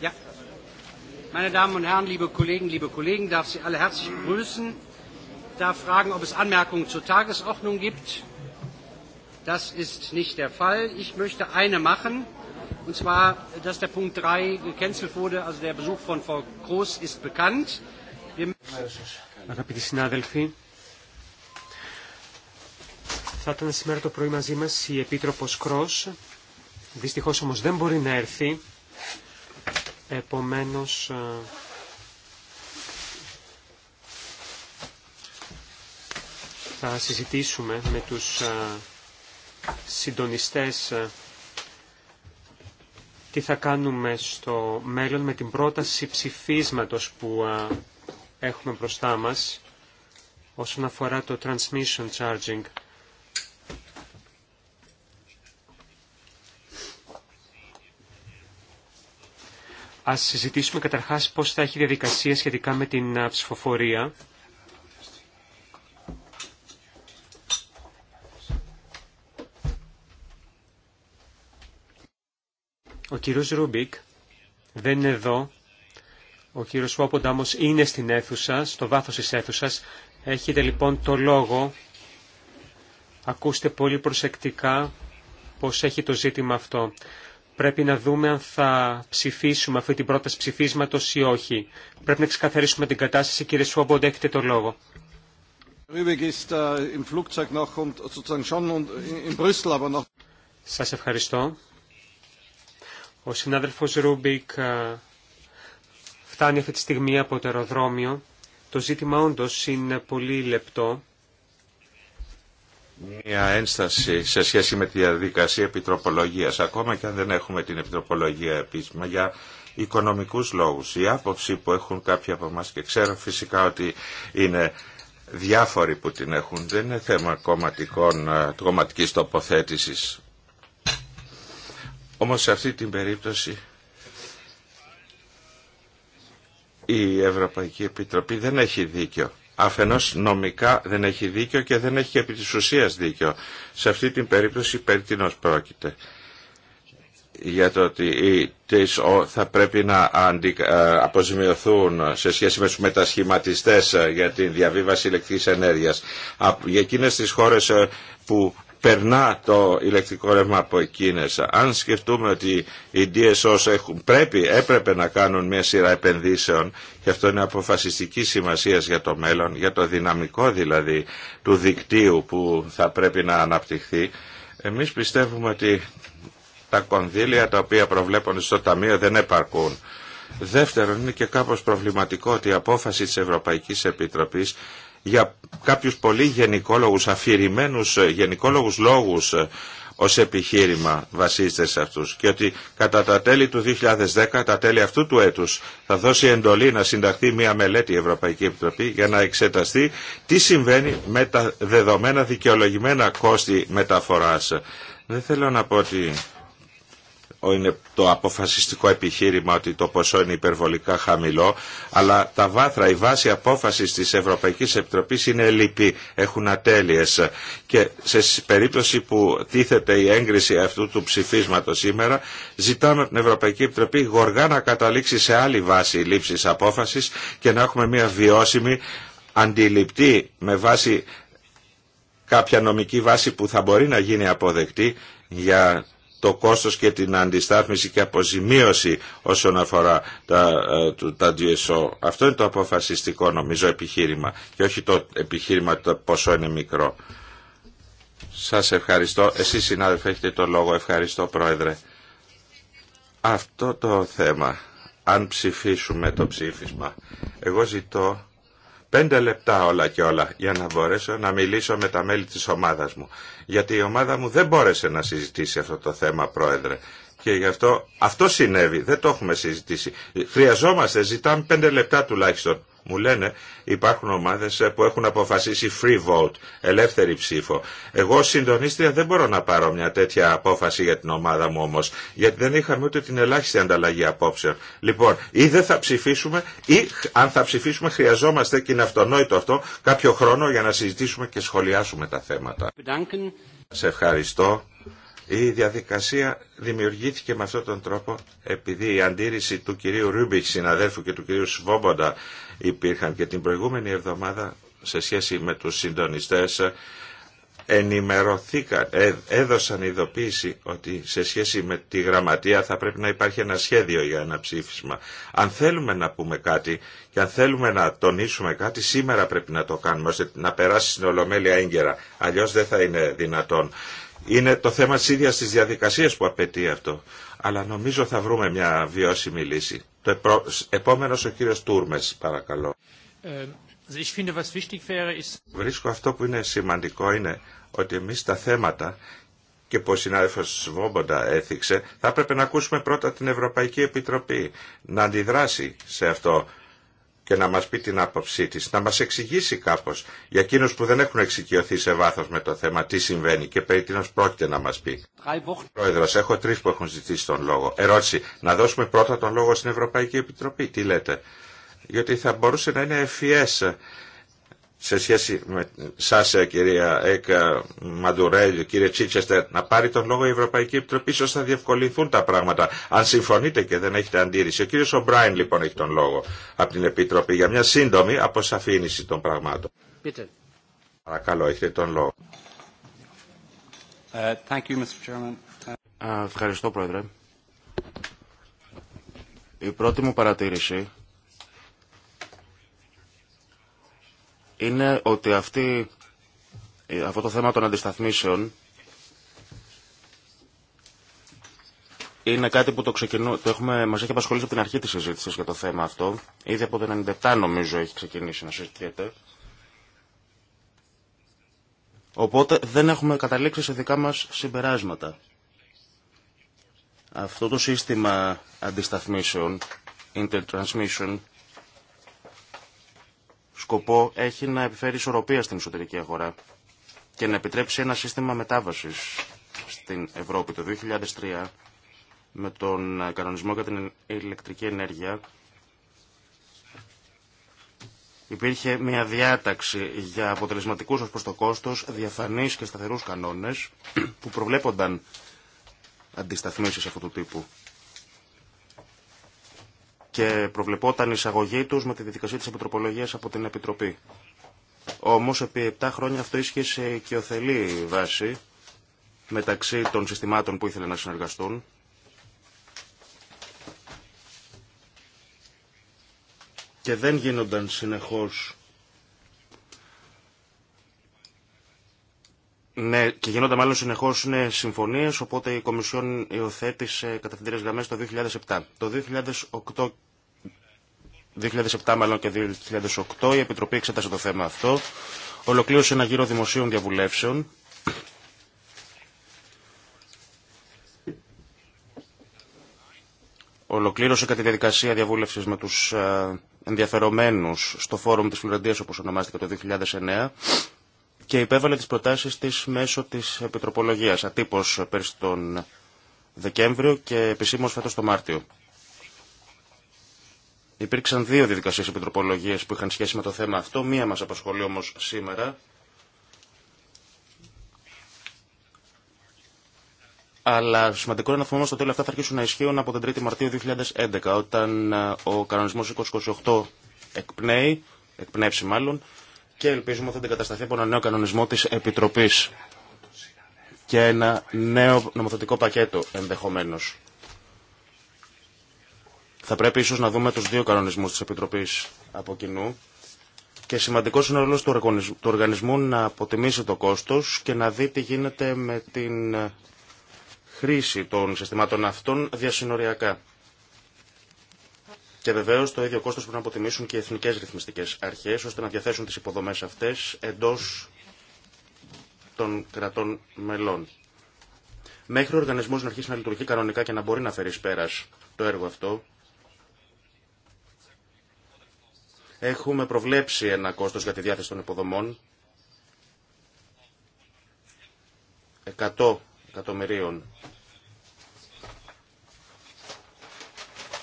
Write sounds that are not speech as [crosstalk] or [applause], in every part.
Ja. Meine Damen und Herren, liebe Kollegen, liebe Kollegen, darf Sie alle herzlich begrüßen. Ich Darf fragen, ob es Anmerkungen zur Tagesordnung gibt. Das ist nicht der Fall. Ich möchte eine machen, und zwar, dass der Punkt 3 gecancelt wurde. Also der Besuch von Frau Groß ist bekannt. Wir... θα ήταν σήμερα το πρωί μαζί μας η Επίτροπος Κρός. Δυστυχώς όμως δεν μπορεί να έρθει Επομένως, ε, θα συζητήσουμε με τους ε, συντονιστές ε, τι θα κάνουμε στο μέλλον με την πρόταση ψηφίσματος που έχουμε μπροστά μας όσον αφορά το transmission charging. Ας συζητήσουμε καταρχάς πώς θα έχει διαδικασία σχετικά με την ψηφοφορία. Ο κύριος Ρούμπικ δεν είναι εδώ. Ο κύριος Σουάποντα όμω είναι στην αίθουσα, στο βάθος της αίθουσας. Έχετε λοιπόν το λόγο. Ακούστε πολύ προσεκτικά πώς έχει το ζήτημα αυτό πρέπει να δούμε αν θα ψηφίσουμε αυτή την πρόταση ψηφίσματος ή όχι. Πρέπει να ξεκαθαρίσουμε την κατάσταση. Κύριε Σουόμπο, έχετε το λόγο. Σας ευχαριστώ. Ο συνάδελφος Ρούμπικ ε, φτάνει αυτή τη στιγμή από το αεροδρόμιο. Το ζήτημα όντως είναι πολύ λεπτό μια ένσταση σε σχέση με τη διαδικασία επιτροπολογίας, ακόμα και αν δεν έχουμε την επιτροπολογία επίσημα, για οικονομικούς λόγους. Η άποψη που έχουν κάποιοι από εμά και ξέρω φυσικά ότι είναι διάφοροι που την έχουν, δεν είναι θέμα κομματικών, ε, κομματικής τοποθέτησης. Όμως σε αυτή την περίπτωση η Ευρωπαϊκή Επιτροπή δεν έχει δίκιο αφενός νομικά δεν έχει δίκιο και δεν έχει επί της ουσίας δίκιο. Σε αυτή την περίπτωση περί τίνος πρόκειται για το ότι θα πρέπει να ε, αποζημιωθούν σε σχέση με τους μετασχηματιστές ε, για τη διαβίβαση ηλεκτρικής ενέργειας. Για εκείνες τις χώρες ε, που περνά το ηλεκτρικό ρεύμα από εκείνες. Αν σκεφτούμε ότι οι DSOs έχουν, πρέπει, έπρεπε να κάνουν μια σειρά επενδύσεων και αυτό είναι αποφασιστική σημασία για το μέλλον, για το δυναμικό δηλαδή του δικτύου που θα πρέπει να αναπτυχθεί, εμείς πιστεύουμε ότι τα κονδύλια τα οποία προβλέπονται στο Ταμείο δεν επαρκούν. Δεύτερον, είναι και κάπως προβληματικό ότι η απόφαση της Ευρωπαϊκής Επιτροπής για κάποιους πολύ γενικόλογους, αφηρημένους ε, γενικόλογους λόγους ε, ως επιχείρημα βασίζεται σε αυτούς και ότι κατά τα τέλη του 2010, τα τέλη αυτού του έτους θα δώσει εντολή να συνταχθεί μια μελέτη η Ευρωπαϊκή Επιτροπή για να εξεταστεί τι συμβαίνει με τα δεδομένα δικαιολογημένα κόστη μεταφοράς. Δεν θέλω να πω ότι είναι το αποφασιστικό επιχείρημα ότι το ποσό είναι υπερβολικά χαμηλό, αλλά τα βάθρα, η βάση απόφασης της Ευρωπαϊκής Επιτροπής είναι λυπή, έχουν ατέλειες και σε περίπτωση που τίθεται η έγκριση αυτού του ψηφίσματος σήμερα, ζητάμε την Ευρωπαϊκή Επιτροπή γοργά να καταλήξει σε άλλη βάση λήψης απόφασης και να έχουμε μια βιώσιμη αντιληπτή με βάση κάποια νομική βάση που θα μπορεί να γίνει αποδεκτή για το κόστος και την αντιστάθμιση και αποζημίωση όσον αφορά τα, ε, τα DSO. Αυτό είναι το αποφασιστικό νομίζω επιχείρημα και όχι το επιχείρημα το ποσό είναι μικρό. Σας ευχαριστώ. Εσείς συνάδελφοι έχετε το λόγο. Ευχαριστώ Πρόεδρε. Αυτό το θέμα, αν ψηφίσουμε το ψήφισμα, εγώ ζητώ Πέντε λεπτά όλα και όλα για να μπορέσω να μιλήσω με τα μέλη της ομάδας μου. Γιατί η ομάδα μου δεν μπόρεσε να συζητήσει αυτό το θέμα, Πρόεδρε. Και γι' αυτό αυτό συνέβη. Δεν το έχουμε συζητήσει. Χρειαζόμαστε, ζητάμε πέντε λεπτά τουλάχιστον. Μου λένε υπάρχουν ομάδες που έχουν αποφασίσει free vote, ελεύθερη ψήφο. Εγώ συντονίστρια δεν μπορώ να πάρω μια τέτοια απόφαση για την ομάδα μου όμως, γιατί δεν είχαμε ούτε την ελάχιστη ανταλλαγή απόψεων. Λοιπόν, ή δεν θα ψηφίσουμε ή αν θα ψηφίσουμε χρειαζόμαστε και είναι αυτονόητο αυτό κάποιο χρόνο για να συζητήσουμε και σχολιάσουμε τα θέματα. Σε ευχαριστώ. Η διαδικασία δημιουργήθηκε με αυτόν τον τρόπο επειδή η αντίρρηση του κυρίου Ρούμπιχ, συναδέλφου και του κυρίου Σβόμποντα υπήρχαν και την προηγούμενη εβδομάδα σε σχέση με τους συντονιστές ενημερωθήκαν, ε, έδωσαν ειδοποίηση ότι σε σχέση με τη γραμματεία θα πρέπει να υπάρχει ένα σχέδιο για ένα ψήφισμα. Αν θέλουμε να πούμε κάτι και αν θέλουμε να τονίσουμε κάτι, σήμερα πρέπει να το κάνουμε ώστε να περάσει στην Ολομέλεια έγκαιρα. Αλλιώς δεν θα είναι δυνατόν. Είναι το θέμα τη ίδια τη διαδικασία που απαιτεί αυτό. Αλλά νομίζω θα βρούμε μια βιώσιμη λύση. Το επόμενο ο κύριο Τούρμες, παρακαλώ. Ε, Βρίσκω αυτό που είναι σημαντικό είναι ότι εμεί τα θέματα και που ο συνάδελφο Βόμποντα έθιξε, θα έπρεπε να ακούσουμε πρώτα την Ευρωπαϊκή Επιτροπή να αντιδράσει σε αυτό και να μας πει την άποψή της, να μας εξηγήσει κάπως για εκείνους που δεν έχουν εξοικειωθεί σε βάθος με το θέμα τι συμβαίνει και περί τίνος πρόκειται να μας πει. Πρόεδρος, έχω τρεις που έχουν ζητήσει τον λόγο. Ερώτηση, να δώσουμε πρώτα τον λόγο στην Ευρωπαϊκή Επιτροπή, τι λέτε. Γιατί θα μπορούσε να είναι ευφυές σε σχέση με σας ε, κυρία Έκα ε, Μαντουρέλ, κύριε Τσίτσεστερ, να πάρει τον λόγο η Ευρωπαϊκή Επιτροπή, ώστε θα διευκολυνθούν τα πράγματα. Αν συμφωνείτε και δεν έχετε αντίρρηση. Ο κύριος Ομπράιν λοιπόν έχει τον λόγο από την Επιτροπή για μια σύντομη αποσαφήνιση των πραγμάτων. Παρακαλώ, έχετε τον λόγο. Uh, thank ευχαριστώ, Πρόεδρε. Η πρώτη μου παρατήρηση είναι ότι αυτή, ε, αυτό το θέμα των αντισταθμίσεων είναι κάτι που το, το έχουμε, μας έχει απασχολήσει από την αρχή της συζήτηση για το θέμα αυτό. Ήδη από το 97 νομίζω έχει ξεκινήσει να συζητιέται. Οπότε δεν έχουμε καταλήξει σε δικά μας συμπεράσματα. Αυτό το σύστημα αντισταθμίσεων, intertransmission, σκοπό έχει να επιφέρει ισορροπία στην εσωτερική αγορά και να επιτρέψει ένα σύστημα μετάβασης στην Ευρώπη. Το 2003 με τον κανονισμό για την ηλεκτρική ενέργεια υπήρχε μια διάταξη για αποτελεσματικούς ως προς το κόστος, διαφανείς και σταθερούς κανόνες που προβλέπονταν αντισταθμίσεις αυτού του τύπου και προβλεπόταν η εισαγωγή τους με τη διαδικασία τη επιτροπολογία από την Επιτροπή. Όμως επί 7 χρόνια αυτό ίσχυε σε οικειοθελή βάση μεταξύ των συστημάτων που ήθελε να συνεργαστούν. Και δεν γίνονταν συνεχώς Ναι, και γίνονται μάλλον συνεχώ συμφωνίε, οπότε η Κομισιόν υιοθέτησε κατευθυντήρε γραμμέ το 2007. Το 2008, 2007 μάλλον και 2008 η Επιτροπή εξέτασε το θέμα αυτό. Ολοκλήρωσε ένα γύρο δημοσίων διαβουλεύσεων. Ολοκλήρωσε κατά τη διαδικασία διαβούλευση με του ε, ενδιαφερομένου στο φόρουμ τη Φιλανδία, όπω ονομάστηκε το 2009 και υπέβαλε τις προτάσεις της μέσω της Επιτροπολογίας, ατύπως πέρσι τον Δεκέμβριο και επισήμως φέτος τον Μάρτιο. Υπήρξαν δύο διδικασίες επιτροπολογίες που είχαν σχέση με το θέμα αυτό. Μία μας απασχολεί όμως σήμερα. Αλλά σημαντικό είναι να θυμόμαστε ότι όλα αυτά θα αρχίσουν να ισχύουν από την 3η Μαρτίου 2011, όταν ο κανονισμός 2028 εκπνέει, εκπνέψει μάλλον, και ελπίζουμε ότι θα αντικατασταθεί από ένα νέο κανονισμό της Επιτροπής και ένα νέο νομοθετικό πακέτο ενδεχομένως. Θα πρέπει ίσως να δούμε τους δύο κανονισμούς της Επιτροπής από κοινού και σημαντικό είναι ο ρόλος του οργανισμού να αποτιμήσει το κόστος και να δει τι γίνεται με την χρήση των συστημάτων αυτών διασυνοριακά. Και βεβαίω το ίδιο κόστο πρέπει να αποτιμήσουν και οι εθνικέ ρυθμιστικέ αρχέ, ώστε να διαθέσουν τι υποδομέ αυτέ εντό των κρατών μελών. Μέχρι ο οργανισμό να αρχίσει να λειτουργεί κανονικά και να μπορεί να φέρει πέρα το έργο αυτό, έχουμε προβλέψει ένα κόστο για τη διάθεση των υποδομών 100 εκατομμυρίων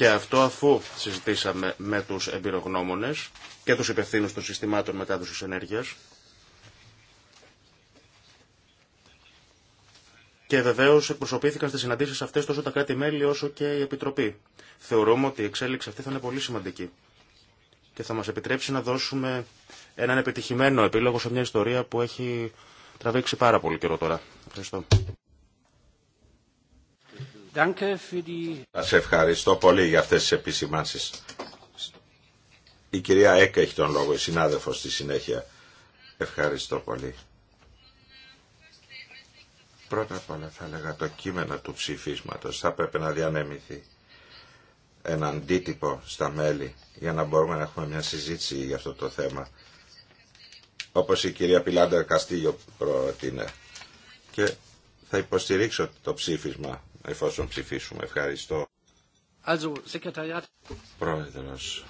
Και αυτό αφού συζητήσαμε με τους εμπειρογνώμονες και τους υπευθύνους των συστημάτων μετάδοσης ενέργειας Και βεβαίω εκπροσωπήθηκαν στι συναντήσει αυτέ τόσο τα κράτη-μέλη όσο και η Επιτροπή. Θεωρούμε ότι η εξέλιξη αυτή θα είναι πολύ σημαντική και θα μα επιτρέψει να δώσουμε έναν επιτυχημένο επίλογο σε μια ιστορία που έχει τραβήξει πάρα πολύ καιρό τώρα. Ευχαριστώ. Σας ευχαριστώ πολύ για αυτές τις επισημάνσεις. Η κυρία Έκα έχει τον λόγο, η συνάδελφος στη συνέχεια. Ευχαριστώ πολύ. Πρώτα απ' όλα θα έλεγα το κείμενο του ψηφίσματος θα έπρεπε να διανέμηθει ένα αντίτυπο στα μέλη για να μπορούμε να έχουμε μια συζήτηση για αυτό το θέμα όπως η κυρία Πιλάντερ Καστίγιο προτείνε και θα υποστηρίξω το ψήφισμα εφόσον ψηφίσουμε. Ευχαριστώ. Also, Πρόεδρος.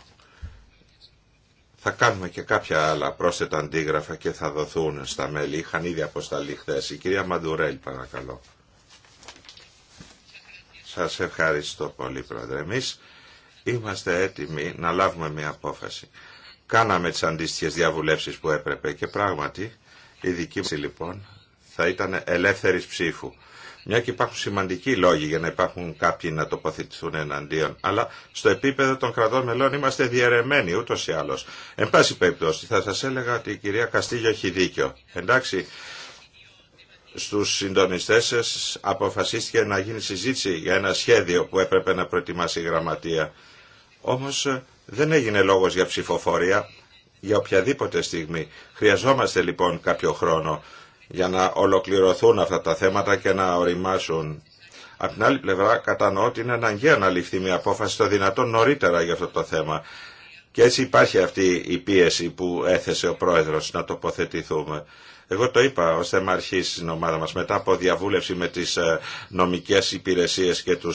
Θα κάνουμε και κάποια άλλα πρόσθετα αντίγραφα και θα δοθούν στα μέλη. Είχαν ήδη αποσταλεί χθε. Η κυρία Μαντουρέλ, παρακαλώ. Σας ευχαριστώ πολύ, Πρόεδρε. Εμείς είμαστε έτοιμοι να λάβουμε μια απόφαση. Κάναμε τις αντίστοιχες διαβουλεύσεις που έπρεπε και πράγματι η δική μα λοιπόν θα ήταν ελεύθερης ψήφου μια και υπάρχουν σημαντικοί λόγοι για να υπάρχουν κάποιοι να τοποθετηθούν εναντίον. Αλλά στο επίπεδο των κρατών μελών είμαστε διαιρεμένοι ούτω ή άλλω. Εν πάση περιπτώσει, θα σα έλεγα ότι η κυρία Καστίγιο έχει δίκιο. Εντάξει, στου συντονιστέ σα αποφασίστηκε να γίνει συζήτηση για ένα σχέδιο που έπρεπε να προετοιμάσει η Γραμματεία. Όμω ε, δεν έγινε λόγο για ψηφοφορία για οποιαδήποτε στιγμή. Χρειαζόμαστε λοιπόν κάποιο χρόνο για να ολοκληρωθούν αυτά τα θέματα και να οριμάσουν. Απ' την άλλη πλευρά κατανοώ ότι είναι αναγκαία να ληφθεί μια απόφαση το δυνατόν νωρίτερα για αυτό το θέμα. Και έτσι υπάρχει αυτή η πίεση που έθεσε ο Πρόεδρος να τοποθετηθούμε. Εγώ το είπα ώστε να αρχίσει στην ομάδα μας μετά από διαβούλευση με τις ε, νομικές υπηρεσίες και του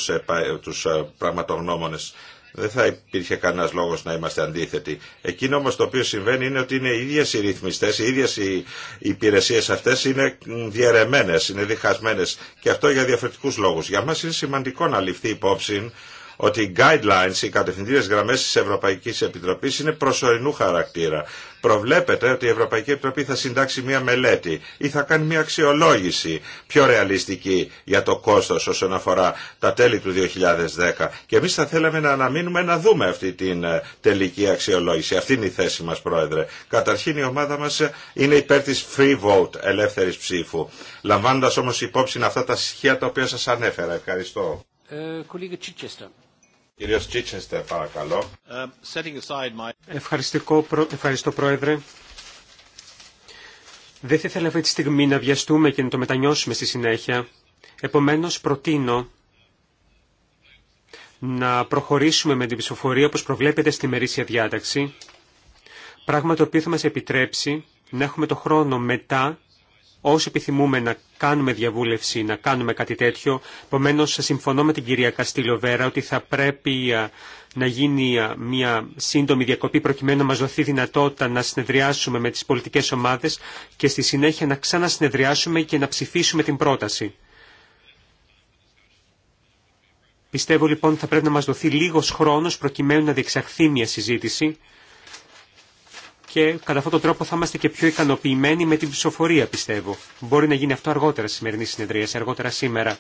τους ε, ε, πραγματογνώμονες δεν θα υπήρχε κανένας λόγος να είμαστε αντίθετοι. Εκείνο όμως το οποίο συμβαίνει είναι ότι είναι οι ίδιες οι ρυθμιστές, οι ίδιες οι υπηρεσίες αυτές είναι διαιρεμένε, είναι διχασμένες και αυτό για διαφορετικού λόγους. Για μας είναι σημαντικό να ληφθεί υπόψη ότι οι guidelines, οι κατευθυντήρες γραμμέ τη Ευρωπαϊκή Επιτροπής είναι προσωρινού χαρακτήρα. προβλεπετε ότι η Ευρωπαϊκή Επιτροπή θα συντάξει μια μελέτη ή θα κάνει μια αξιολόγηση πιο ρεαλιστική για το κόστο όσον αφορά τα τέλη του 2010. Και εμεί θα θέλαμε να αναμείνουμε να δούμε αυτή την ε, τελική αξιολόγηση. Αυτή είναι η θέση μα Πρόεδρε. Καταρχήν η ομάδα μα ε, είναι υπέρ τη free vote, ελεύθερη ψήφου. Λαμβάνοντα όμω υπόψη αυτά τα στοιχεία τα οποία σα ανέφερα. Ευχαριστώ. Ε, Κύριος παρακαλώ. Um, ευχαριστώ, Πρόεδρε. Δεν θα ήθελα αυτή τη στιγμή να βιαστούμε και να το μετανιώσουμε στη συνέχεια. Επομένως, προτείνω να προχωρήσουμε με την ψηφοφορία όπως προβλέπεται στη μερίσια διάταξη, πράγμα το οποίο θα μας επιτρέψει να έχουμε το χρόνο μετά όσοι επιθυμούμε να κάνουμε διαβούλευση, να κάνουμε κάτι τέτοιο. Επομένω, συμφωνώ με την κυρία Καστήλοβέρα ότι θα πρέπει να γίνει μια σύντομη διακοπή προκειμένου να μας δοθεί δυνατότητα να συνεδριάσουμε με τις πολιτικές ομάδες και στη συνέχεια να ξανασυνεδριάσουμε και να ψηφίσουμε την πρόταση. Πιστεύω λοιπόν θα πρέπει να μας δοθεί λίγος χρόνος προκειμένου να διεξαχθεί μια συζήτηση και κατά αυτόν τον τρόπο θα είμαστε και πιο ικανοποιημένοι με την ψηφοφορία, πιστεύω. Μπορεί να γίνει αυτό αργότερα στη σημερινή συνεδρία, αργότερα σήμερα.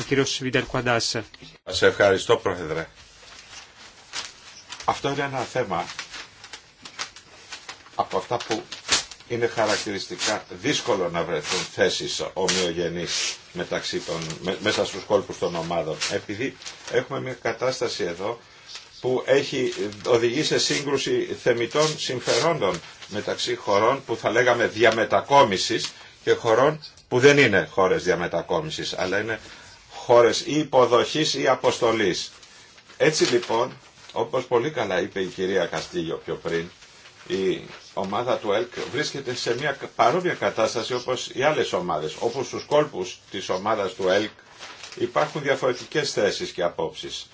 Ο κύριο Βιντερ Κουαντάς. Σε ευχαριστώ, Πρόεδρε. Αυτό είναι ένα θέμα από αυτά που είναι χαρακτηριστικά δύσκολο να βρεθούν θέσει ομοιογενείς μέσα στου κόλπου των ομάδων. Επειδή έχουμε μια κατάσταση εδώ που έχει οδηγεί σε σύγκρουση θεμητών συμφερόντων μεταξύ χωρών που θα λέγαμε διαμετακόμισης και χωρών που δεν είναι χώρες διαμετακόμισης, αλλά είναι χώρες ή υποδοχής ή αποστολής. Έτσι λοιπόν, όπως πολύ καλά είπε η κυρία Καστίγιο πιο πριν, η ομάδα του ΕΛΚ βρίσκεται σε μια παρόμοια κατάσταση όπως οι άλλες ομάδες, όπως στους κόλπους της ομάδας του ΕΛΚ υπάρχουν διαφορετικές θέσεις και απόψεις.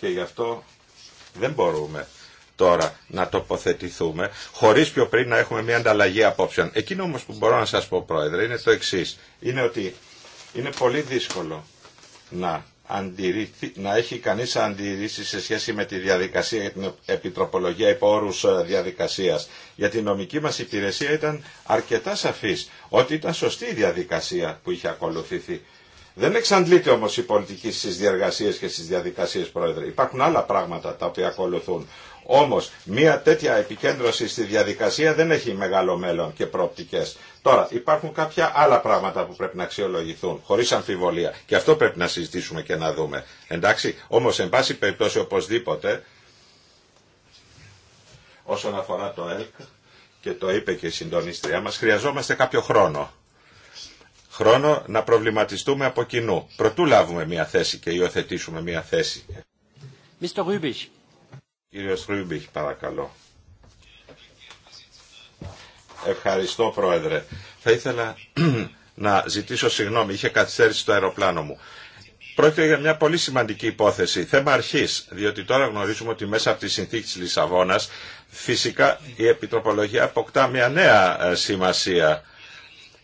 Και γι' αυτό δεν μπορούμε τώρα να τοποθετηθούμε χωρίς πιο πριν να έχουμε μια ανταλλαγή απόψεων. Εκείνο όμως που μπορώ να σας πω πρόεδρε είναι το εξής. Είναι ότι είναι πολύ δύσκολο να, να έχει κανείς αντιρρήσει σε σχέση με τη διαδικασία για την επιτροπολογία υπό όρους ε, διαδικασίας. Γιατί η νομική μας υπηρεσία ήταν αρκετά σαφής ότι ήταν σωστή η διαδικασία που είχε ακολουθηθεί δεν εξαντλείται όμως η πολιτική στις διεργασίες και στις διαδικασίες, Πρόεδρε. Υπάρχουν άλλα πράγματα τα οποία ακολουθούν. Όμως, μια τέτοια επικέντρωση στη διαδικασία δεν έχει μεγάλο μέλλον και προοπτικές. Τώρα, υπάρχουν κάποια άλλα πράγματα που πρέπει να αξιολογηθούν, χωρίς αμφιβολία. Και αυτό πρέπει να συζητήσουμε και να δούμε. Εντάξει, όμως, εν πάση περιπτώσει, οπωσδήποτε, όσον αφορά το ΕΛΚ, και το είπε και η συντονίστρια μα χρειαζόμαστε κάποιο χρόνο χρόνο να προβληματιστούμε από κοινού. Προτού λάβουμε μια θέση και υιοθετήσουμε μια θέση. Mr. Rübich. Κύριος Ρούμπιχ, παρακαλώ. Ευχαριστώ, Πρόεδρε. Θα ήθελα [clears throat] να ζητήσω συγγνώμη, είχε καθυστέρηση το αεροπλάνο μου. Πρόκειται για μια πολύ σημαντική υπόθεση, θέμα αρχή, διότι τώρα γνωρίζουμε ότι μέσα από τη συνθήκη τη Λισαβόνα φυσικά η επιτροπολογία αποκτά μια νέα ε, σημασία.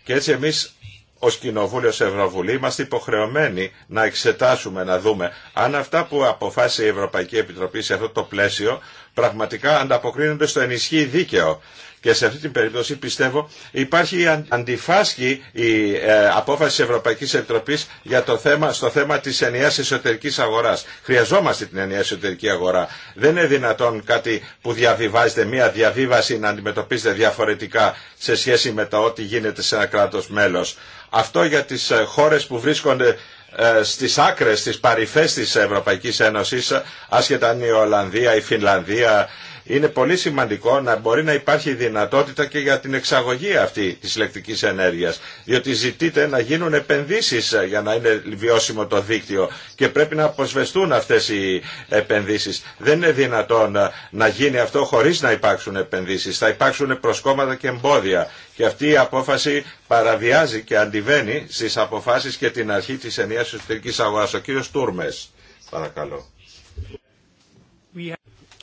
Και έτσι εμείς ως Κοινοβούλιο σε Ευρωβουλή είμαστε υποχρεωμένοι να εξετάσουμε, να δούμε αν αυτά που αποφάσισε η Ευρωπαϊκή Επιτροπή σε αυτό το πλαίσιο πραγματικά ανταποκρίνονται στο ενισχύει δίκαιο και σε αυτή την περίπτωση πιστεύω υπάρχει αντιφάσκη η ε, απόφαση της Ευρωπαϊκής Επιτροπής για το θέμα, στο θέμα της ενιαίας εσωτερικής αγοράς. Χρειαζόμαστε την ενιαία εσωτερική αγορά. Δεν είναι δυνατόν κάτι που διαβιβάζεται, μία διαβίβαση να αντιμετωπίζεται διαφορετικά σε σχέση με το ό,τι γίνεται σε ένα κράτος μέλος. Αυτό για τις ε, χώρες που βρίσκονται ε, στις άκρες, στις παρυφές της Ευρωπαϊκής Ένωσης, άσχετα αν η Ολλανδία, η Φινλανδία, είναι πολύ σημαντικό να μπορεί να υπάρχει δυνατότητα και για την εξαγωγή αυτή της ηλεκτρικής ενέργειας. Διότι ζητείται να γίνουν επενδύσεις ε, για να είναι βιώσιμο το δίκτυο και πρέπει να αποσβεστούν αυτές οι επενδύσεις. Δεν είναι δυνατόν ε, να γίνει αυτό χωρίς να υπάρξουν επενδύσεις. Θα υπάρξουν προσκόμματα και εμπόδια. Και αυτή η απόφαση παραβιάζει και αντιβαίνει στις αποφάσεις και την αρχή της ενία εσωτερικής αγοράς. Ο κύριος Τούρμες, παρακαλώ.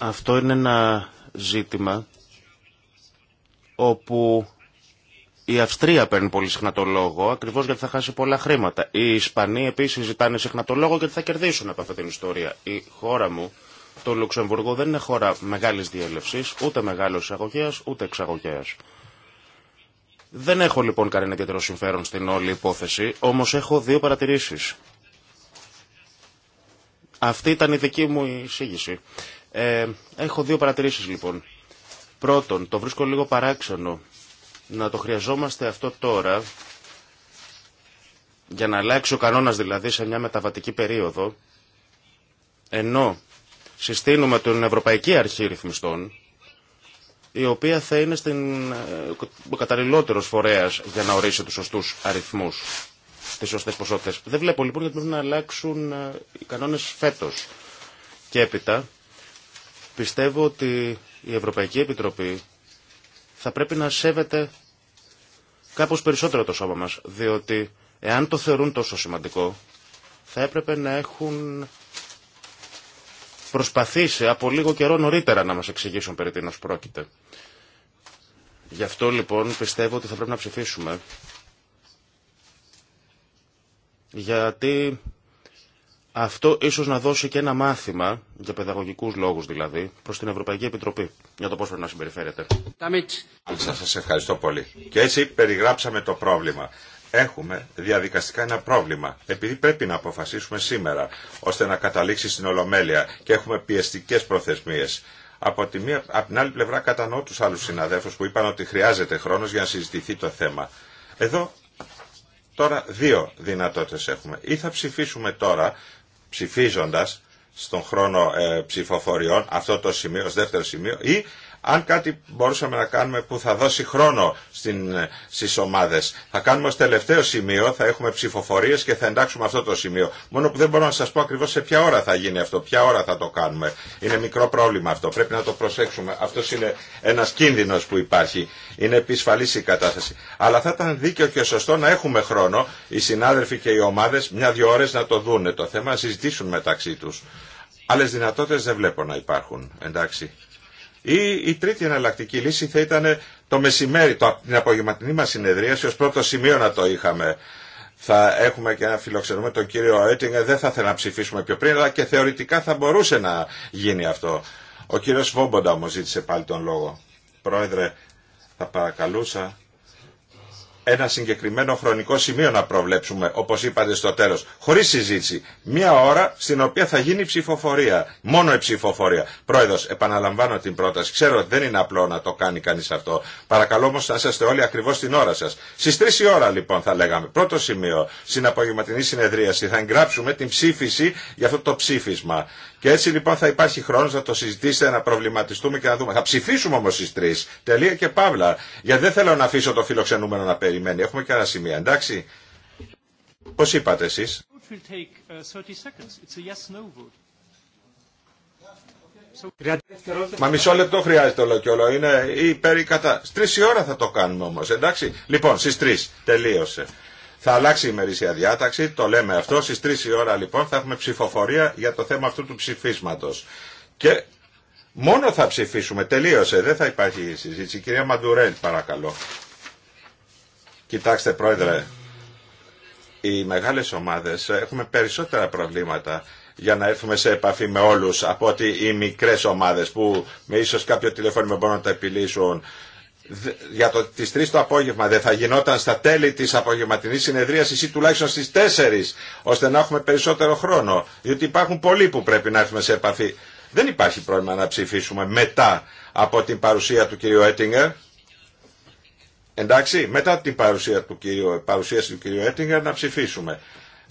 Αυτό είναι ένα ζήτημα όπου η Αυστρία παίρνει πολύ συχνά το λόγο, ακριβώ γιατί θα χάσει πολλά χρήματα. Οι Ισπανοί επίση ζητάνε συχνά το λόγο γιατί θα κερδίσουν από αυτή την ιστορία. Η χώρα μου, το Λουξεμβουργό, δεν είναι χώρα μεγάλη διέλευση, ούτε μεγάλο εισαγωγέα, ούτε εξαγωγέα. Δεν έχω λοιπόν κανένα ιδιαίτερο συμφέρον στην όλη υπόθεση, όμω έχω δύο παρατηρήσει. Αυτή ήταν η δική μου εισήγηση. Ε, έχω δύο παρατηρήσεις λοιπόν. Πρώτον, το βρίσκω λίγο παράξενο να το χρειαζόμαστε αυτό τώρα για να αλλάξει ο κανόνας δηλαδή σε μια μεταβατική περίοδο ενώ συστήνουμε την Ευρωπαϊκή Αρχή Ρυθμιστών η οποία θα είναι στην, ε, ο καταλληλότερος φορέας για να ορίσει τους σωστούς αριθμούς τις σωστές ποσότητες. Δεν βλέπω λοιπόν γιατί πρέπει να αλλάξουν ε, οι κανόνες φέτος. Και έπειτα Πιστεύω ότι η Ευρωπαϊκή Επιτροπή θα πρέπει να σέβεται κάπως περισσότερο το σώμα μας, διότι εάν το θεωρούν τόσο σημαντικό, θα έπρεπε να έχουν προσπαθήσει από λίγο καιρό νωρίτερα να μας εξηγήσουν περί τίνος πρόκειται. Γι' αυτό λοιπόν πιστεύω ότι θα πρέπει να ψηφίσουμε, γιατί αυτό ίσω να δώσει και ένα μάθημα, για παιδαγωγικού λόγου, δηλαδή, προ την Ευρωπαϊκή Επιτροπή, για το πώ πρέπει να συμπεριφέρεται. Σα ευχαριστώ πολύ. Και έτσι περιγράψαμε το πρόβλημα. Έχουμε διαδικαστικά ένα πρόβλημα, επειδή πρέπει να αποφασίσουμε σήμερα, ώστε να καταλήξει στην Ολομέλεια και έχουμε πιεστικές προθεσμίες. Από, από την άλλη πλευρά κατανοώ τους άλλους συναδέλφους που είπαν ότι χρειάζεται χρόνος για να συζητηθεί το θέμα. Εδώ Τώρα δύο δυνατότητες έχουμε. Ή θα ψηφίσουμε τώρα ψηφίζοντας στον χρόνο ε, ψηφοφοριών αυτό το σημείο, ως δεύτερο σημείο ή αν κάτι μπορούσαμε να κάνουμε που θα δώσει χρόνο ε, στι ομάδες, θα κάνουμε ως τελευταίο σημείο, θα έχουμε ψηφοφορίες και θα εντάξουμε αυτό το σημείο. Μόνο που δεν μπορώ να σας πω ακριβώς σε ποια ώρα θα γίνει αυτό, ποια ώρα θα το κάνουμε. Είναι μικρό πρόβλημα αυτό. Πρέπει να το προσέξουμε. Αυτό είναι ένας κίνδυνος που υπάρχει. Είναι επισφαλής η κατάσταση. Αλλά θα ήταν δίκαιο και σωστό να έχουμε χρόνο οι συνάδελφοι και οι ομαδες μια μια-δυο ώρες να το δούνε το θέμα, να συζητήσουν μεταξύ του. Άλλε δυνατότητε δεν βλέπω να υπάρχουν. Εντάξει. Ή η τρίτη εναλλακτική λύση θα ήταν το μεσημέρι, το, την απογευματινή μα συνεδρίαση ως πρώτο σημείο να το είχαμε. Θα έχουμε και να φιλοξενούμε τον κύριο Έτιγκερ, δεν θα θέλαμε να ψηφίσουμε πιο πριν, αλλά και θεωρητικά θα μπορούσε να γίνει αυτό. Ο κύριος Βόμποντα όμω ζήτησε πάλι τον λόγο. Πρόεδρε, θα παρακαλούσα ένα συγκεκριμένο χρονικό σημείο να προβλέψουμε, όπως είπατε στο τέλος, χωρίς συζήτηση. Μία ώρα στην οποία θα γίνει ψηφοφορία, μόνο η ψηφοφορία. Πρόεδρος, επαναλαμβάνω την πρόταση. Ξέρω ότι δεν είναι απλό να το κάνει κανείς αυτό. Παρακαλώ όμως να είσαστε όλοι ακριβώς την ώρα σας. Στις 3 η ώρα λοιπόν θα λέγαμε. Πρώτο σημείο, στην απογευματινή συνεδρίαση θα εγγράψουμε την ψήφιση για αυτό το ψήφισμα. Και έτσι λοιπόν θα υπάρχει χρόνο να το συζητήσετε, να προβληματιστούμε και να δούμε. Θα ψηφίσουμε όμω στι τρει, Τελεία και παύλα. Γιατί δεν θέλω να αφήσω το φιλοξενούμενο να περιμένει. Έχουμε και ένα σημείο. εντάξει. Πώ είπατε εσεί. Uh, Μα μισό λεπτό χρειάζεται όλο και όλο. Είναι υπέρ ή κατά. Στι η ώρα θα το κάνουμε όμω, εντάξει. Λοιπόν, στι τρει, τελείωσε. Θα αλλάξει η ημερήσια διάταξη, το λέμε αυτό. Στις 3 η ώρα λοιπόν θα έχουμε ψηφοφορία για το θέμα αυτού του ψηφίσματος. Και μόνο θα ψηφίσουμε, τελείωσε, δεν θα υπάρχει συζήτηση. Κυρία Μαντουρέν, παρακαλώ. Κοιτάξτε πρόεδρε, οι μεγάλες ομάδες έχουμε περισσότερα προβλήματα για να έρθουμε σε επαφή με όλους από ότι οι μικρές ομάδες που με ίσως κάποιο τηλεφώνημα μπορούν να τα επιλύσουν για το, τις 3 το απόγευμα δεν θα γινόταν στα τέλη της απογευματινής συνεδρίασης ή τουλάχιστον στις 4 ώστε να έχουμε περισσότερο χρόνο διότι υπάρχουν πολλοί που πρέπει να έρθουμε σε επαφή δεν υπάρχει πρόβλημα να ψηφίσουμε μετά από την παρουσία του κυρίου Έτιγκερ εντάξει μετά την παρουσία του παρουσίαση του κυρίου Έτιγκερ να ψηφίσουμε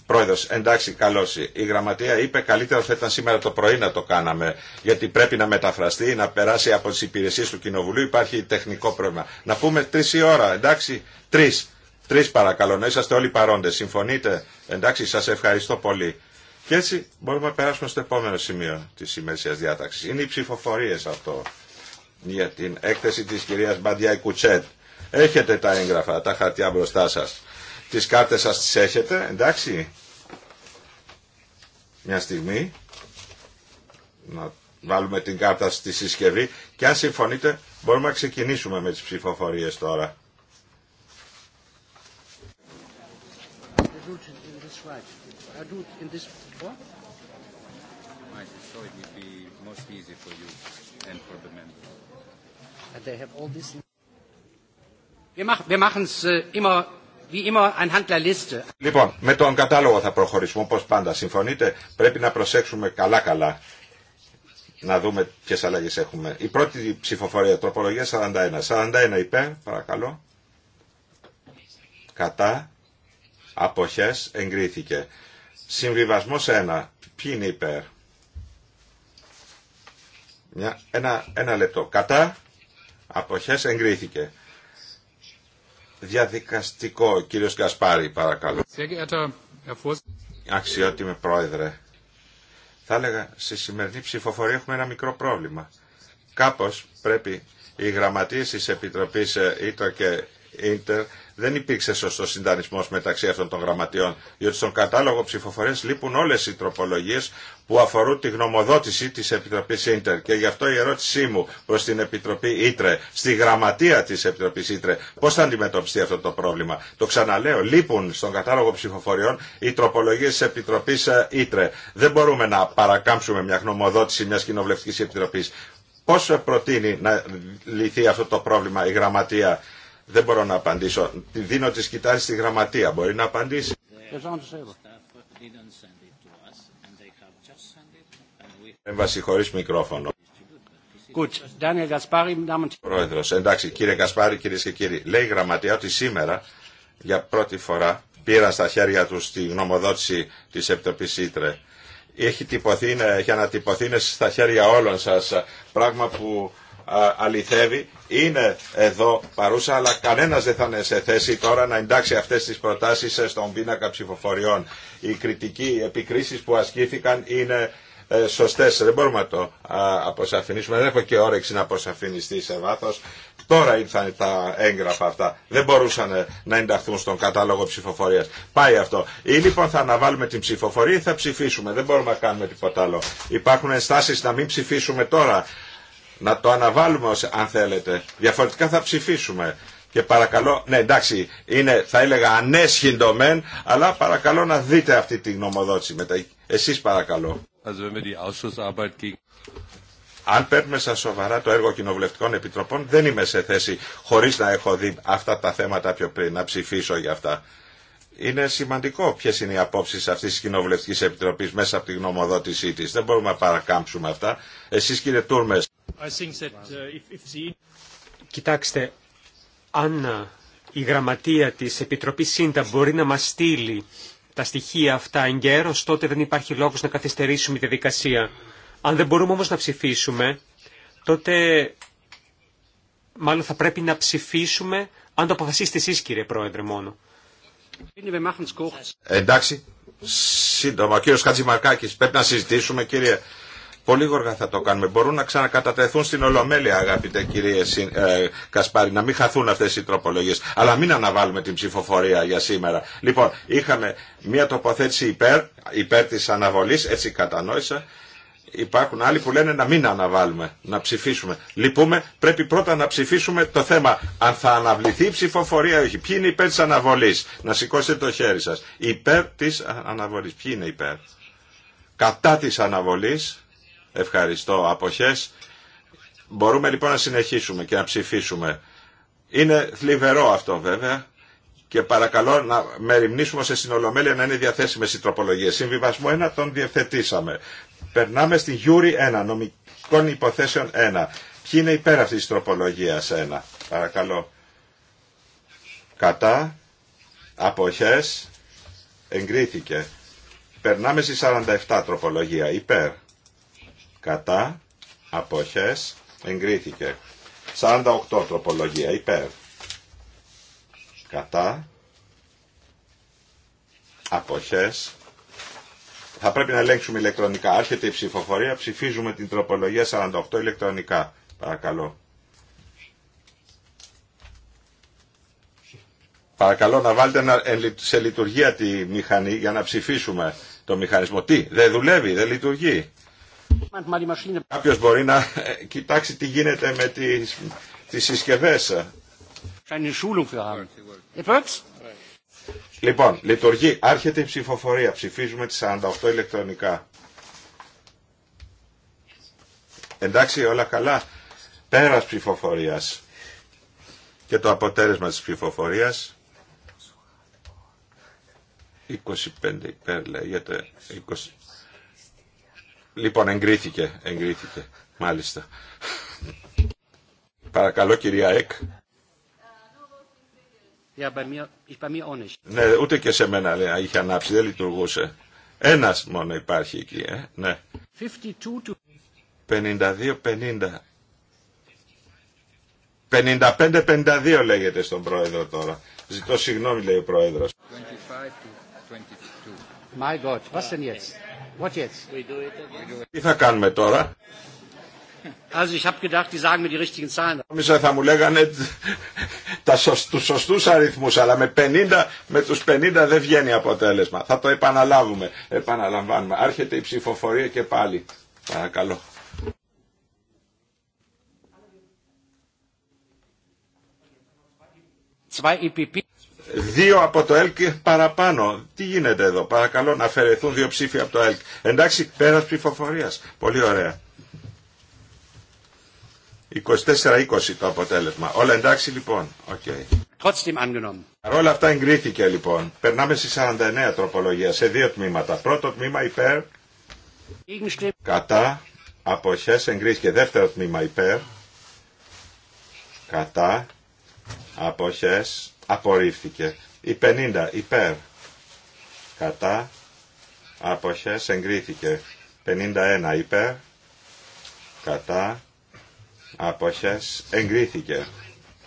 Πρόεδρος, εντάξει, καλώ. Η γραμματεία είπε καλύτερα θα ήταν σήμερα το πρωί να το κάναμε, γιατί πρέπει να μεταφραστεί, να περάσει από τις υπηρεσίες του Κοινοβουλίου, υπάρχει τεχνικό πρόβλημα. Να πούμε τρεις η ώρα, εντάξει, τρεις. Τρεις παρακαλώ, να είσαστε όλοι παρόντες. Συμφωνείτε, εντάξει, σας ευχαριστώ πολύ. Και έτσι μπορούμε να περάσουμε στο επόμενο σημείο της ημερησίας διάταξης. Είναι οι ψηφοφορίες αυτό για την έκθεση της κυρίας Μπαντιάη Κουτσέτ. Έχετε τα έγγραφα, τα χαρτιά μπροστά σας. Τις κάρτες σας τις έχετε, εντάξει. Μια στιγμή. Να βάλουμε την κάρτα στη συσκευή. Και αν συμφωνείτε μπορούμε να ξεκινήσουμε με τις ψηφοφορίες τώρα. Wir machen es äh, immer Λοιπόν, με τον κατάλογο θα προχωρήσουμε όπως πάντα. Συμφωνείτε, πρέπει να προσέξουμε καλά-καλά να δούμε ποιες αλλαγές έχουμε. Η πρώτη ψηφοφορία, τροπολογία 41. 41 υπέρ, παρακαλώ. Κατά. Αποχές εγκρίθηκε. Συμβιβασμός 1. Ποιοι είναι υπέρ. Μια, ένα, ένα λεπτό. Κατά. Αποχές εγκρίθηκε. Διαδικαστικό, κύριος Γκασπάρη, παρακαλώ. Αξιότιμε πρόεδρε, θα έλεγα στη σημερινή ψηφοφορία έχουμε ένα μικρό πρόβλημα. Κάπως πρέπει οι γραμματεία της Επιτροπής ΙΤΟ ε, και Ίντερ δεν υπήρξε σωστό συντανισμό μεταξύ αυτών των γραμματιών, διότι στον κατάλογο ψηφοφορία λείπουν όλε οι τροπολογίε που αφορούν τη γνωμοδότηση τη Επιτροπή Ίντερ. Και γι' αυτό η ερώτησή μου προ την Επιτροπή Ήτρε, στη γραμματεία τη Επιτροπή Ήτρε, πώ θα αντιμετωπιστεί αυτό το πρόβλημα. Το ξαναλέω, λείπουν στον κατάλογο ψηφοφοριών οι τροπολογίε τη Επιτροπή ε, Ήτρε. Δεν μπορούμε να παρακάμψουμε μια γνωμοδότηση μια κοινοβουλευτική επιτροπή. Πώ προτείνει να λυθεί αυτό το πρόβλημα η γραμματεία δεν μπορώ να απαντήσω. Δίνω τη σκητάρη στη γραμματεία. Μπορεί να απαντήσει. Ε, Έμβαση χωρίς μικρόφωνο. Πρόεδρος, εντάξει κύριε Κασπάρη, κυρίε και κύριοι, λέει η γραμματεία ότι σήμερα για πρώτη φορά πήραν στα χέρια τους τη γνωμοδότηση της Επιτροπής Ήτρε. Έχει, τυπωθεί, έχει ανατυπωθεί στα χέρια όλων σας, πράγμα που αληθεύει είναι εδώ παρούσα αλλά κανένας δεν θα είναι σε θέση τώρα να εντάξει αυτές τις προτάσεις στον πίνακα ψηφοφοριών. Οι κριτικοί επικρίσεις που ασκήθηκαν είναι ε, σωστές. Δεν μπορούμε να το αποσαφηνίσουμε. Δεν έχω και όρεξη να αποσαφηνιστεί σε βάθος. Τώρα ήρθαν τα έγγραφα αυτά. Δεν μπορούσαν ε, να ενταχθούν στον κατάλογο ψηφοφορία. Πάει αυτό. Ή λοιπόν θα αναβάλουμε την ψηφοφορία ή θα ψηφίσουμε. Δεν μπορούμε να κάνουμε τίποτα άλλο. Υπάρχουν ενστάσει να μην ψηφίσουμε τώρα να το αναβάλουμε αν θέλετε. Διαφορετικά θα ψηφίσουμε. Και παρακαλώ, ναι εντάξει, είναι, θα έλεγα ανέσχυντο μεν, αλλά παρακαλώ να δείτε αυτή τη γνωμοδότηση μετά. Εσείς παρακαλώ. Αν παίρνουμε σαν σοβαρά το έργο κοινοβουλευτικών επιτροπών, δεν είμαι σε θέση, χωρίς να έχω δει αυτά τα θέματα πιο πριν, να ψηφίσω για αυτά. Είναι σημαντικό ποιε είναι οι απόψει αυτή τη κοινοβουλευτική επιτροπή μέσα από τη γνωμοδότησή τη. Δεν μπορούμε να παρακάμψουμε αυτά. Εσεί κύριε Τούρμε. Uh, Κοιτάξτε, αν ε, η γραμματεία της Επιτροπής ΣΥΝΤΑ μπορεί να μας στείλει τα στοιχεία αυτά εγκαίρως, τότε δεν υπάρχει λόγος να καθυστερήσουμε τη δικασία. Αν δεν μπορούμε όμως να ψηφίσουμε, τότε μάλλον θα πρέπει να ψηφίσουμε αν το αποφασίσετε εσείς κύριε Πρόεδρε μόνο. Εντάξει, σύντομα. Ο κύριος Χατζημαρκάκης, πρέπει να συζητήσουμε κύριε Πολύ γοργά θα το κάνουμε. Μπορούν να ξανακατατεθούν στην Ολομέλεια, αγαπητέ κυρίε ε, Κασπάρη, να μην χαθούν αυτέ οι τροπολογίε. Αλλά μην αναβάλουμε την ψηφοφορία για σήμερα. Λοιπόν, είχαμε μία τοποθέτηση υπέρ, υπέρ τη αναβολή, έτσι κατανόησα. Υπάρχουν άλλοι που λένε να μην αναβάλουμε, να ψηφίσουμε. Λυπούμε, πρέπει πρώτα να ψηφίσουμε το θέμα. Αν θα αναβληθεί η ψηφοφορία ή όχι. Ποιοι είναι υπέρ τη αναβολή. Να σηκώσετε το χέρι σα. Υπέρ τη αναβολή. Ποιοι είναι υπέρ. Κατά τη αναβολή. Ευχαριστώ. Αποχές. Μπορούμε λοιπόν να συνεχίσουμε και να ψηφίσουμε. Είναι θλιβερό αυτό βέβαια και παρακαλώ να μεριμνήσουμε σε συνολομέλεια να είναι διαθέσιμες οι τροπολογίες. Συμβιβασμό 1 τον διευθετήσαμε. Περνάμε στην Γιούρι 1, νομικών υποθέσεων 1. Ποιοι είναι υπέρ αυτής της τροπολογία 1. Παρακαλώ. Κατά. Αποχές. Εγκρίθηκε. Περνάμε στη 47 τροπολογία. Υπέρ κατά, αποχές, εγκρίθηκε. 48 τροπολογία υπέρ, κατά, αποχές, θα πρέπει να ελέγξουμε ηλεκτρονικά. Άρχεται η ψηφοφορία, ψηφίζουμε την τροπολογία 48 ηλεκτρονικά. Παρακαλώ. Παρακαλώ να βάλετε σε λειτουργία τη μηχανή για να ψηφίσουμε το μηχανισμό. Τι, δεν δουλεύει, δεν λειτουργεί. Κάποιος μπορεί να ε, κοιτάξει τι γίνεται με τις, τις συσκευές. Λοιπόν, λειτουργεί. Άρχεται η ψηφοφορία. Ψηφίζουμε τις 48 ηλεκτρονικά. Εντάξει, όλα καλά. Πέρας ψηφοφορίας. Και το αποτέλεσμα της ψηφοφορίας. 25 υπέρ λέγεται. Λοιπόν, εγκρίθηκε, εγκρίθηκε, μάλιστα. Παρακαλώ, κυρία Εκ. Ναι, ούτε και σε μένα λέει, είχε ανάψει, δεν λειτουργούσε. Ένας μόνο υπάρχει εκεί, ε, ναι. 52-50. 55-52 λέγεται στον πρόεδρο τώρα. Ζητώ συγγνώμη λέει ο πρόεδρος. 25 22. My God, was denn jetzt? What jetzt? We do it again. Τι θα κάνουμε τώρα. Also ich habe gedacht, die sagen mir die richtigen Zahlen. Νόμιζα θα μου λέγανε [laughs] τα σωσ, τους σωστούς αριθμούς, αλλά με, 50, με τους 50 δεν βγαίνει αποτέλεσμα. Θα το επαναλάβουμε. Επαναλαμβάνουμε. Άρχεται η ψηφοφορία και πάλι. Παρακαλώ. Zwei EPP δύο από το ΕΛΚ παραπάνω. Τι γίνεται εδώ, παρακαλώ να αφαιρεθούν δύο ψήφοι από το ΕΛΚ. ενταξει περα πέρας ψηφοφορία. Πολύ ωραία. 24-20 το αποτέλεσμα. Όλα εντάξει λοιπόν. Okay. Παρ' όλα αυτά εγκρίθηκε λοιπόν. Περνάμε στη 49 τροπολογία σε δύο τμήματα. Πρώτο τμήμα υπέρ. Κατά. Αποχές εγκρίθηκε. Δεύτερο τμήμα υπέρ. Κατά. Αποχές απορρίφθηκε. Η 50 υπέρ κατά άποχες εγκρίθηκε. 51 υπέρ κατά άποχες εγκρίθηκε.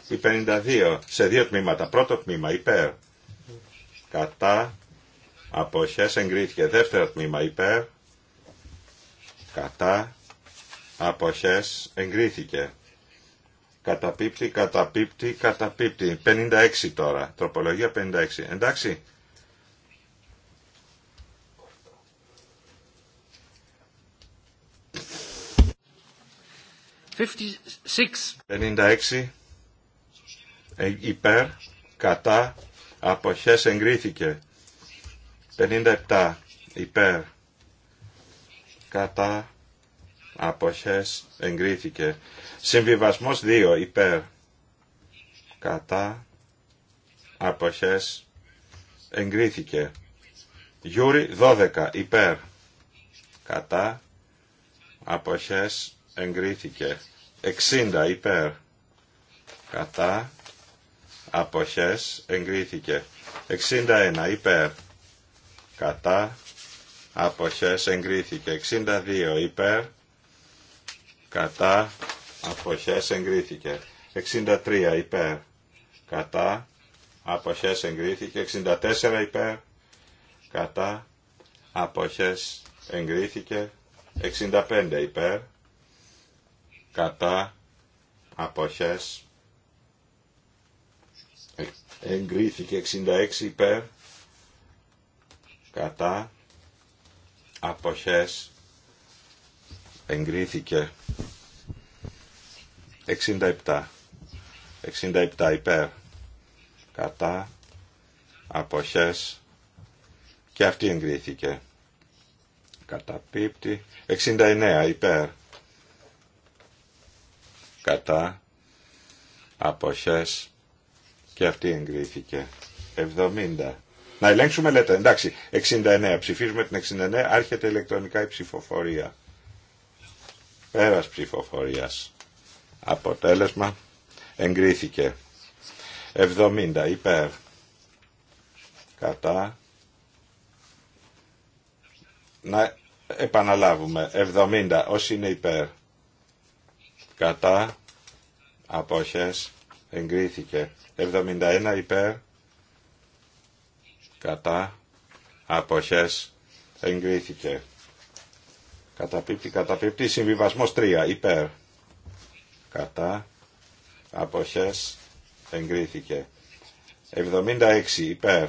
Η 52 σε δύο τμήματα. Πρώτο τμήμα υπέρ κατά αποχές εγκρίθηκε. Δεύτερο τμήμα υπέρ κατά αποχές εγκρίθηκε. Καταπίπτει, καταπίπτει, καταπίπτει. 56 τώρα. Τροπολογία 56. Εντάξει. «56 ε, υπέρ, κατά, αποχές εγκρίθηκε. 57 υπέρ, κατά, αποχές εγκρίθηκε. Συμβιβασμός 2 υπέρ κατά αποχές εγκρίθηκε. Γιούρι 12 υπέρ κατά αποχές εγκρίθηκε. 60 υπέρ κατά αποχές εγκρίθηκε. 61 υπέρ κατά αποχές εγκρίθηκε. 62 υπέρ κατά αποχές εγκρίθηκε 63 υπέρ κατά αποχές εγκρίθηκε 64 υπέρ κατά αποχές εγκρίθηκε 65 υπέρ κατά αποχές εγκρίθηκε 66 υπέρ κατά αποχές εγκρίθηκε 67. 67 υπέρ. Κατά. Αποχές. Και αυτή εγκρίθηκε. Καταπίπτει. 69 υπέρ. Κατά. Αποχές. Και αυτή εγκρίθηκε. 70. Να ελέγξουμε λέτε. Εντάξει. 69. Ψηφίζουμε την 69. Άρχεται ηλεκτρονικά η ψηφοφορία. Πέρας ψηφοφορίας. Αποτέλεσμα εγκρίθηκε. 70 υπέρ. Κατά. Να επαναλάβουμε. 70 όσοι είναι υπέρ. Κατά. Απόχες. Εγκρίθηκε. 71 υπέρ. Κατά. Απόχες. Εγκρίθηκε. Καταπίπτει, καταπίπτει. Συμβιβασμός 3 υπέρ κατά αποχές εγκρίθηκε 76 υπέρ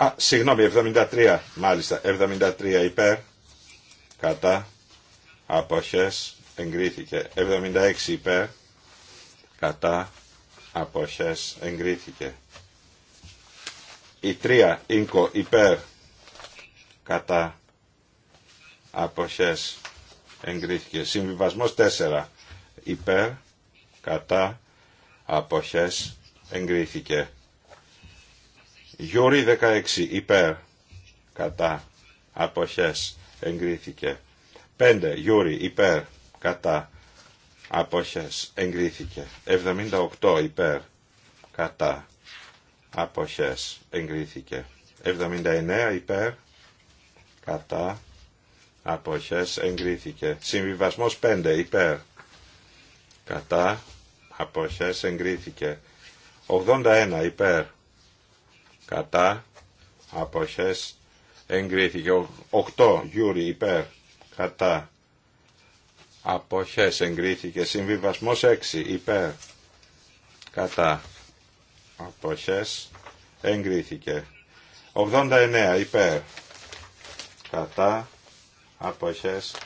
Α, συγγνώμη, 73, μάλιστα, 73 υπέρ, κατά, αποχές, εγκρίθηκε. 76 υπέρ, κατά, αποχές, εγκρίθηκε. Η 3, ίνκο, υπέρ, κατά, αποχές, εγκρίθηκε. Συμβιβασμός 4 υπέρ, κατά, αποχές, εγκρίθηκε. Γιούρι 16 υπέρ, κατά, αποχές, εγκρίθηκε. 5 Γιούρι υπέρ, κατά, αποχές, εγκρίθηκε. 78 υπέρ, κατά, αποχές, εγκρίθηκε. 79 υπέρ, κατά, αποχές εγκρίθηκε. Συμβιβασμός 5 υπέρ κατά αποχές εγκρίθηκε. 81 υπέρ κατά αποχές εγκρίθηκε. 8 γιούρι υπέρ κατά αποχές εγκρίθηκε. Συμβιβασμός 6 υπέρ κατά αποχές εγκρίθηκε. 89 υπέρ κατά αποχές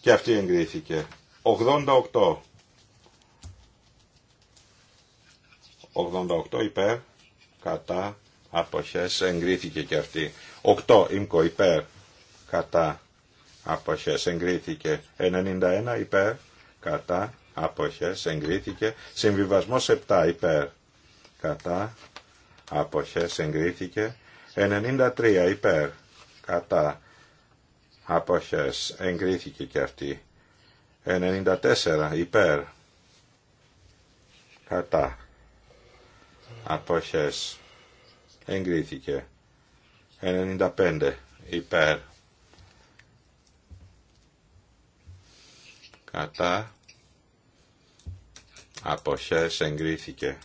και αυτή εγκρίθηκε. 88. 88 υπέρ, κατά, αποχές, εγκρίθηκε και αυτή. 8 ήμκο υπέρ, κατά, αποχές, εγκρίθηκε. 91 υπέρ, κατά, αποχές, εγκρίθηκε. Συμβιβασμός 7 υπέρ, κατά, αποχές, εγκρίθηκε. 93 υπέρ, κατά, απόχες εγκρίθηκε και αυτή 94 υπέρ κατά απόχες εγκρίθηκε 95 υπέρ κατά αποχές εγκρίθηκε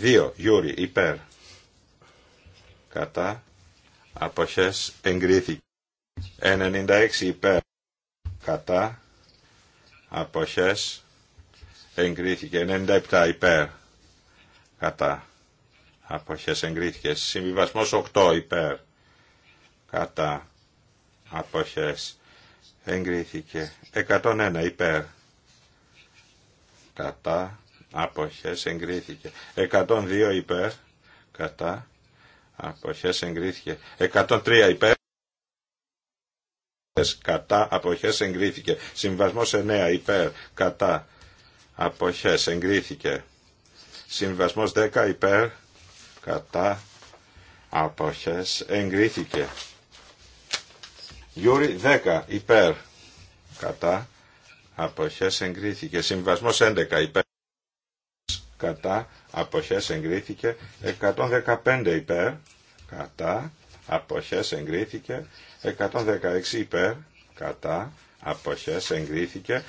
2 Γιούρι υπέρ κατά αποχές εγκρίθηκε. 96 υπέρ κατά αποχές εγκρίθηκε. 97 υπέρ κατά αποχές εγκρίθηκε. Συμβιβασμός 8 υπέρ κατά αποχές εγκρίθηκε. 101 υπέρ κατά αποχές εγκρίθηκε. 102 υπέρ κατά αποχές εγκρίθηκε. 103 υπέρ κατά αποχές εγκρίθηκε. Συμβασμός 9 υπέρ κατά αποχές εγκρίθηκε. Συμβασμός 10 υπέρ κατά αποχές εγκρίθηκε. Γιούρι 10 υπέρ κατά αποχές εγκρίθηκε. Συμβασμός 11 υπέρ κατά αποχές εγκρίθηκε 115 υπέρ κατά αποχές εγκρίθηκε 116 υπέρ κατά αποχές εγκρίθηκε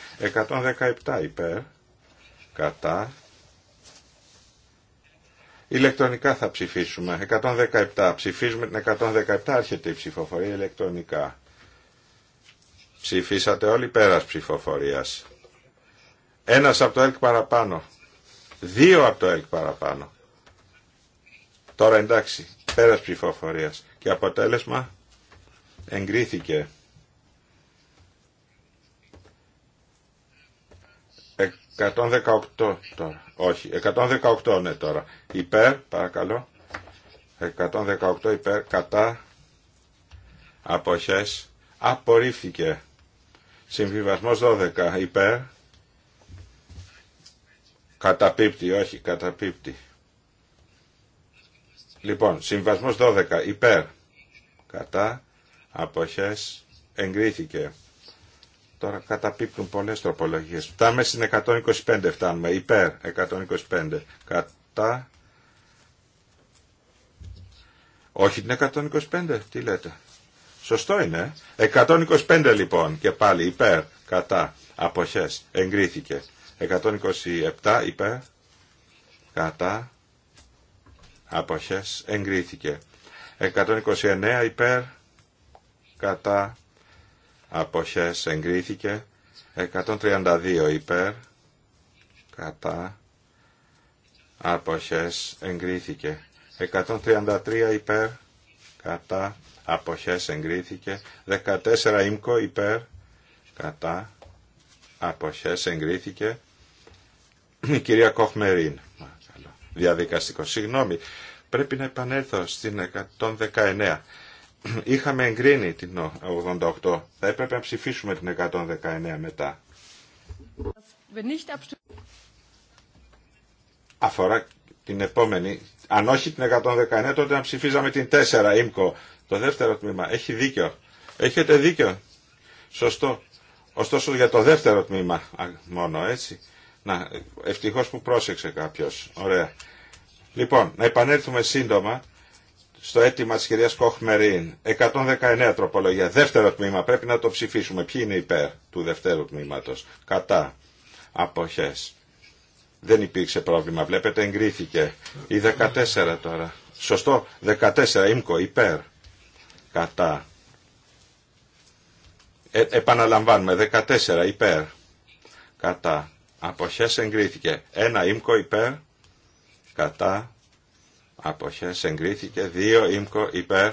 117 υπέρ κατά ηλεκτρονικά θα ψηφίσουμε 117 ψηφίζουμε την 117 έρχεται η ψηφοφορία ηλεκτρονικά ψηφίσατε όλοι πέρας ψηφοφορίας ένας από το ΕΛΚ παραπάνω Δύο από το ΕΛΚ παραπάνω. Τώρα εντάξει, πέρας ψηφοφορίας. Και αποτέλεσμα εγκρίθηκε. 118 τώρα. Όχι, 118 ναι τώρα. Υπέρ, παρακαλώ. 118 υπέρ, κατά, αποχές, απορρίφθηκε. Συμβιβασμός 12 υπέρ, Καταπίπτει, όχι, καταπίπτει. Λοιπόν, συμβασμός 12, υπέρ. Κατά, αποχές, εγκρίθηκε. Τώρα καταπίπτουν πολλές τροπολογίες. Φτάμε στην 125, φτάνουμε, υπέρ, 125. Κατά, όχι την 125, τι λέτε. Σωστό είναι. 125 λοιπόν και πάλι υπέρ, κατά, αποχές, εγκρίθηκε. 127 υπέρ κατά αποχές εγκρίθηκε 129 υπέρ κατά αποχές εγκρίθηκε 132 υπέρ κατά αποχές εγκρίθηκε 133 υπέρ κατά αποχές εγκρίθηκε 14 ΙΜΚΟ υπέρ κατά αποχές εγκρίθηκε η κυρία Κοχμερίν. Διαδικαστικό. Συγγνώμη, πρέπει να επανέλθω στην 119. Είχαμε εγκρίνει την 88. Θα έπρεπε να ψηφίσουμε την 119 μετά. Αφορά την επόμενη. Αν όχι την 119 τότε να ψηφίζαμε την 4 ΙΜΚΟ. Το δεύτερο τμήμα. Έχει δίκιο. Έχετε δίκιο. Σωστό. Ωστόσο για το δεύτερο τμήμα μόνο έτσι. Να, ευτυχώς που πρόσεξε κάποιος. Ωραία. Λοιπόν, να επανέλθουμε σύντομα στο αίτημα της κυρίας Κοχμερίν. 119 τροπολογία. Δεύτερο τμήμα. Πρέπει να το ψηφίσουμε. Ποιοι είναι υπέρ του δευτέρου τμήματος. Κατά. Αποχές. Δεν υπήρξε πρόβλημα. Βλέπετε εγκρίθηκε. Η 14 τώρα. Σωστό. 14 ήμκο. Υπέρ. Κατά. Ε, επαναλαμβάνουμε. 14 υπέρ. Κατά. Αποχές εγκρίθηκε. 1 ΙΜΚΟ υπέρ. Κατά. Αποχές εγκρίθηκε. 2 ΙΜΚΟ υπέρ.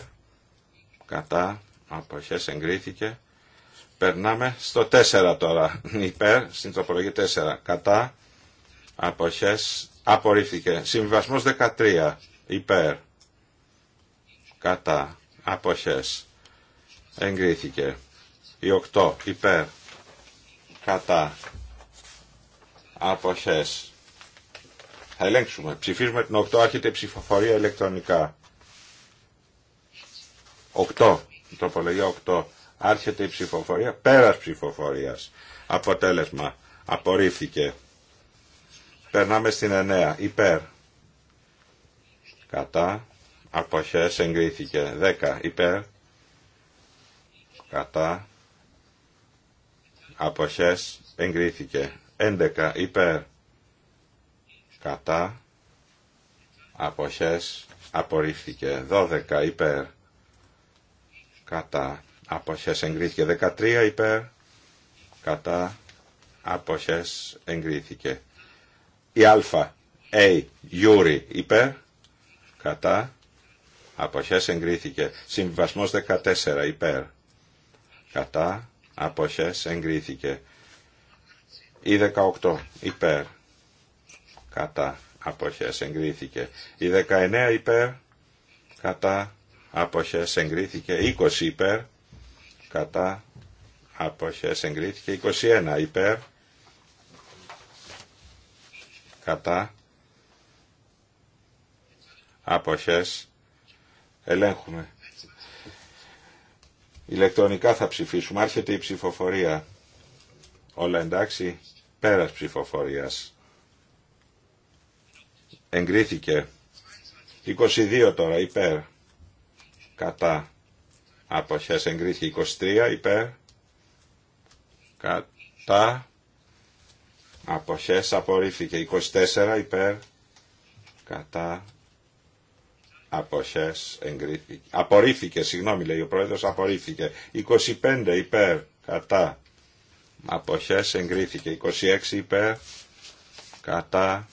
Κατά. Αποχές εγκρίθηκε. Περνάμε στο 4 τώρα. [laughs] Υπέρ. Στην τροπολογία 4. Κατά. Αποχές απορρίφθηκε. Συμβασμός 13. Υπέρ. Κατά. Αποχές. Εγκρίθηκε. Η 8 υπέρ κατά αποχές. Θα ελέγξουμε. Ψηφίζουμε την 8. Άρχεται η ψηφοφορία ηλεκτρονικά. 8. τροπολογία 8. Άρχεται η ψηφοφορία. Πέρας ψηφοφορίας. Αποτέλεσμα. Απορρίφθηκε. Περνάμε στην 9. Υπέρ. Κατά. Αποχές εγκρίθηκε. 10. Υπέρ. Κατά αποχές εγκρίθηκε 11 υπέρ κατά αποχές απορρίφθηκε 12 υπέρ κατά αποχές εγκρίθηκε 13 υπέρ κατά αποχές εγκρίθηκε η α A ε. Γιούρι υπέρ κατά αποχές εγκρίθηκε συμβιβασμός 14 υπέρ κατά αποχές εγκρίθηκε. Η 18 υπέρ κατά αποχές εγκρίθηκε. Η 19 υπέρ κατά αποχές εγκρίθηκε. 20 υπέρ κατά αποχές εγκρίθηκε. 21 υπέρ κατά αποχές ελέγχουμε. Ηλεκτρονικά θα ψηφίσουμε. Άρχεται η ψηφοφορία. Όλα εντάξει. Πέρας ψηφοφορίας. Εγκρίθηκε. 22 τώρα υπέρ. Κατά. Αποχές εγκρίθηκε. 23 υπέρ. Κατά. Αποχές απορρίφθηκε. 24 υπέρ. Κατά αποχές εγκρίθηκε. Απορρίφθηκε, συγγνώμη λέει ο πρόεδρος, απορρίφθηκε. 25 υπέρ κατά αποχές εγκρίθηκε. 26 υπέρ κατά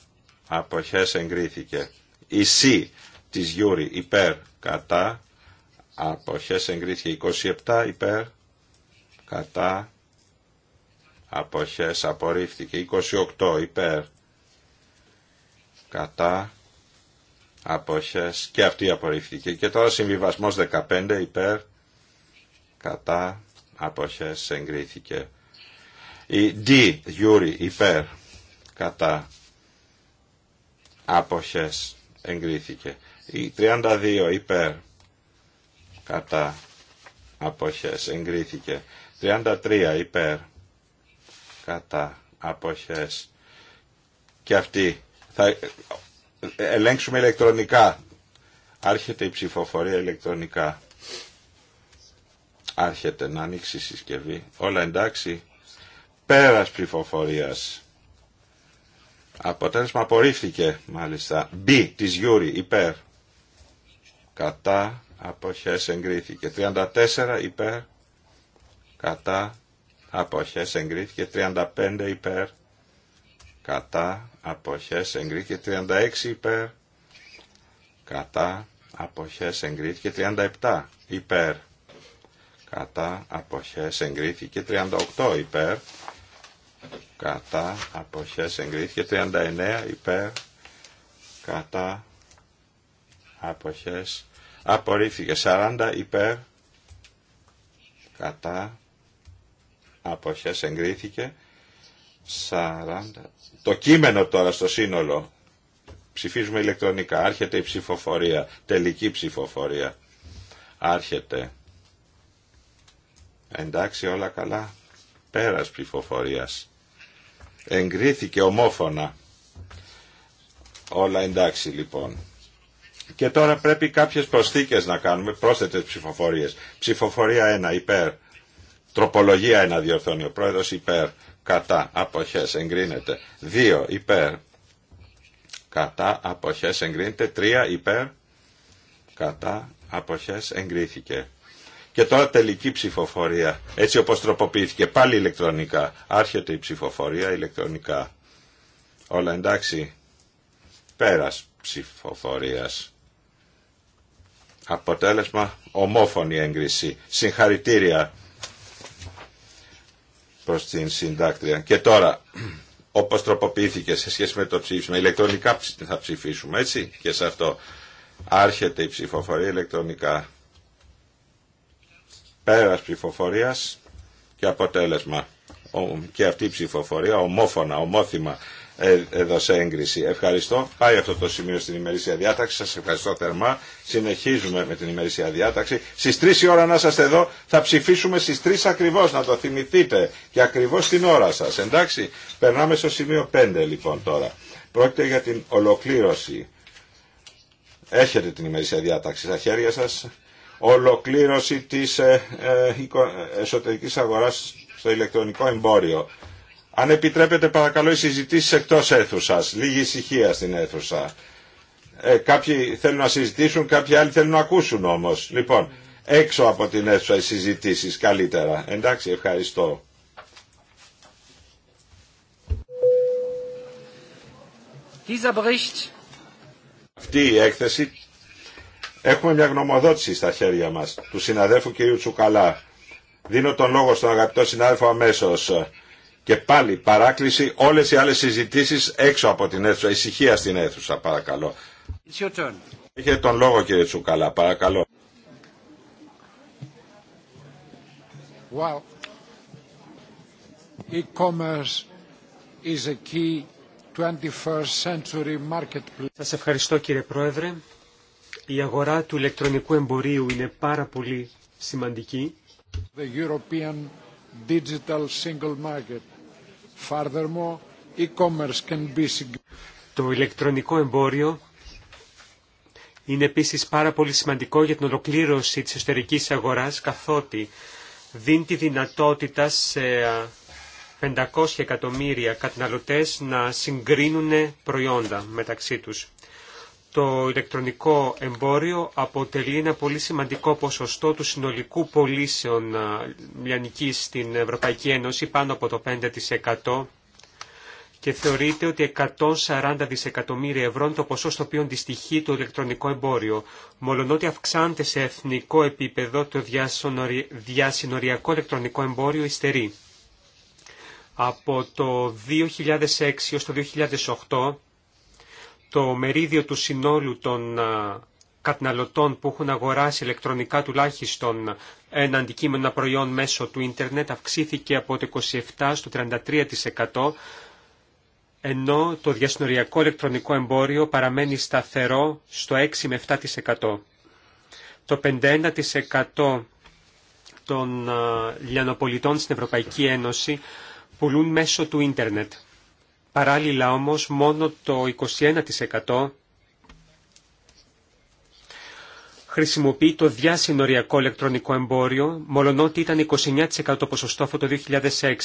αποχές εγκρίθηκε. Η ΣΥ της Γιούρη υπέρ κατά αποχές εγκρίθηκε. 27 υπέρ κατά αποχές απορρίφθηκε. 28 υπέρ κατά αποχές και αυτή απορρίφθηκε. Και τώρα συμβιβασμός 15 υπέρ κατά αποχές εγκρίθηκε. Η D, Γιούρι, υπέρ κατά αποχές εγκρίθηκε. Η 32 υπέρ κατά αποχές εγκρίθηκε. 33 υπέρ κατά αποχές και αυτή θα ελέγξουμε ηλεκτρονικά. Άρχεται η ψηφοφορία ηλεκτρονικά. Άρχεται να ανοίξει η συσκευή. Όλα εντάξει. Πέρας ψηφοφορίας. Αποτέλεσμα απορρίφθηκε μάλιστα. B της Γιούρη υπέρ. Κατά αποχές εγκρίθηκε. 34 υπέρ. Κατά αποχές εγκρίθηκε. 35 υπέρ κατά αποχές εγκρίθηκε 36 υπέρ κατά αποχές εγκρίθηκε 37 υπέρ κατά αποχές εγκρίθηκε 38 υπέρ κατά αποχές εγκρίθηκε 39 υπέρ κατά αποχές απορρίφθηκε 40 υπέρ κατά αποχές εγκρίθηκε 40. Το κείμενο τώρα στο σύνολο. Ψηφίζουμε ηλεκτρονικά. Άρχεται η ψηφοφορία. Τελική ψηφοφορία. Άρχεται. Εντάξει όλα καλά. Πέρας ψηφοφορίας. Εγκρίθηκε ομόφωνα. Όλα εντάξει λοιπόν. Και τώρα πρέπει κάποιες προσθήκες να κάνουμε, πρόσθετες ψηφοφορίες. Ψηφοφορία 1 υπέρ. Τροπολογία 1 διορθώνει ο πρόεδρος υπέρ κατά αποχές εγκρίνεται 2 υπέρ κατά αποχές εγκρίνεται 3 υπέρ κατά αποχές εγκρίθηκε και τώρα τελική ψηφοφορία έτσι όπως τροποποιήθηκε πάλι ηλεκτρονικά άρχεται η ψηφοφορία ηλεκτρονικά όλα εντάξει πέρας ψηφοφορίας αποτέλεσμα ομόφωνη έγκριση συγχαρητήρια προς την συντάκτρια. Και τώρα, [clears throat] όπως τροποποιήθηκε σε σχέση με το ψήφισμα, ηλεκτρονικά θα ψηφίσουμε, έτσι, και σε αυτό. Άρχεται η ψηφοφορία ηλεκτρονικά. Πέρας ψηφοφορίας και αποτέλεσμα. Και αυτή η ψηφοφορία ομόφωνα, ομόθυμα ε, έδωσε έγκριση. Ευχαριστώ. Πάει αυτό το σημείο στην ημερήσια διάταξη. Σας ευχαριστώ θερμά. Συνεχίζουμε με την ημερήσια διάταξη. Στις 3 η ώρα να είστε εδώ θα ψηφίσουμε στις 3 ακριβώς να το θυμηθείτε και ακριβώς την ώρα σας. Εντάξει. Περνάμε στο σημείο 5 λοιπόν τώρα. Πρόκειται για την ολοκλήρωση. Έχετε την ημερήσια διάταξη στα χέρια σας. Ολοκλήρωση της ε, ε, εσωτερικής αγοράς στο ηλεκτρονικό εμπόριο. Αν επιτρέπετε παρακαλώ οι συζητήσεις εκτός αίθουσας, λίγη ησυχία στην αίθουσα. Ε, κάποιοι θέλουν να συζητήσουν, κάποιοι άλλοι θέλουν να ακούσουν όμως. Λοιπόν, έξω από την αίθουσα οι συζητήσεις καλύτερα. Εντάξει, ευχαριστώ. Αυτή η έκθεση έχουμε μια γνωμοδότηση στα χέρια μας του συναδέφου κ. Τσουκαλά. Δίνω τον λόγο στον αγαπητό συνάδελφο αμέσως και πάλι παράκληση όλες οι άλλες συζητήσεις έξω από την αίθουσα. Ησυχία στην αίθουσα παρακαλώ. Είχε τον λόγο κύριε Τσουκαλά παρακαλώ. Wow. E-commerce is a key 21st century marketplace. Σας ευχαριστώ κύριε Πρόεδρε. Η αγορά του ηλεκτρονικού εμπορίου είναι πάρα πολύ σημαντική. The European digital single market. Το ηλεκτρονικό εμπόριο είναι επίσης πάρα πολύ σημαντικό για την ολοκλήρωση της εσωτερικής αγοράς, καθότι δίνει τη δυνατότητα σε 500 εκατομμύρια καταναλωτές να συγκρίνουν προϊόντα μεταξύ τους το ηλεκτρονικό εμπόριο αποτελεί ένα πολύ σημαντικό ποσοστό του συνολικού πωλήσεων λιανικής στην Ευρωπαϊκή Ένωση, πάνω από το 5% και θεωρείται ότι 140 δισεκατομμύρια ευρώ είναι το ποσό στο οποίο αντιστοιχεί το ηλεκτρονικό εμπόριο, μολονότι αυξάνεται σε εθνικό επίπεδο το διασυνοριακό ηλεκτρονικό εμπόριο υστερεί. Από το 2006 έως το 2008 το μερίδιο του συνόλου των καταναλωτών που έχουν αγοράσει ηλεκτρονικά τουλάχιστον ένα αντικείμενο προϊόν μέσω του ίντερνετ αυξήθηκε από το 27% στο 33% ενώ το διασυνοριακό ηλεκτρονικό εμπόριο παραμένει σταθερό στο 6 7%. Το 51% των λιανοπολιτών στην Ευρωπαϊκή Ένωση πουλούν μέσω του ίντερνετ. Παράλληλα όμως μόνο το 21% χρησιμοποιεί το διασυνοριακό ηλεκτρονικό εμπόριο, μολονότι ήταν 29% το ποσοστό αυτό το 2006.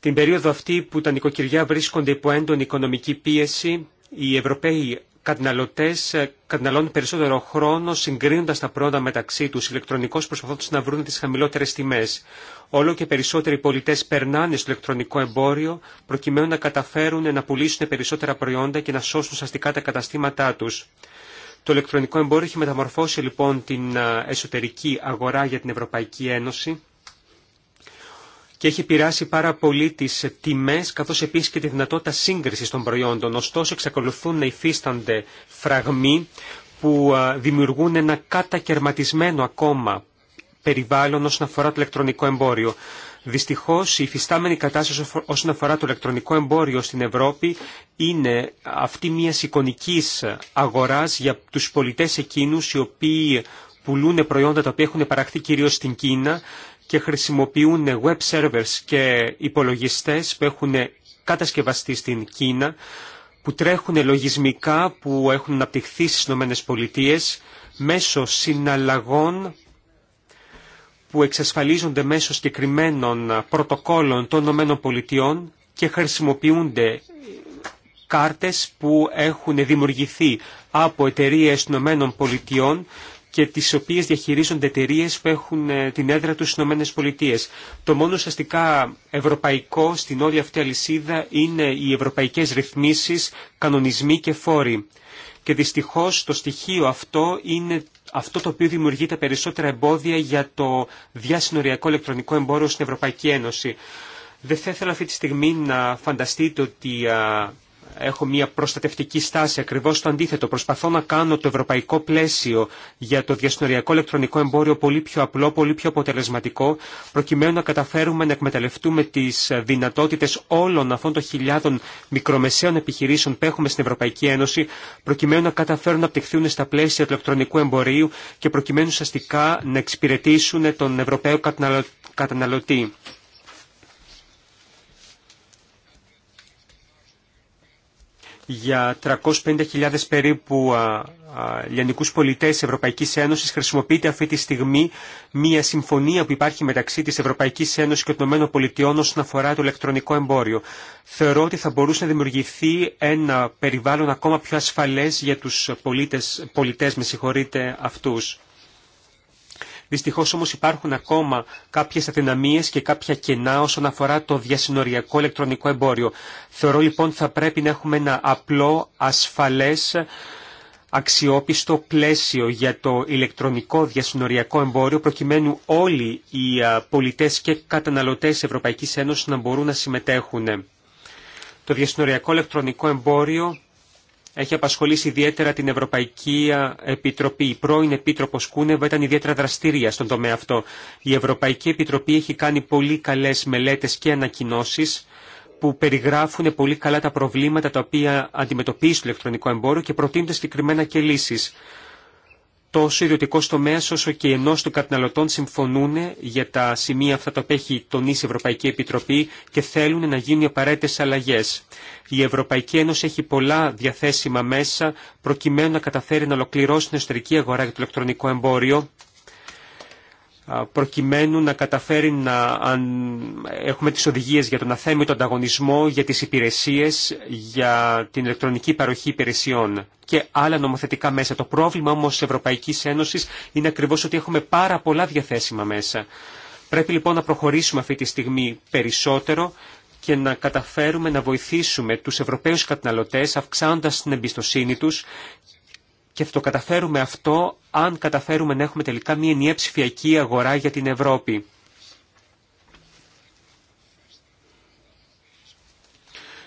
Την περίοδο αυτή που τα νοικοκυριά βρίσκονται υπό έντονη οικονομική πίεση, οι Ευρωπαίοι καταναλωτές ε, καταναλώνουν περισσότερο χρόνο συγκρίνοντας τα προϊόντα μεταξύ τους, ηλεκτρονικώς προσπαθώντας να βρουν τις χαμηλότερες τιμές. Όλο και περισσότεροι πολιτές περνάνε στο ηλεκτρονικό εμπόριο προκειμένου να καταφέρουν να πουλήσουν περισσότερα προϊόντα και να σώσουν σαστικά τα καταστήματά τους. Το ηλεκτρονικό εμπόριο έχει μεταμορφώσει λοιπόν την ε, εσωτερική αγορά για την Ευρωπαϊκή Ένωση και έχει πειράσει πάρα πολύ τι τιμέ καθώ επίση και τη δυνατότητα σύγκριση των προϊόντων. Ωστόσο εξακολουθούν να υφίστανται φραγμοί που δημιουργούν ένα κατακαιρματισμένο ακόμα περιβάλλον όσον αφορά το ηλεκτρονικό εμπόριο. Δυστυχώ, η υφιστάμενη κατάσταση όσον αφορά το ηλεκτρονικό εμπόριο στην Ευρώπη είναι αυτή μια εικονική αγορά για του πολιτέ εκείνου οι οποίοι πουλούν προϊόντα τα οποία έχουν παραχθεί κυρίω στην Κίνα και χρησιμοποιούν web servers και υπολογιστές που έχουν κατασκευαστεί στην Κίνα, που τρέχουν λογισμικά που έχουν αναπτυχθεί στις ΗΠΑ μέσω συναλλαγών που εξασφαλίζονται μέσω συγκεκριμένων πρωτοκόλων των Ηνωμένων Πολιτειών και χρησιμοποιούνται κάρτες που έχουν δημιουργηθεί από εταιρείες των Ηνωμένων και τις οποίες διαχειρίζονται εταιρείε που έχουν ε, την έδρα τους στις ΗΠΑ. Πολιτείες. Το μόνο ουσιαστικά ευρωπαϊκό στην όλη αυτή αλυσίδα είναι οι ευρωπαϊκές ρυθμίσεις, κανονισμοί και φόροι. Και δυστυχώς το στοιχείο αυτό είναι αυτό το οποίο δημιουργεί τα περισσότερα εμπόδια για το διασυνοριακό ηλεκτρονικό εμπόριο στην Ευρωπαϊκή Ένωση. Δεν θα ήθελα αυτή τη στιγμή να φανταστείτε ότι έχω μια προστατευτική στάση, ακριβώς το αντίθετο. Προσπαθώ να κάνω το ευρωπαϊκό πλαίσιο για το διασυνοριακό ηλεκτρονικό εμπόριο πολύ πιο απλό, πολύ πιο αποτελεσματικό, προκειμένου να καταφέρουμε να εκμεταλλευτούμε τις δυνατότητες όλων αυτών των χιλιάδων μικρομεσαίων επιχειρήσεων που έχουμε στην Ευρωπαϊκή Ένωση, προκειμένου να καταφέρουν να απτυχθούν στα πλαίσια του ηλεκτρονικού εμπορίου και προκειμένου ουσιαστικά να εξυπηρετήσουν τον Ευρωπαίο καταναλωτή. για 350.000 περίπου λιανικούς πολιτές Ευρωπαϊκής Ένωσης χρησιμοποιείται αυτή τη στιγμή μια συμφωνία που υπάρχει μεταξύ της Ευρωπαϊκής Ένωσης και των ΗΠΑ όσον αφορά το ηλεκτρονικό εμπόριο. Θεωρώ ότι θα μπορούσε να δημιουργηθεί ένα περιβάλλον ακόμα πιο ασφαλές για τους πολίτες, πολιτές με συγχωρείτε, αυτούς. Δυστυχώ όμω υπάρχουν ακόμα κάποιες αδυναμίες και κάποια κενά όσον αφορά το διασυνοριακό ηλεκτρονικό εμπόριο. Θεωρώ λοιπόν θα πρέπει να έχουμε ένα απλό, ασφαλές, αξιόπιστο πλαίσιο για το ηλεκτρονικό διασυνοριακό εμπόριο προκειμένου όλοι οι πολιτές και καταναλωτές Ευρωπαϊκής Ένωσης να μπορούν να συμμετέχουν. Το διασυνοριακό ηλεκτρονικό εμπόριο έχει απασχολήσει ιδιαίτερα την Ευρωπαϊκή Επιτροπή. Η πρώην Επίτροπος Κούνεβα ήταν ιδιαίτερα δραστήρια στον τομέα αυτό. Η Ευρωπαϊκή Επιτροπή έχει κάνει πολύ καλές μελέτες και ανακοινώσεις που περιγράφουν πολύ καλά τα προβλήματα τα οποία αντιμετωπίζει το ηλεκτρονικό εμπόριο και προτείνονται συγκεκριμένα και λύσεις τόσο ιδιωτικό τομέα όσο και ενό των καταναλωτών συμφωνούν για τα σημεία αυτά τα οποία έχει τονίσει η Ευρωπαϊκή Επιτροπή και θέλουν να γίνουν οι απαραίτητε αλλαγέ. Η Ευρωπαϊκή Ένωση έχει πολλά διαθέσιμα μέσα προκειμένου να καταφέρει να ολοκληρώσει την εσωτερική αγορά για το ηλεκτρονικό εμπόριο προκειμένου να καταφέρει να έχουμε τις οδηγίες για τον αθέμητο ανταγωνισμό, για τις υπηρεσίες, για την ηλεκτρονική παροχή υπηρεσιών και άλλα νομοθετικά μέσα. Το πρόβλημα όμως της Ευρωπαϊκής Ένωσης είναι ακριβώς ότι έχουμε πάρα πολλά διαθέσιμα μέσα. Πρέπει λοιπόν να προχωρήσουμε αυτή τη στιγμή περισσότερο και να καταφέρουμε να βοηθήσουμε τους Ευρωπαίους καταναλωτές αυξάνοντας την εμπιστοσύνη τους και θα το καταφέρουμε αυτό αν καταφέρουμε να έχουμε τελικά μια ενιαία ψηφιακή αγορά για την Ευρώπη.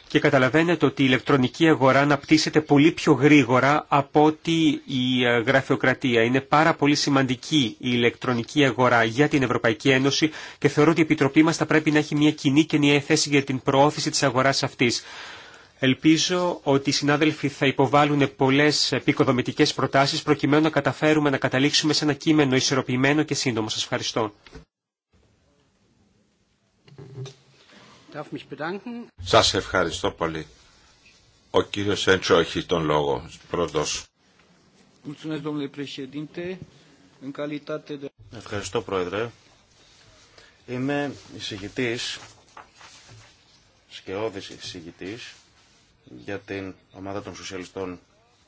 Και καταλαβαίνετε ότι η ηλεκτρονική αγορά αναπτύσσεται πολύ πιο γρήγορα από ότι η ε, γραφειοκρατία. Είναι πάρα πολύ σημαντική η ηλεκτρονική αγορά για την Ευρωπαϊκή Ένωση και θεωρώ ότι η Επιτροπή μας θα πρέπει να έχει μια κοινή και νέα θέση για την προώθηση της αγοράς αυτής. Ελπίζω ότι οι συνάδελφοι θα υποβάλουν πολλές επικοδομητικές προτάσεις προκειμένου να καταφέρουμε να καταλήξουμε σε ένα κείμενο ισορροπημένο και σύντομο. Σας ευχαριστώ. Σας ευχαριστώ πολύ. Ο κύριος Έντσο έχει τον λόγο πρώτος. Ευχαριστώ πρόεδρε. Είμαι εισηγητής, σκεώδης εισηγητής για την ομάδα των Σοσιαλιστών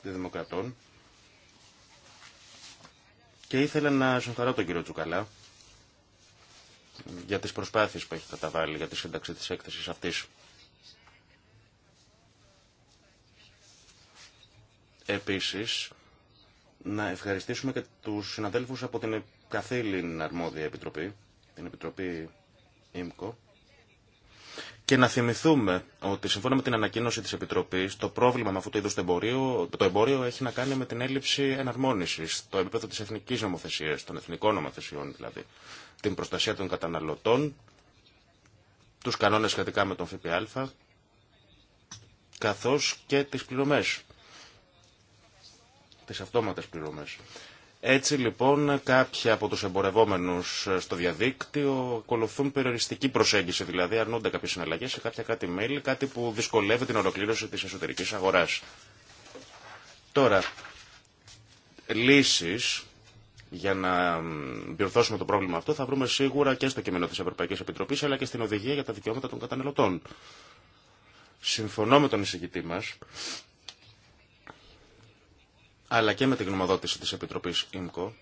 Δημοκρατών και ήθελα να συγχαρώ τον κύριο Τσουκαλά για τις προσπάθειες που έχει καταβάλει για τη σύνταξη της έκθεσης αυτής. Επίσης, να ευχαριστήσουμε και τους συναδέλφους από την καθήλυν αρμόδια επιτροπή, την Επιτροπή ΙΜΚΟ, και να θυμηθούμε ότι σύμφωνα με την ανακοίνωση τη Επιτροπή, το πρόβλημα με αυτού του είδου το εμπόριο, το εμπόριο έχει να κάνει με την έλλειψη εναρμόνιση στο επίπεδο τη εθνική νομοθεσία, των εθνικών νομοθεσιών δηλαδή. Την προστασία των καταναλωτών, του κανόνε σχετικά με τον ΦΠΑ, καθώ και τι πληρωμέ. Τι αυτόματε πληρωμέ. Έτσι λοιπόν κάποιοι από τους εμπορευόμενους στο διαδίκτυο ακολουθούν περιοριστική προσέγγιση, δηλαδή αρνούνται κάποιες συναλλαγές σε κάποια κάτι μέλη, κάτι που δυσκολεύει την ολοκλήρωση της εσωτερικής αγοράς. Τώρα, λύσεις για να διορθώσουμε το πρόβλημα αυτό θα βρούμε σίγουρα και στο κείμενο της Ευρωπαϊκής Επιτροπής αλλά και στην οδηγία για τα δικαιώματα των καταναλωτών. Συμφωνώ με τον εισηγητή μας αλλά και με την γνωμοδότηση της Επιτροπής ΙΜΚΟ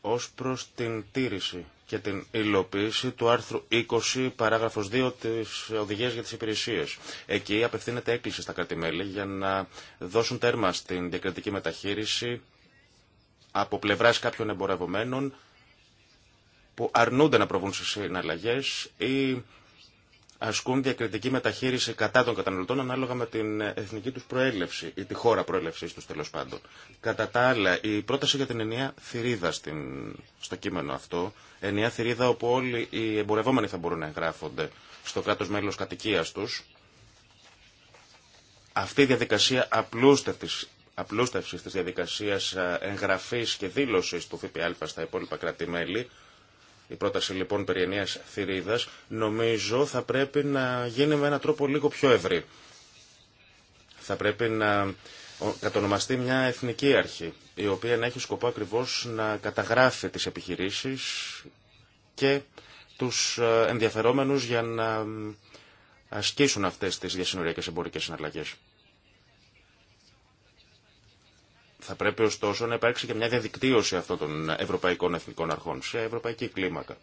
ως προς την τήρηση και την υλοποίηση του άρθρου 20 παράγραφος 2 της Οδηγίας για τις Υπηρεσίες. Εκεί απευθύνεται έκκληση στα κρατημέλη για να δώσουν τέρμα στην διακριτική μεταχείριση από πλευράς κάποιων εμπορευμένων που αρνούνται να προβούν σε συναλλαγές ή ασκούν διακριτική μεταχείριση κατά των καταναλωτών ανάλογα με την εθνική τους προέλευση ή τη χώρα προέλευσής τους τέλος πάντων. Κατά τα άλλα, η τη χωρα προελευσης του τελο παντων κατα τα αλλα η προταση για την ενιαία θηρίδα στην, στο κείμενο αυτό, ενιαία θηρίδα όπου όλοι οι εμπορευόμενοι θα μπορούν να εγγράφονται στο κράτο μέλος κατοικία τους, αυτή η διαδικασία απλούστευση τη διαδικασία ε, εγγραφής και δήλωση του ΦΠΑ στα υπόλοιπα κράτη-μέλη, η πρόταση λοιπόν περί ενίας θηρίδας νομίζω θα πρέπει να γίνει με έναν τρόπο λίγο πιο ευρύ. Θα πρέπει να κατονομαστεί μια εθνική αρχή, η οποία να έχει σκοπό ακριβώς να καταγράφει τις επιχειρήσεις και τους ε, ενδιαφερόμενους για να ασκήσουν αυτές τις διασυνοριακές εμπορικές συναλλαγές. Θα πρέπει ωστόσο να υπάρξει και μια διαδικτύωση αυτών των ευρωπαϊκών εθνικών αρχών σε ευρωπαϊκή κλίμακα.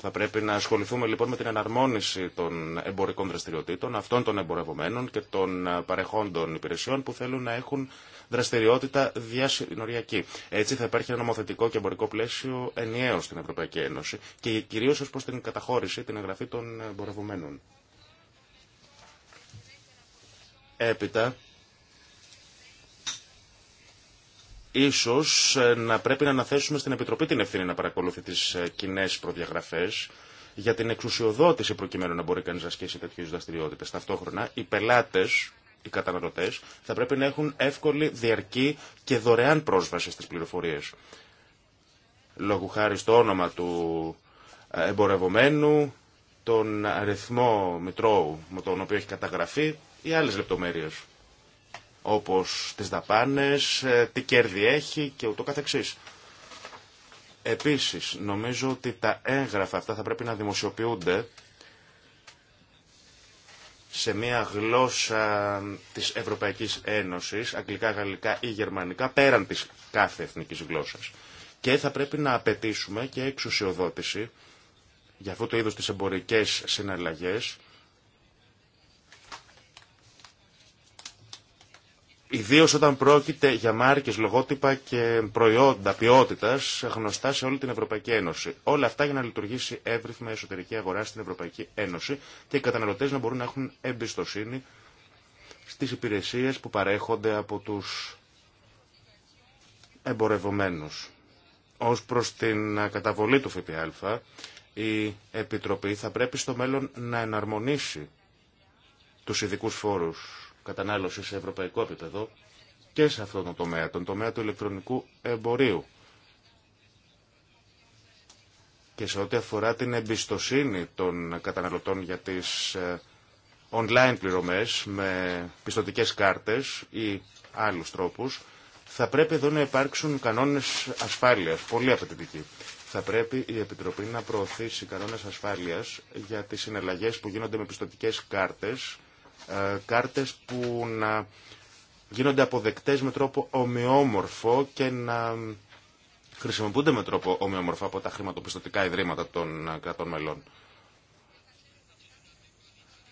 Θα πρέπει να ασχοληθούμε λοιπόν με την εναρμόνιση των εμπορικών δραστηριοτήτων, αυτών των εμπορευομένων και των παρεχόντων υπηρεσιών που θέλουν να έχουν δραστηριότητα διασυνοριακή. Έτσι θα υπάρχει ένα νομοθετικό και εμπορικό πλαίσιο ενιαίο στην Ευρωπαϊκή Ένωση και κυρίω ω προ την καταχώρηση, την εγγραφή των εμπορευομένων. Έπειτα, Ίσως ε, να πρέπει να αναθέσουμε στην Επιτροπή την ευθύνη να παρακολουθεί τις ε, κοινέ προδιαγραφές για την εξουσιοδότηση προκειμένου να μπορεί κανείς να ασκήσει τέτοιου δραστηριότητε. Ταυτόχρονα οι πελάτες, οι καταναλωτές, θα πρέπει να έχουν εύκολη, διαρκή και δωρεάν πρόσβαση στις πληροφορίες. Λόγου χάρη στο όνομα του ε, εμπορευομένου, τον αριθμό μητρώου με τον οποίο έχει καταγραφεί ή άλλες λεπτομέρειες όπως τις δαπάνες, ε, τι κέρδη έχει και ούτω καθεξής. Επίσης, νομίζω ότι τα έγγραφα αυτά θα πρέπει να δημοσιοποιούνται σε μια γλώσσα της Ευρωπαϊκής Ένωσης, αγγλικά, γαλλικά ή γερμανικά, πέραν της κάθε εθνικής γλώσσας. Και θα πρέπει να απαιτήσουμε και εξουσιοδότηση για αυτό το είδος τις εμπορικές συναλλαγές, Ιδίω όταν πρόκειται για μάρκε, λογότυπα και προϊόντα ποιότητα γνωστά σε όλη την Ευρωπαϊκή Ένωση. Όλα αυτά για να λειτουργήσει εύρυθμα εσωτερική αγορά στην Ευρωπαϊκή Ένωση και οι καταναλωτέ να μπορούν να έχουν εμπιστοσύνη στι υπηρεσίε που παρέχονται από του εμπορευομένου. Ω προ την καταβολή του ΦΠΑ, η Επιτροπή θα πρέπει στο μέλλον να εναρμονίσει του ειδικού φόρου κατανάλωση σε ευρωπαϊκό επίπεδο και σε αυτόν τον τομέα, τον τομέα του ηλεκτρονικού εμπορίου. Και σε ό,τι αφορά την εμπιστοσύνη των καταναλωτών για τις ε, online πληρωμές με πιστοτικές κάρτες ή άλλους τρόπους, θα πρέπει εδώ να υπάρξουν κανόνες ασφάλειας, πολύ απαιτητικοί. Θα πρέπει η Επιτροπή να προωθήσει κανόνες ασφάλειας για τις συναλλαγές που γίνονται με πιστοτικές κάρτες ε, κάρτες που να γίνονται αποδεκτές με τρόπο ομοιόμορφο και να χρησιμοποιούνται με τρόπο ομοιόμορφο από τα χρηματοπιστωτικά ιδρύματα των ε, κρατών μελών.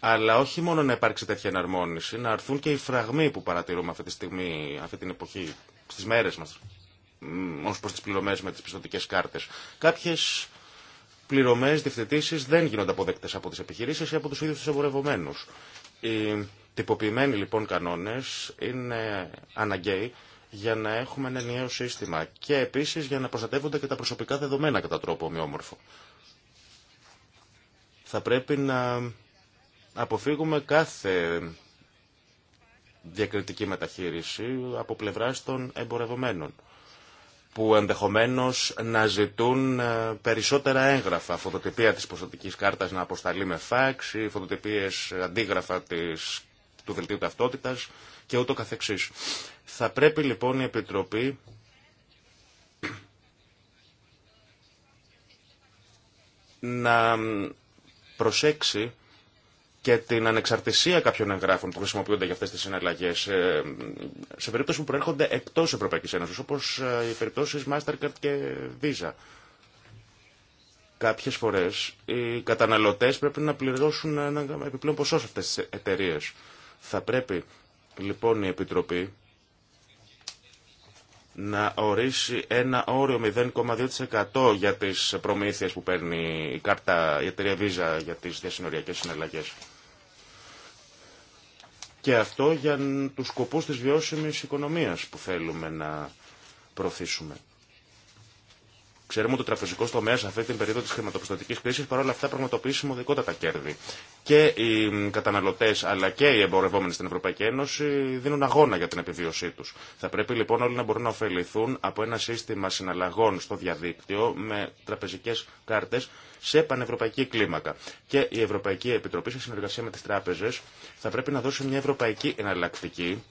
Αλλά όχι μόνο να υπάρξει τέτοια εναρμόνιση, να αρθούν και οι φραγμοί που παρατηρούμε αυτή τη στιγμή, αυτή την εποχή, στις μέρες μας, ως προς τις πληρωμές με τις πιστωτικές κάρτες. Κάποιες πληρωμές, διευθετήσεις δεν γίνονται αποδεκτές από τις επιχειρήσεις ή από τους ίδιους τους εμπορευομένους. Οι τυποποιημένοι λοιπόν κανόνες είναι αναγκαίοι για να έχουμε ένα νέο σύστημα και επίσης για να προστατεύονται και τα προσωπικά δεδομένα κατά τρόπο ομοιόμορφο. Θα πρέπει να αποφύγουμε κάθε διακριτική μεταχείριση από πλευράς των εμπορευμένων που ενδεχομένως να ζητούν ε, περισσότερα έγγραφα, φωτοτυπία της ποσοτικής κάρτας να αποσταλεί με φάξ ή φωτοτυπίες ε, αντίγραφα της, του δελτίου ταυτότητας και ούτω καθεξής. Θα πρέπει λοιπόν η Επιτροπή να προσέξει και την ανεξαρτησία κάποιων εγγράφων που χρησιμοποιούνται για αυτέ τι συναλλαγέ ε, σε περίπτωση που προέρχονται εκτό Ευρωπαϊκή Ένωση, όπω ε, οι περιπτώσει Mastercard και Visa. Κάποιε φορέ οι καταναλωτέ πρέπει να πληρώσουν ένα επιπλέον ποσό σε αυτέ τι εταιρείε. Θα πρέπει λοιπόν η Επιτροπή να ορίσει ένα όριο 0,2% για τις προμήθειες που παίρνει η, κάρτα, η εταιρεία Visa για τις διασυνοριακές συναλλαγές. Και αυτό για τους σκοπούς της βιώσιμης οικονομίας που θέλουμε να προωθήσουμε. Ξέρουμε ότι ο τραπεζικό τομέα σε αυτή την περίοδο τη χρηματοπιστωτική κρίση παρόλα αυτά πραγματοποιεί σημαντικότατα κέρδη. Και οι καταναλωτέ αλλά και οι εμπορευόμενοι στην Ευρωπαϊκή Ένωση δίνουν αγώνα για την επιβίωσή του. Θα πρέπει λοιπόν όλοι να μπορούν να ωφεληθούν από ένα σύστημα συναλλαγών στο διαδίκτυο με τραπεζικέ κάρτε σε πανευρωπαϊκή κλίμακα. Και η Ευρωπαϊκή Επιτροπή σε συνεργασία με τι τράπεζε θα πρέπει να δώσει μια ευρωπαϊκή εναλλακτική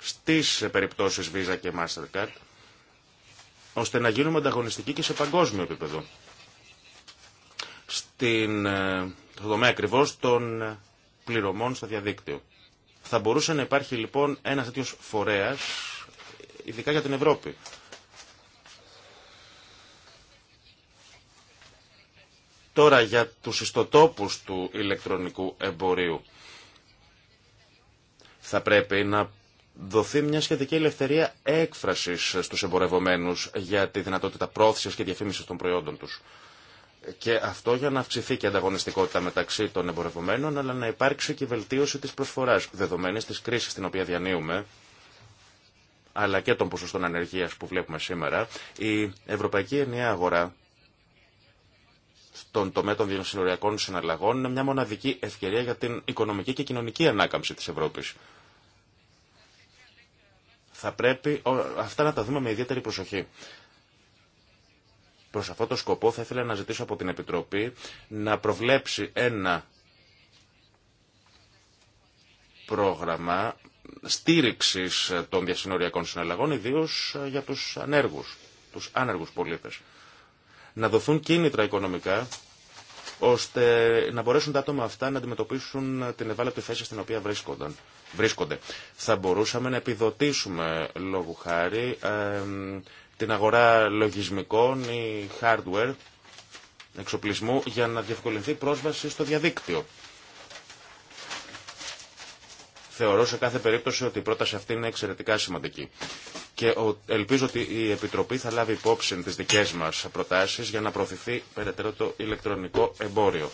στι περιπτώσει Visa και Mastercard ώστε να γίνουμε ανταγωνιστικοί και σε παγκόσμιο επίπεδο. Στην, στο ε, δομέα ακριβώ των ε, πληρωμών στο διαδίκτυο. Θα μπορούσε να υπάρχει λοιπόν ένας τέτοιο φορέας, ειδικά για την Ευρώπη. Τώρα για τους ιστοτόπους του ηλεκτρονικού εμπορίου. Θα πρέπει να δοθεί μια σχετική ελευθερία έκφραση στου εμπορευομένους για τη δυνατότητα πρόθεση και διαφήμιση των προϊόντων του. Και αυτό για να αυξηθεί και η ανταγωνιστικότητα μεταξύ των εμπορευομένων, αλλά να υπάρξει και η βελτίωση τη προσφορά, δεδομένη τη κρίση την οποία διανύουμε, αλλά και των ποσοστών ανεργία που βλέπουμε σήμερα, η Ευρωπαϊκή Ενιαία Αγορά στον τομέα των διασυνοριακών συναλλαγών είναι μια μοναδική ευκαιρία για την οικονομική και κοινωνική ανάκαμψη της Ευρώπης. Θα πρέπει αυτά να τα δούμε με ιδιαίτερη προσοχή. Προς αυτό το σκοπό θα ήθελα να ζητήσω από την Επιτροπή να προβλέψει ένα πρόγραμμα στήριξης των διασυνοριακών συναλλαγών, ιδίως για τους ανέργους, τους άνεργους πολίτες. Να δοθούν κίνητρα οικονομικά ώστε να μπορέσουν τα άτομα αυτά να αντιμετωπίσουν την ευάλωτη θέση στην οποία βρίσκονταν. βρίσκονται. Θα μπορούσαμε να επιδοτήσουμε λόγου χάρη την αγορά λογισμικών ή hardware εξοπλισμού για να διευκολυνθεί πρόσβαση στο διαδίκτυο θεωρώ σε κάθε περίπτωση ότι η πρόταση αυτή είναι εξαιρετικά σημαντική. Και ελπίζω ότι η Επιτροπή θα λάβει υπόψη τις δικές μας προτάσεις για να προωθηθεί περαιτέρω το ηλεκτρονικό εμπόριο.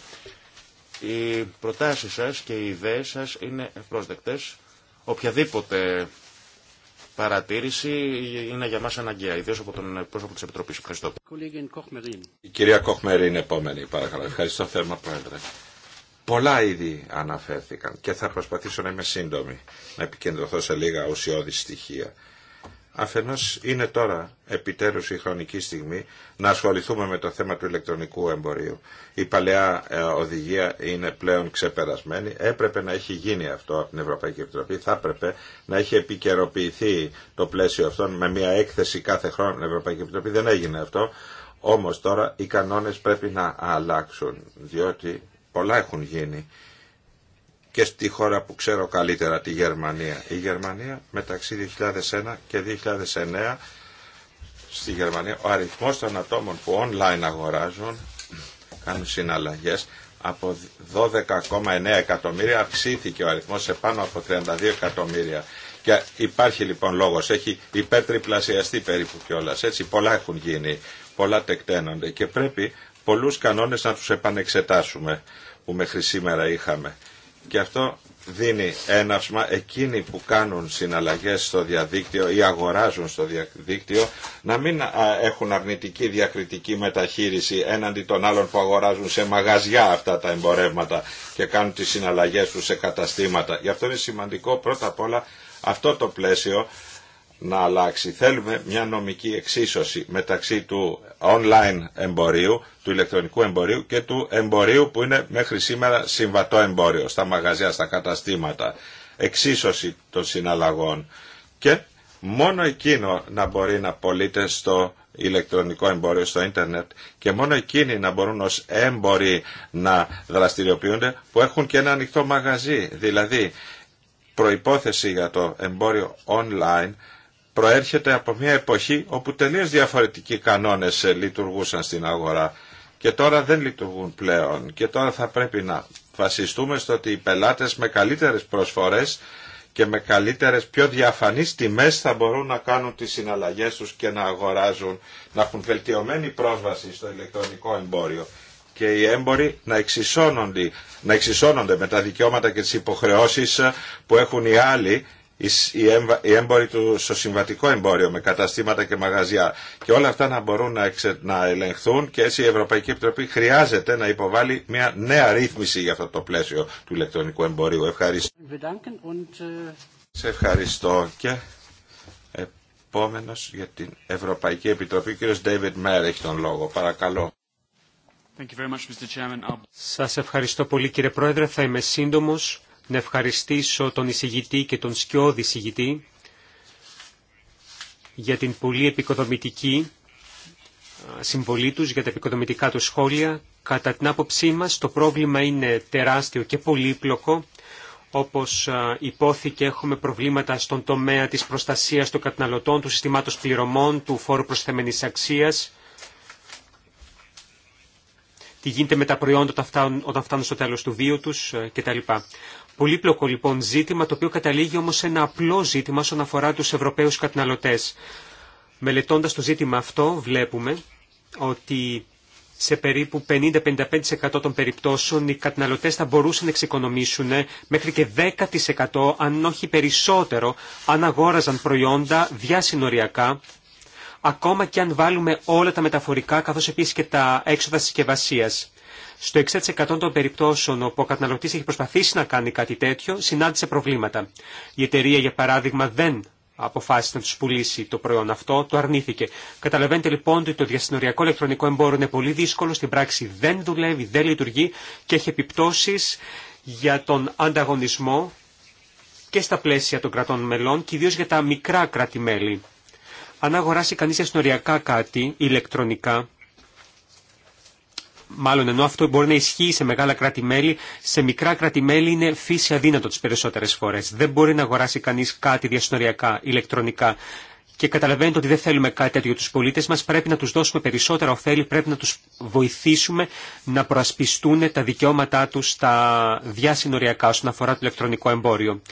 Οι προτάσεις σας και οι ιδέες σας είναι ευπρόσδεκτες. Οποιαδήποτε παρατήρηση είναι για μας αναγκαία, ιδίως από τον πρόσωπο της Επιτροπής. Ευχαριστώ. Η κυρία Κοχμερίν, επόμενη, παρακαλώ. Ευχαριστώ θέρμα, Πρόεδρε. Πολλά ήδη αναφέρθηκαν και θα προσπαθήσω να είμαι σύντομη, να επικεντρωθώ σε λίγα ουσιώδη στοιχεία. Αφενός είναι τώρα επιτέλους η χρονική στιγμή να ασχοληθούμε με το θέμα του ηλεκτρονικού εμπορίου. Η παλαιά ε, οδηγία είναι πλέον ξεπερασμένη. Έπρεπε να έχει γίνει αυτό από την Ευρωπαϊκή Επιτροπή. Θα έπρεπε να έχει επικαιροποιηθεί το πλαίσιο αυτό με μια έκθεση κάθε χρόνο στην Ευρωπαϊκή Επιτροπή. Δεν έγινε αυτό. Όμω τώρα οι κανόνες πρέπει να αλλάξουν, διότι πολλά έχουν γίνει και στη χώρα που ξέρω καλύτερα, τη Γερμανία. Η Γερμανία μεταξύ 2001 και 2009 στη Γερμανία ο αριθμός των ατόμων που online αγοράζουν κάνουν συναλλαγές από 12,9 εκατομμύρια αυξήθηκε ο αριθμός σε πάνω από 32 εκατομμύρια και υπάρχει λοιπόν λόγος, έχει υπερτριπλασιαστεί περίπου κιόλα. έτσι πολλά έχουν γίνει, πολλά τεκταίνονται και πρέπει πολλούς κανόνες να τους επανεξετάσουμε που μέχρι σήμερα είχαμε. Και αυτό δίνει έναυσμα εκείνοι που κάνουν συναλλαγές στο διαδίκτυο ή αγοράζουν στο διαδίκτυο να μην έχουν αρνητική διακριτική μεταχείριση έναντι των άλλων που αγοράζουν σε μαγαζιά αυτά τα εμπορεύματα και κάνουν τις συναλλαγές τους σε καταστήματα. Γι' αυτό είναι σημαντικό πρώτα απ' όλα αυτό το πλαίσιο να αλλάξει. Θέλουμε μια νομική εξίσωση μεταξύ του online εμπορίου, του ηλεκτρονικού εμπορίου και του εμπορίου που είναι μέχρι σήμερα συμβατό εμπόριο στα μαγαζιά, στα καταστήματα. Εξίσωση των συναλλαγών και μόνο εκείνο να μπορεί να πωλείται στο ηλεκτρονικό εμπόριο στο ίντερνετ και μόνο εκείνοι να μπορούν ως έμποροι να δραστηριοποιούνται που έχουν και ένα ανοιχτό μαγαζί. Δηλαδή προϋπόθεση για το εμπόριο online προέρχεται από μια εποχή όπου τελείως διαφορετικοί κανόνες ε, λειτουργούσαν στην αγορά και τώρα δεν λειτουργούν πλέον και τώρα θα πρέπει να βασιστούμε στο ότι οι πελάτες με καλύτερες προσφορές και με καλύτερες πιο διαφανείς τιμές θα μπορούν να κάνουν τις συναλλαγές τους και να αγοράζουν, να έχουν βελτιωμένη πρόσβαση στο ηλεκτρονικό εμπόριο και οι έμποροι να εξισώνονται, να εξισώνονται με τα δικαιώματα και τις υποχρεώσεις ε, που έχουν οι άλλοι οι έμποροι του στο συμβατικό εμπόριο με καταστήματα και μαγαζιά και όλα αυτά να μπορούν να, εξε, ελεγχθούν και έτσι η Ευρωπαϊκή Επιτροπή χρειάζεται να υποβάλει μια νέα ρύθμιση για αυτό το πλαίσιο του ηλεκτρονικού εμπορίου. Ευχαριστώ. Σε ευχαριστώ και επόμενος για την Ευρωπαϊκή Επιτροπή, ο κύριος David Μέρ έχει τον λόγο. Παρακαλώ. Σας ευχαριστώ πολύ κύριε Πρόεδρε, θα είμαι σύντομος να ευχαριστήσω τον εισηγητή και τον σκιώδη εισηγητή για την πολύ επικοδομητική συμβολή τους, για τα επικοδομητικά του σχόλια. Κατά την άποψή μας το πρόβλημα είναι τεράστιο και πολύπλοκο. Όπως υπόθηκε έχουμε προβλήματα στον τομέα της προστασίας των καταναλωτών, του συστήματος πληρωμών, του φόρου προσθεμένης αξίας. Τι γίνεται με τα προϊόντα φτάνουν στο τέλος του βίου τους ε, κτλ. Πολύπλοκο λοιπόν ζήτημα, το οποίο καταλήγει όμως σε ένα απλό ζήτημα όσον αφορά τους Ευρωπαίους καταναλωτές. Μελετώντας το ζήτημα αυτό βλέπουμε ότι σε περίπου 50-55% των περιπτώσεων οι καταναλωτές θα μπορούσαν να εξοικονομήσουν μέχρι και 10% αν όχι περισσότερο αν αγόραζαν προϊόντα διασυνοριακά ακόμα και αν βάλουμε όλα τα μεταφορικά καθώς επίσης και τα έξοδα συσκευασία. Στο 6% των περιπτώσεων όπου ο καταναλωτής έχει προσπαθήσει να κάνει κάτι τέτοιο, συνάντησε προβλήματα. Η εταιρεία, για παράδειγμα, δεν αποφάσισε να του πουλήσει το προϊόν αυτό, το αρνήθηκε. Καταλαβαίνετε λοιπόν ότι το διασυνοριακό ηλεκτρονικό εμπόριο είναι πολύ δύσκολο, στην πράξη δεν δουλεύει, δεν λειτουργεί και έχει επιπτώσεις για τον ανταγωνισμό και στα πλαίσια των κρατών μελών και ιδίω για τα μικρά κράτη-μέλη. Αν αγοράσει κανεί διασυνοριακά κάτι ηλεκτρονικά, μάλλον ενώ αυτό μπορεί να ισχύει σε μεγάλα κράτη-μέλη, σε μικρά κράτη-μέλη είναι φύση αδύνατο τις περισσότερες φορές. Δεν μπορεί να αγοράσει κανείς κάτι διασυνοριακά, ηλεκτρονικά. Και καταλαβαίνετε ότι δεν θέλουμε κάτι τέτοιο τους πολίτες μας, πρέπει να τους δώσουμε περισσότερα ωφέλη, πρέπει να τους βοηθήσουμε να προασπιστούν τα δικαιώματά τους στα διασυνοριακά όσον αφορά το ηλεκτρονικό εμπόριο.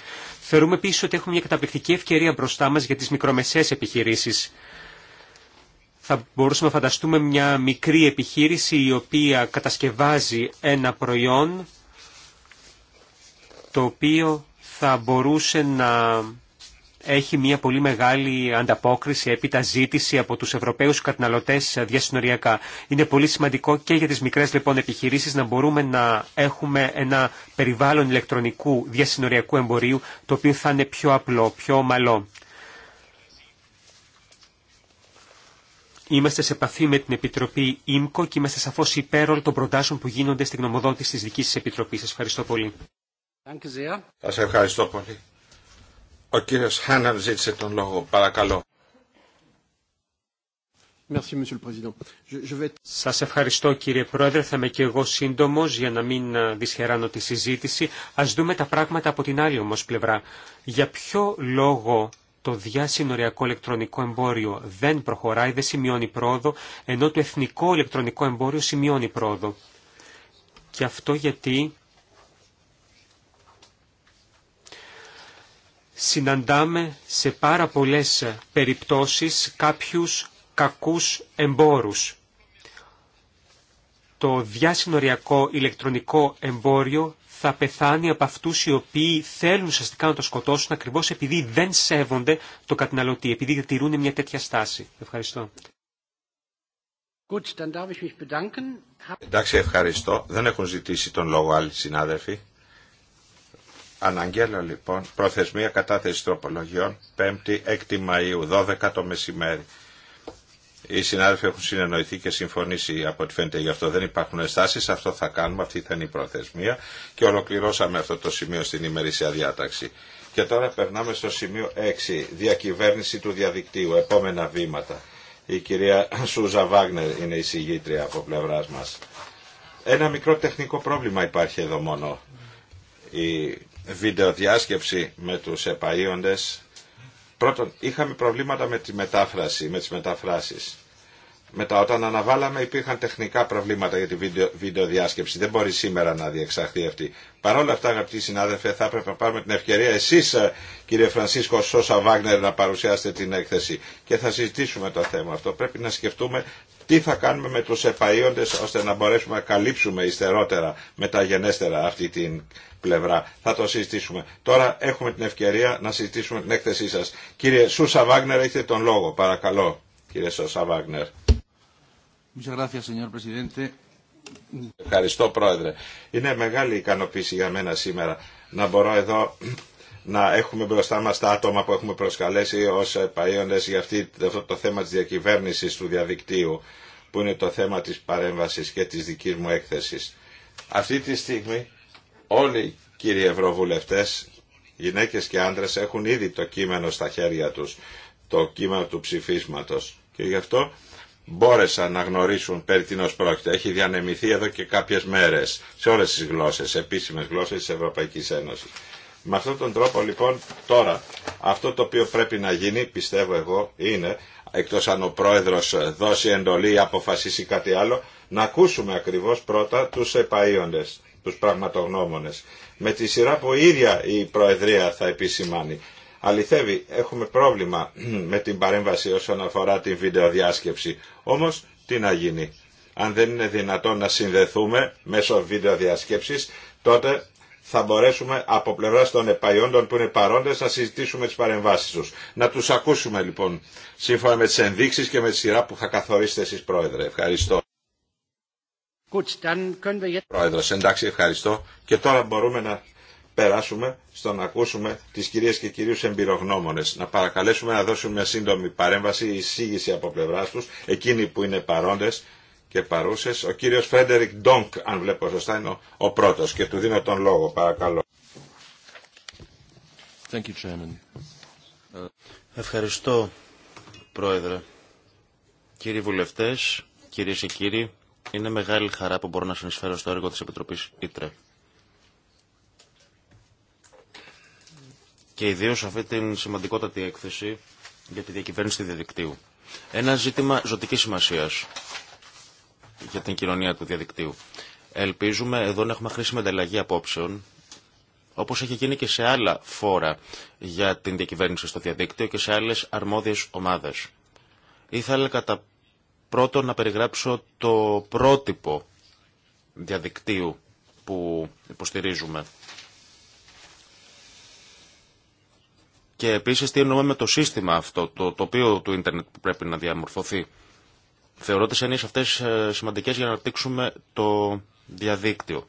Θεωρούμε επίση ότι έχουμε μια καταπληκτική ευκαιρία μπροστά μα για τι μικρομεσαίες επιχειρήσει θα μπορούσαμε να φανταστούμε μια μικρή επιχείρηση η οποία κατασκευάζει ένα προϊόν το οποίο θα μπορούσε να έχει μια πολύ μεγάλη ανταπόκριση, τα ζήτηση από τους Ευρωπαίους καταναλωτές διασυνοριακά. Είναι πολύ σημαντικό και για τις μικρές λοιπόν επιχειρήσεις να μπορούμε να έχουμε ένα περιβάλλον ηλεκτρονικού διασυνοριακού εμπορίου το οποίο θα είναι πιο απλό, πιο ομαλό. Είμαστε σε επαφή με την Επιτροπή ΙΜΚΟ και είμαστε σαφώ υπέρ όλων των προτάσεων που γίνονται στην γνωμοδότηση τη δική τη Επιτροπή, σα ευχαριστώ πολύ. Σα ευχαριστώ πολύ. Ο κύριος Χάναν ζήτησε τον λόγο. Παρακαλώ. Σας ευχαριστώ κύριε Πρόεδρε. Θα είμαι και εγώ σύντομο για να μην ε, δυσχεράνω τη συζήτηση. Α δούμε τα πράγματα από την άλλη όμω πλευρά. Για ποιο λόγο το διασυνοριακό ηλεκτρονικό εμπόριο δεν προχωράει, δεν σημειώνει πρόοδο, ενώ το εθνικό ηλεκτρονικό εμπόριο σημειώνει πρόοδο. Και αυτό γιατί συναντάμε σε πάρα πολλές περιπτώσεις κάποιους κακούς εμπόρους. Το διασυνοριακό ηλεκτρονικό εμπόριο θα πεθάνει από αυτούς οι οποίοι θέλουν ουσιαστικά να το σκοτώσουν ακριβώς επειδή δεν σέβονται το καταναλωτή, επειδή διατηρούν μια τέτοια στάση. Ευχαριστώ. Εντάξει, ευχαριστώ. Δεν έχουν ζητήσει τον λόγο άλλοι συνάδελφοι. Αναγγέλλω λοιπόν προθεσμία κατάθεση τροπολογιών 5η 6η Μαΐου 12 το μεσημέρι. Οι συνάδελφοι έχουν συνεννοηθεί και συμφωνήσει από ό,τι φαίνεται γι' αυτό. Δεν υπάρχουν ενστάσει. Αυτό θα κάνουμε. Αυτή θα είναι η προθεσμία. Και ολοκληρώσαμε αυτό το σημείο στην ημερήσια διάταξη. Και τώρα περνάμε στο σημείο 6. Διακυβέρνηση του διαδικτύου. Επόμενα βήματα. Η κυρία Σούζα Βάγνερ είναι η συγγήτρια από πλευρά μα. Ένα μικρό τεχνικό πρόβλημα υπάρχει εδώ μόνο. Η βιντεοδιάσκεψη με τους επαείοντες. Πρώτον, είχαμε προβλήματα με τη μετάφραση, με τις μεταφράσεις. Μετά όταν αναβάλαμε υπήρχαν τεχνικά προβλήματα για τη βίντεο, βίντεο διάσκεψη. Δεν μπορεί σήμερα να διεξαχθεί αυτή. Παρ' όλα αυτά αγαπητοί συνάδελφοι θα έπρεπε να πάρουμε την ευκαιρία εσείς ε, κύριε Φρανσίσκο Σόσα Βάγνερ να παρουσιάσετε την έκθεση και θα συζητήσουμε το θέμα αυτό. Πρέπει να σκεφτούμε τι θα κάνουμε με τους επαΐοντες ώστε να μπορέσουμε να καλύψουμε υστερότερα, γενέστερα αυτή την πλευρά. Θα το συζητήσουμε. Τώρα έχουμε την ευκαιρία να συζητήσουμε την έκθεσή σας. Κύριε Σούσα Βάγνερ, έχετε τον λόγο. Παρακαλώ, κύριε Σούσα Βάγνερ. Ευχαριστώ, Πρόεδρε. Είναι μεγάλη ικανοποίηση για μένα σήμερα να μπορώ εδώ να έχουμε μπροστά μας τα άτομα που έχουμε προσκαλέσει ως παίοντες για αυτή, αυτό το θέμα της διακυβέρνησης του διαδικτύου που είναι το θέμα της παρέμβασης και της δικής μου έκθεσης. Αυτή τη στιγμή όλοι οι κύριοι ευρωβουλευτές, γυναίκες και άντρες έχουν ήδη το κείμενο στα χέρια τους, το κείμενο του ψηφίσματος και γι' αυτό μπόρεσαν να γνωρίσουν περί τίνος πρόκειται. Έχει διανεμηθεί εδώ και κάποιες μέρες σε όλες τις γλώσσες, επίσημες γλώσσες της Ευρωπαϊκής Ένωσης. Με αυτόν τον τρόπο λοιπόν τώρα αυτό το οποίο πρέπει να γίνει πιστεύω εγώ είναι εκτός αν ο πρόεδρος δώσει εντολή ή αποφασίσει κάτι άλλο να ακούσουμε ακριβώς πρώτα τους επαΐοντες, τους πραγματογνώμονες με τη σειρά που η ίδια η Προεδρία θα επισημάνει. Αληθεύει, έχουμε πρόβλημα [clears throat] με την παρέμβαση όσον αφορά την βιντεοδιάσκεψη. Όμως, τι να γίνει. Αν δεν είναι δυνατόν να συνδεθούμε μέσω βιντεοδιασκέψης, τότε θα μπορέσουμε από πλευρά των επαϊόντων που είναι παρόντε να συζητήσουμε τι παρεμβάσει του. Να του ακούσουμε λοιπόν σύμφωνα με τι ενδείξει και με τη σειρά που θα καθορίσετε εσεί, Πρόεδρε. Ευχαριστώ. Πρόεδρο, εντάξει, ευχαριστώ. Και τώρα μπορούμε να περάσουμε στο να ακούσουμε τι κυρίε και κυρίου εμπειρογνώμονε. Να παρακαλέσουμε να δώσουν μια σύντομη παρέμβαση, εισήγηση από πλευρά του, εκείνοι που είναι παρόντε και παρούσες. Ο κύριος Φρέντερικ Ντόγκ, αν βλέπω σωστά, είναι ο, ο πρώτος και του δίνω τον λόγο, παρακαλώ. Thank you, Chairman. Ε, ευχαριστώ, Πρόεδρε. Κύριοι βουλευτέ, κύριε και κύριοι, είναι μεγάλη χαρά που μπορώ να συνεισφέρω στο έργο τη Επιτροπή Ήτρε. Και ιδίως αυτή την σημαντικότατη έκθεση για τη διακυβέρνηση του διαδικτύου. Ένα ζήτημα ζωτική σημασία για την κοινωνία του διαδικτύου. Ελπίζουμε εδώ να έχουμε χρήσιμη ανταλλαγή απόψεων, όπως έχει γίνει και σε άλλα φόρα για την διακυβέρνηση στο διαδίκτυο και σε άλλες αρμόδιες ομάδες. Ήθελα κατά πρώτον να περιγράψω το πρότυπο διαδικτύου που υποστηρίζουμε. Και επίσης τι εννοούμε με το σύστημα αυτό, το τοπίο του ίντερνετ που πρέπει να διαμορφωθεί. Θεωρώ τις ενίες αυτές ε, σημαντικές για να αναπτύξουμε το διαδίκτυο.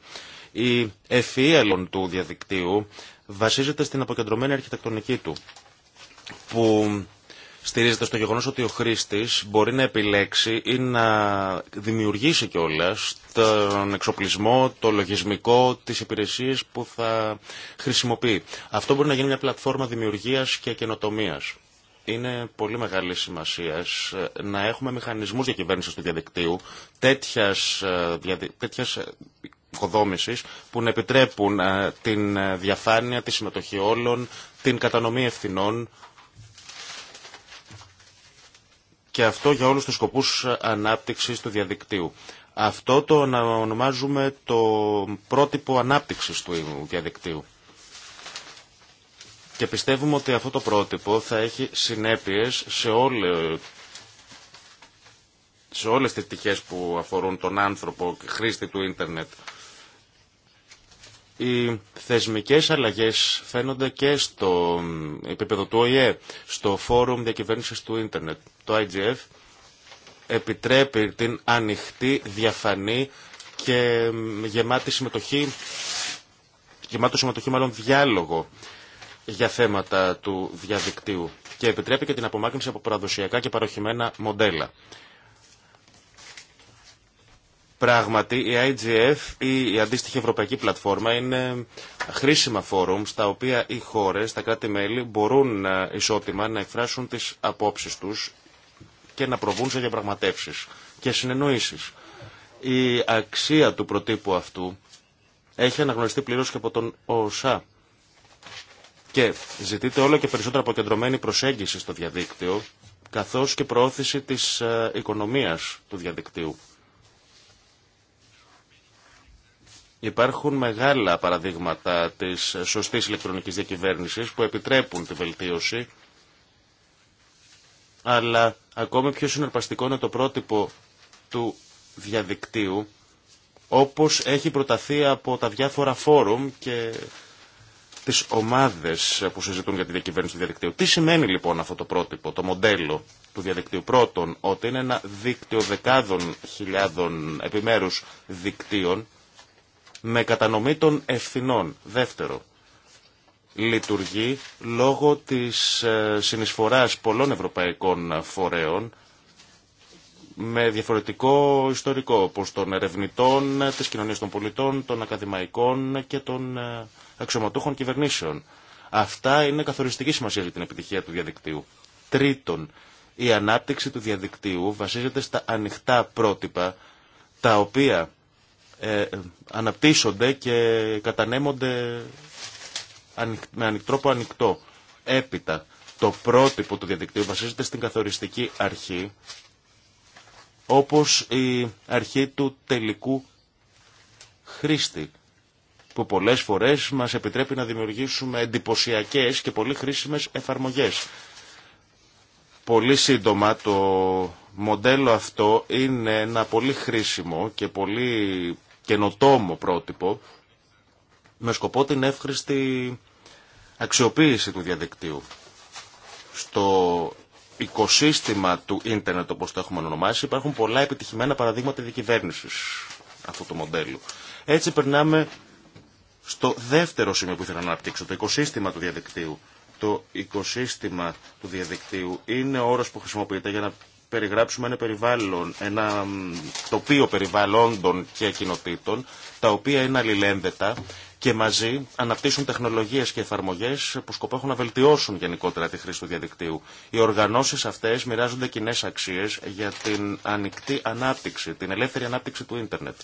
Η εφιέλων του διαδικτύου βασίζεται στην αποκεντρωμένη αρχιτεκτονική του, που στηρίζεται στο γεγονός ότι ο χρήστης μπορεί να επιλέξει ή να δημιουργήσει κιόλας τον εξοπλισμό, το λογισμικό, τις υπηρεσίες που θα χρησιμοποιεί. Αυτό μπορεί να γίνει μια πλατφόρμα δημιουργίας και καινοτομίας είναι πολύ μεγάλη σημασία ε, να έχουμε μηχανισμού διακυβέρνηση του διαδικτύου τέτοια ε, ε, οικοδόμηση που να επιτρέπουν την διαφάνεια, τη συμμετοχή όλων, την κατανομή ευθυνών και αυτό για όλους τους σκοπούς ανάπτυξης του διαδικτύου. Αυτό το ονομάζουμε το πρότυπο ανάπτυξης του διαδικτύου. Και πιστεύουμε ότι αυτό το πρότυπο θα έχει συνέπειες σε, όλε, σε όλες τις που αφορούν τον άνθρωπο και χρήστη του ίντερνετ. Οι θεσμικές αλλαγές φαίνονται και στο επίπεδο του ΟΗΕ, στο Φόρουμ Διακυβέρνησης του ίντερνετ. Το IGF επιτρέπει την ανοιχτή, διαφανή και γεμάτη συμμετοχή, γεμάτο συμμετοχή μάλλον διάλογο για θέματα του διαδικτύου και επιτρέπει και την απομάκρυνση από παραδοσιακά και παροχημένα μοντέλα. Πράγματι, η IGF ή η αντίστοιχη ευρωπαϊκή πλατφόρμα είναι χρήσιμα φόρουμ στα οποία οι χώρες, τα κράτη-μέλη μπορούν ε, ισότιμα να εκφράσουν τις απόψεις τους και να προβούν σε διαπραγματεύσεις και συνεννοήσεις. Η αξία του προτύπου αυτού έχει αναγνωριστεί πλήρως και από τον ΟΣΑ και ζητείται όλο και περισσότερο αποκεντρωμένη προσέγγιση στο διαδίκτυο, καθώς και προώθηση της ε, οικονομίας του διαδικτύου. Υπάρχουν μεγάλα παραδείγματα της σωστής ηλεκτρονικής διακυβέρνησης που επιτρέπουν τη βελτίωση, αλλά ακόμη πιο συναρπαστικό είναι το πρότυπο του διαδικτύου, όπως έχει προταθεί από τα διάφορα φόρουμ και τις ομάδες που συζητούν για τη διακυβέρνηση του διαδικτύου. Τι σημαίνει λοιπόν αυτό το πρότυπο, το μοντέλο του διαδικτύου. Πρώτον, ότι είναι ένα δίκτυο δεκάδων χιλιάδων επιμέρους δικτύων με κατανομή των ευθυνών. Δεύτερο, λειτουργεί λόγω της ε, συνεισφορά πολλών ευρωπαϊκών φορέων με διαφορετικό ιστορικό, όπως των ερευνητών, της κοινωνίας των πολιτών, των ακαδημαϊκών και των ε, αξιωματούχων κυβερνήσεων. Αυτά είναι καθοριστική σημασία για την επιτυχία του διαδικτύου. Τρίτον, η ανάπτυξη του διαδικτύου βασίζεται στα ανοιχτά πρότυπα, τα οποία ε, αναπτύσσονται και κατανέμονται με τρόπο ανοιχτό. Έπειτα, το πρότυπο του διαδικτύου βασίζεται στην καθοριστική αρχή, όπως η αρχή του τελικού χρήστη που πολλές φορές μας επιτρέπει να δημιουργήσουμε εντυπωσιακές και πολύ χρήσιμες εφαρμογές. Πολύ σύντομα το μοντέλο αυτό είναι ένα πολύ χρήσιμο και πολύ καινοτόμο πρότυπο με σκοπό την εύχρηστη αξιοποίηση του διαδικτύου. Στο οικοσύστημα του ίντερνετ όπως το έχουμε ονομάσει υπάρχουν πολλά επιτυχημένα παραδείγματα διακυβέρνησης αυτού του μοντέλου. Έτσι περνάμε στο δεύτερο σημείο που ήθελα να αναπτύξω, το οικοσύστημα του διαδικτύου. Το οικοσύστημα του διαδικτύου είναι ο όρος που χρησιμοποιείται για να περιγράψουμε ένα περιβάλλον, ένα τοπίο περιβαλλόντων και κοινοτήτων, τα οποία είναι αλληλένδετα και μαζί αναπτύσσουν τεχνολογίες και εφαρμογέ που σκοπό έχουν να βελτιώσουν γενικότερα τη χρήση του διαδικτύου. Οι οργανώσεις αυτές μοιράζονται κοινέ αξίες για την ανοιχτή ανάπτυξη, την ελεύθερη ανάπτυξη του ίντερνετ.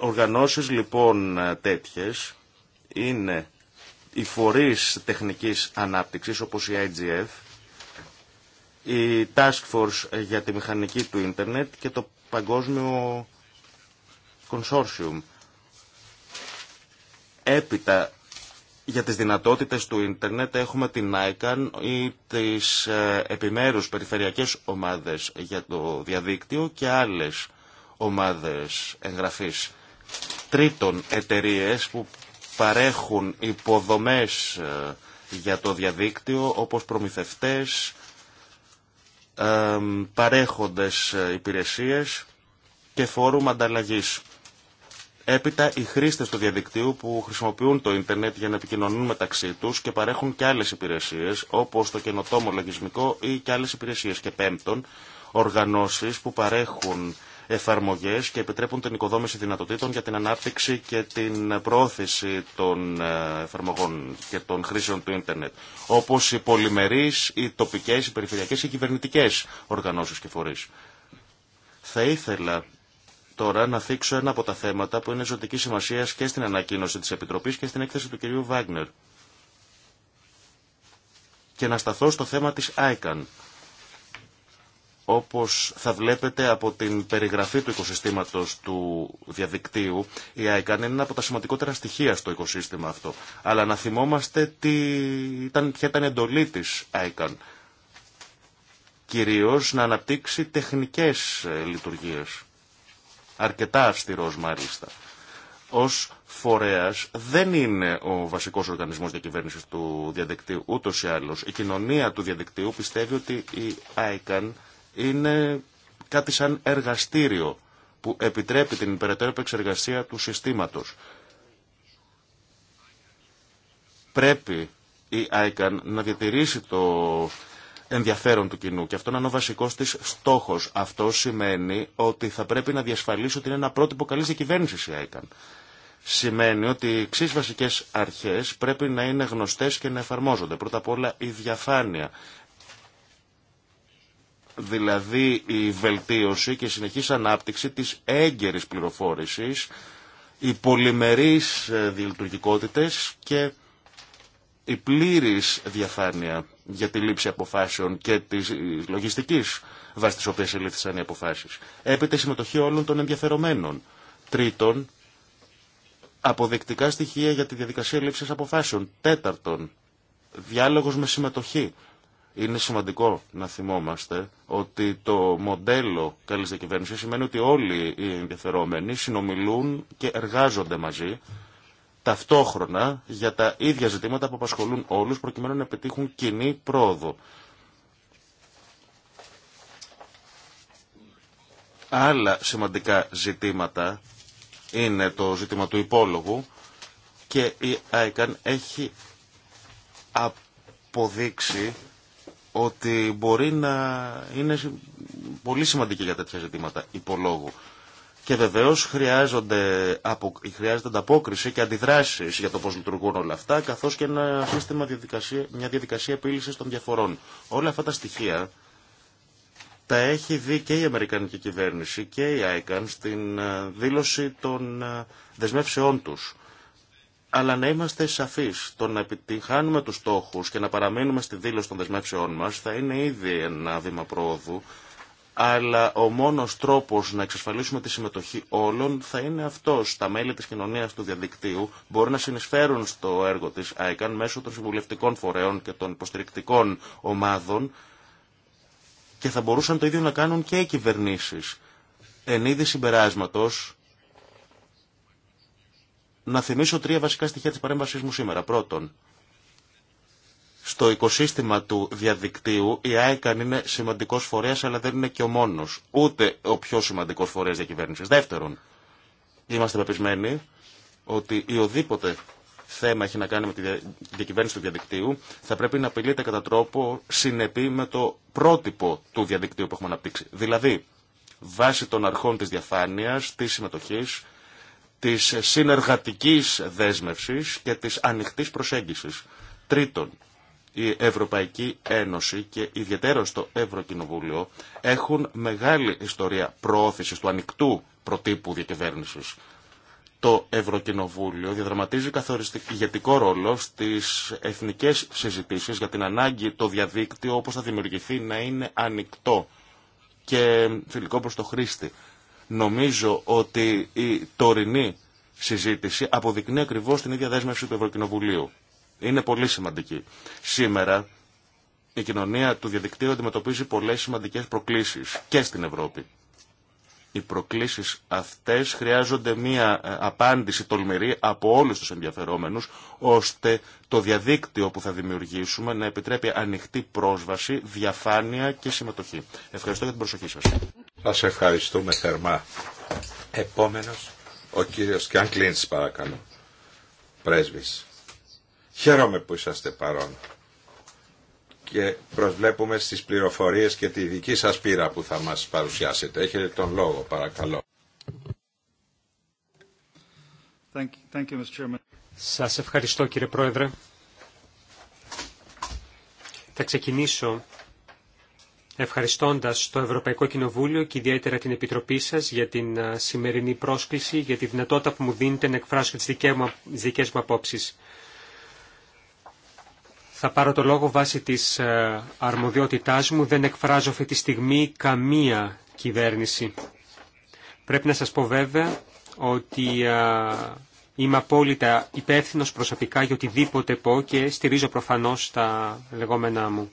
Οργανώσεις λοιπόν ε, τέτοιες είναι οι φορείς τεχνικής ανάπτυξης όπως η IGF, η Task Force για τη μηχανική του ίντερνετ και το Παγκόσμιο Consortium. Έπειτα για τις δυνατότητες του ίντερνετ έχουμε την ICAN ή τις ε, επιμέρους περιφερειακές ομάδες για το διαδίκτυο και άλλες ομάδες εγγραφής. Τρίτον, εταιρείες που παρέχουν υποδομές ε, για το διαδίκτυο όπως προμηθευτές, ε, παρέχοντες ε, υπηρεσίες και φόρουμ ανταλλαγής. Έπειτα οι χρήστες του διαδικτύου που χρησιμοποιούν το ίντερνετ για να επικοινωνούν μεταξύ τους και παρέχουν και άλλες υπηρεσίες όπως το καινοτόμο λογισμικό ή και άλλες υπηρεσίες. Και πέμπτον, οργανώσεις που παρέχουν εφαρμογές και επιτρέπουν την οικοδόμηση δυνατοτήτων για την ανάπτυξη και την πρόθεση των ε, εφαρμογών και των χρήσεων του ίντερνετ, όπως οι πολυμερείς, οι τοπικές, οι περιφερειακές, οι κυβερνητικές οργανώσεις και φορείς. Θα ήθελα τώρα να θίξω ένα από τα θέματα που είναι ζωτική σημασία και στην ανακοίνωση της Επιτροπής και στην έκθεση του κυρίου Βάγκνερ και να σταθώ στο θέμα της ICANN. Όπως θα βλέπετε από την περιγραφή του οικοσυστήματος του διαδικτύου, η ICAN είναι ένα από τα σημαντικότερα στοιχεία στο οικοσύστημα αυτό. Αλλά να θυμόμαστε τι ήταν, ποια ήταν η εντολή της ICAN. Κυρίως να αναπτύξει τεχνικές ε, λειτουργίες. Αρκετά αυστηρός μάλιστα. Ως φορέας δεν είναι ο βασικός οργανισμός διακυβέρνησης του διαδικτύου, ούτως ή άλλως. Η κοινωνία του διαδικτύου πιστεύει ότι η ICAN είναι κάτι σαν εργαστήριο που επιτρέπει την περαιτέρω επεξεργασία του συστήματος. Πρέπει η ICAN να διατηρήσει το ενδιαφέρον του κοινού και αυτό είναι ο βασικό τη στόχο. Αυτό σημαίνει ότι θα πρέπει να διασφαλίσει ότι είναι ένα πρότυπο καλή διακυβέρνηση η ICAN. Σημαίνει ότι οι εξή βασικέ αρχέ πρέπει να είναι γνωστέ και να εφαρμόζονται. Πρώτα απ' όλα η διαφάνεια, δηλαδή η βελτίωση και συνεχής ανάπτυξη της έγκαιρης πληροφόρησης, οι πολυμερείς ε, διελτουργικότητες και η πλήρης διαφάνεια για τη λήψη αποφάσεων και της ε, λογιστικής βάσης της οποίας ελήφθησαν οι αποφάσεις. Έπειτα η συμμετοχή όλων των ενδιαφερομένων. Τρίτον, αποδεκτικά στοιχεία για τη διαδικασία λήψης αποφάσεων. Τέταρτον, διάλογος με συμμετοχή είναι σημαντικό να θυμόμαστε ότι το μοντέλο καλής διακυβέρνησης σημαίνει ότι όλοι οι ενδιαφερόμενοι συνομιλούν και εργάζονται μαζί ταυτόχρονα για τα ίδια ζητήματα που απασχολούν όλους προκειμένου να πετύχουν κοινή πρόοδο. Άλλα σημαντικά ζητήματα είναι το ζήτημα του υπόλογου και η ICAN έχει αποδείξει ότι μπορεί να είναι πολύ σημαντική για τέτοια ζητήματα υπολόγου. Και βεβαίω χρειάζονται, χρειάζεται ανταπόκριση και αντιδράσεις για το πώ λειτουργούν όλα αυτά, καθώ και ένα σύστημα διαδικασία, μια διαδικασία επίλυση των διαφορών. Όλα αυτά τα στοιχεία τα έχει δει και η Αμερικανική κυβέρνηση και η ICAN στην ε, δήλωση των ε, δεσμεύσεών τους αλλά να είμαστε σαφεί. Το να επιτυχάνουμε τους στόχους και να παραμένουμε στη δήλωση των δεσμεύσεών μας θα είναι ήδη ένα βήμα πρόοδου, αλλά ο μόνος τρόπος να εξασφαλίσουμε τη συμμετοχή όλων θα είναι αυτός. Τα μέλη της κοινωνίας του διαδικτύου μπορούν να συνεισφέρουν στο έργο της ICAN μέσω των συμβουλευτικών φορέων και των υποστηρικτικών ομάδων και θα μπορούσαν το ίδιο να κάνουν και οι κυβερνήσει Εν είδη συμπεράσματο να θυμίσω τρία βασικά στοιχεία της παρέμβασής μου σήμερα. Πρώτον, στο οικοσύστημα του διαδικτύου η ICAN είναι σημαντικός φορέας αλλά δεν είναι και ο μόνος, ούτε ο πιο σημαντικός φορέας διακυβέρνησης. Δεύτερον, είμαστε πεπισμένοι ότι η οδήποτε θέμα έχει να κάνει με τη διακυβέρνηση του διαδικτύου, θα πρέπει να απειλείται κατά τρόπο συνεπή με το πρότυπο του διαδικτύου που έχουμε αναπτύξει. Δηλαδή, βάσει των αρχών της διαφάνειας, της συμμετοχής, της συνεργατικής δέσμευσης και της ανοιχτής προσέγγισης. Τρίτον, η Ευρωπαϊκή Ένωση και ιδιαίτερα το Ευρωκοινοβούλιο έχουν μεγάλη ιστορία προώθησης του ανοιχτού προτύπου διακυβέρνησης. Το Ευρωκοινοβούλιο διαδραματίζει καθοριστικό ρόλο στις εθνικές συζητήσεις για την ανάγκη το διαδίκτυο όπως θα δημιουργηθεί να είναι ανοιχτό και φιλικό προς το χρήστη. Νομίζω ότι η τωρινή συζήτηση αποδεικνύει ακριβώς την ίδια δέσμευση του Ευρωκοινοβουλίου. Είναι πολύ σημαντική. Σήμερα η κοινωνία του διαδικτύου αντιμετωπίζει πολλές σημαντικές προκλήσεις και στην Ευρώπη. Οι προκλήσεις αυτές χρειάζονται μία ε, απάντηση τολμηρή από όλους τους ενδιαφερόμενους, ώστε το διαδίκτυο που θα δημιουργήσουμε να επιτρέπει ανοιχτή πρόσβαση, διαφάνεια και συμμετοχή. Ευχαριστώ για την προσοχή σας. Σας ευχαριστούμε θερμά. Επόμενος, ο κύριος Κιάν Κλίντς παρακαλώ. Πρέσβης. Χαίρομαι που είσαστε παρόν και προσβλέπουμε στις πληροφορίες και τη δική σας πείρα που θα μας παρουσιάσετε. Έχετε τον λόγο, παρακαλώ. Thank thank you, Mr. Σας ευχαριστώ κύριε Πρόεδρε. Θα ξεκινήσω ευχαριστώντας το Ευρωπαϊκό Κοινοβούλιο και ιδιαίτερα την Επιτροπή σας για την σημερινή πρόσκληση, για τη δυνατότητα που μου δίνετε να εκφράσω τις δικές μου απόψεις. Θα πάρω το λόγο βάσει της αρμοδιότητάς μου. Δεν εκφράζω αυτή τη στιγμή καμία κυβέρνηση. Πρέπει να σας πω βέβαια ότι είμαι απόλυτα υπεύθυνος προσωπικά για οτιδήποτε πω και στηρίζω προφανώς τα λεγόμενά μου.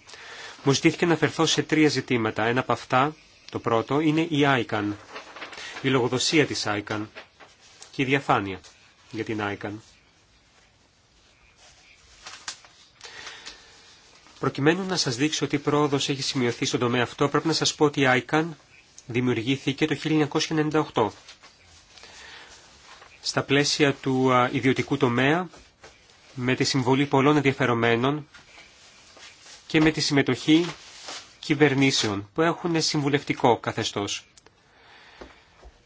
Μου ζητήθηκε να αφαιρθώ σε τρία ζητήματα. Ένα από αυτά, το πρώτο, είναι η ICAN, η λογοδοσία της ICAN και η διαφάνεια για την ICAN. Προκειμένου να σας δείξω ότι πρόοδος έχει σημειωθεί στον τομέα αυτό, πρέπει να σας πω ότι η ICAN δημιουργήθηκε το 1998 στα πλαίσια του ιδιωτικού τομέα με τη συμβολή πολλών ενδιαφερομένων και με τη συμμετοχή κυβερνήσεων που έχουν συμβουλευτικό καθεστώς.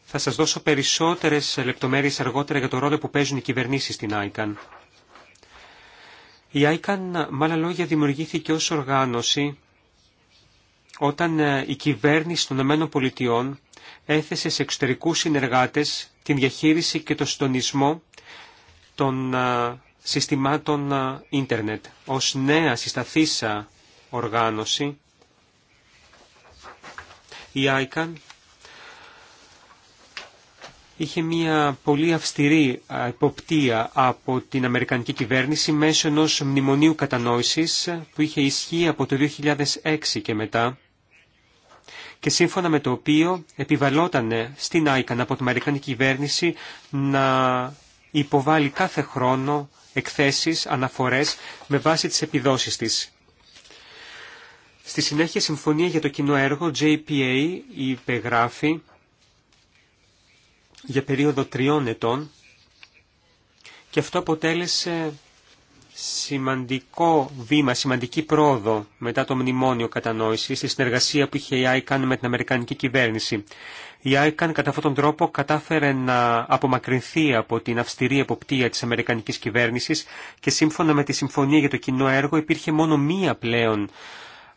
Θα σας δώσω περισσότερες λεπτομέρειες αργότερα για το ρόλο που παίζουν οι κυβερνήσεις στην ICAN. Η ICAN, με άλλα λόγια, δημιουργήθηκε ως οργάνωση όταν ε, η κυβέρνηση των ΗΠΑ έθεσε σε εξωτερικούς συνεργάτες την διαχείριση και το συντονισμό των ε, συστημάτων ε, ίντερνετ ως νέα συσταθήσα οργάνωση, η ICAN, είχε μια πολύ αυστηρή υποπτία από την Αμερικανική κυβέρνηση μέσω ενός μνημονίου κατανόησης που είχε ισχύει από το 2006 και μετά και σύμφωνα με το οποίο επιβαλόταν στην ICAN από την Αμερικανική κυβέρνηση να υποβάλει κάθε χρόνο εκθέσεις, αναφορές με βάση τις επιδόσεις της. Στη συνέχεια, συμφωνία για το κοινό έργο JPA υπεγράφει για περίοδο τριών ετών και αυτό αποτέλεσε σημαντικό βήμα, σημαντική πρόοδο μετά το μνημόνιο κατανόηση στη συνεργασία που είχε η ICAN με την Αμερικανική κυβέρνηση. Η ICAN κατά αυτόν τον τρόπο κατάφερε να απομακρυνθεί από την αυστηρή εποπτεία της Αμερικανικής κυβέρνησης και σύμφωνα με τη Συμφωνία για το Κοινό Έργο υπήρχε μόνο μία πλέον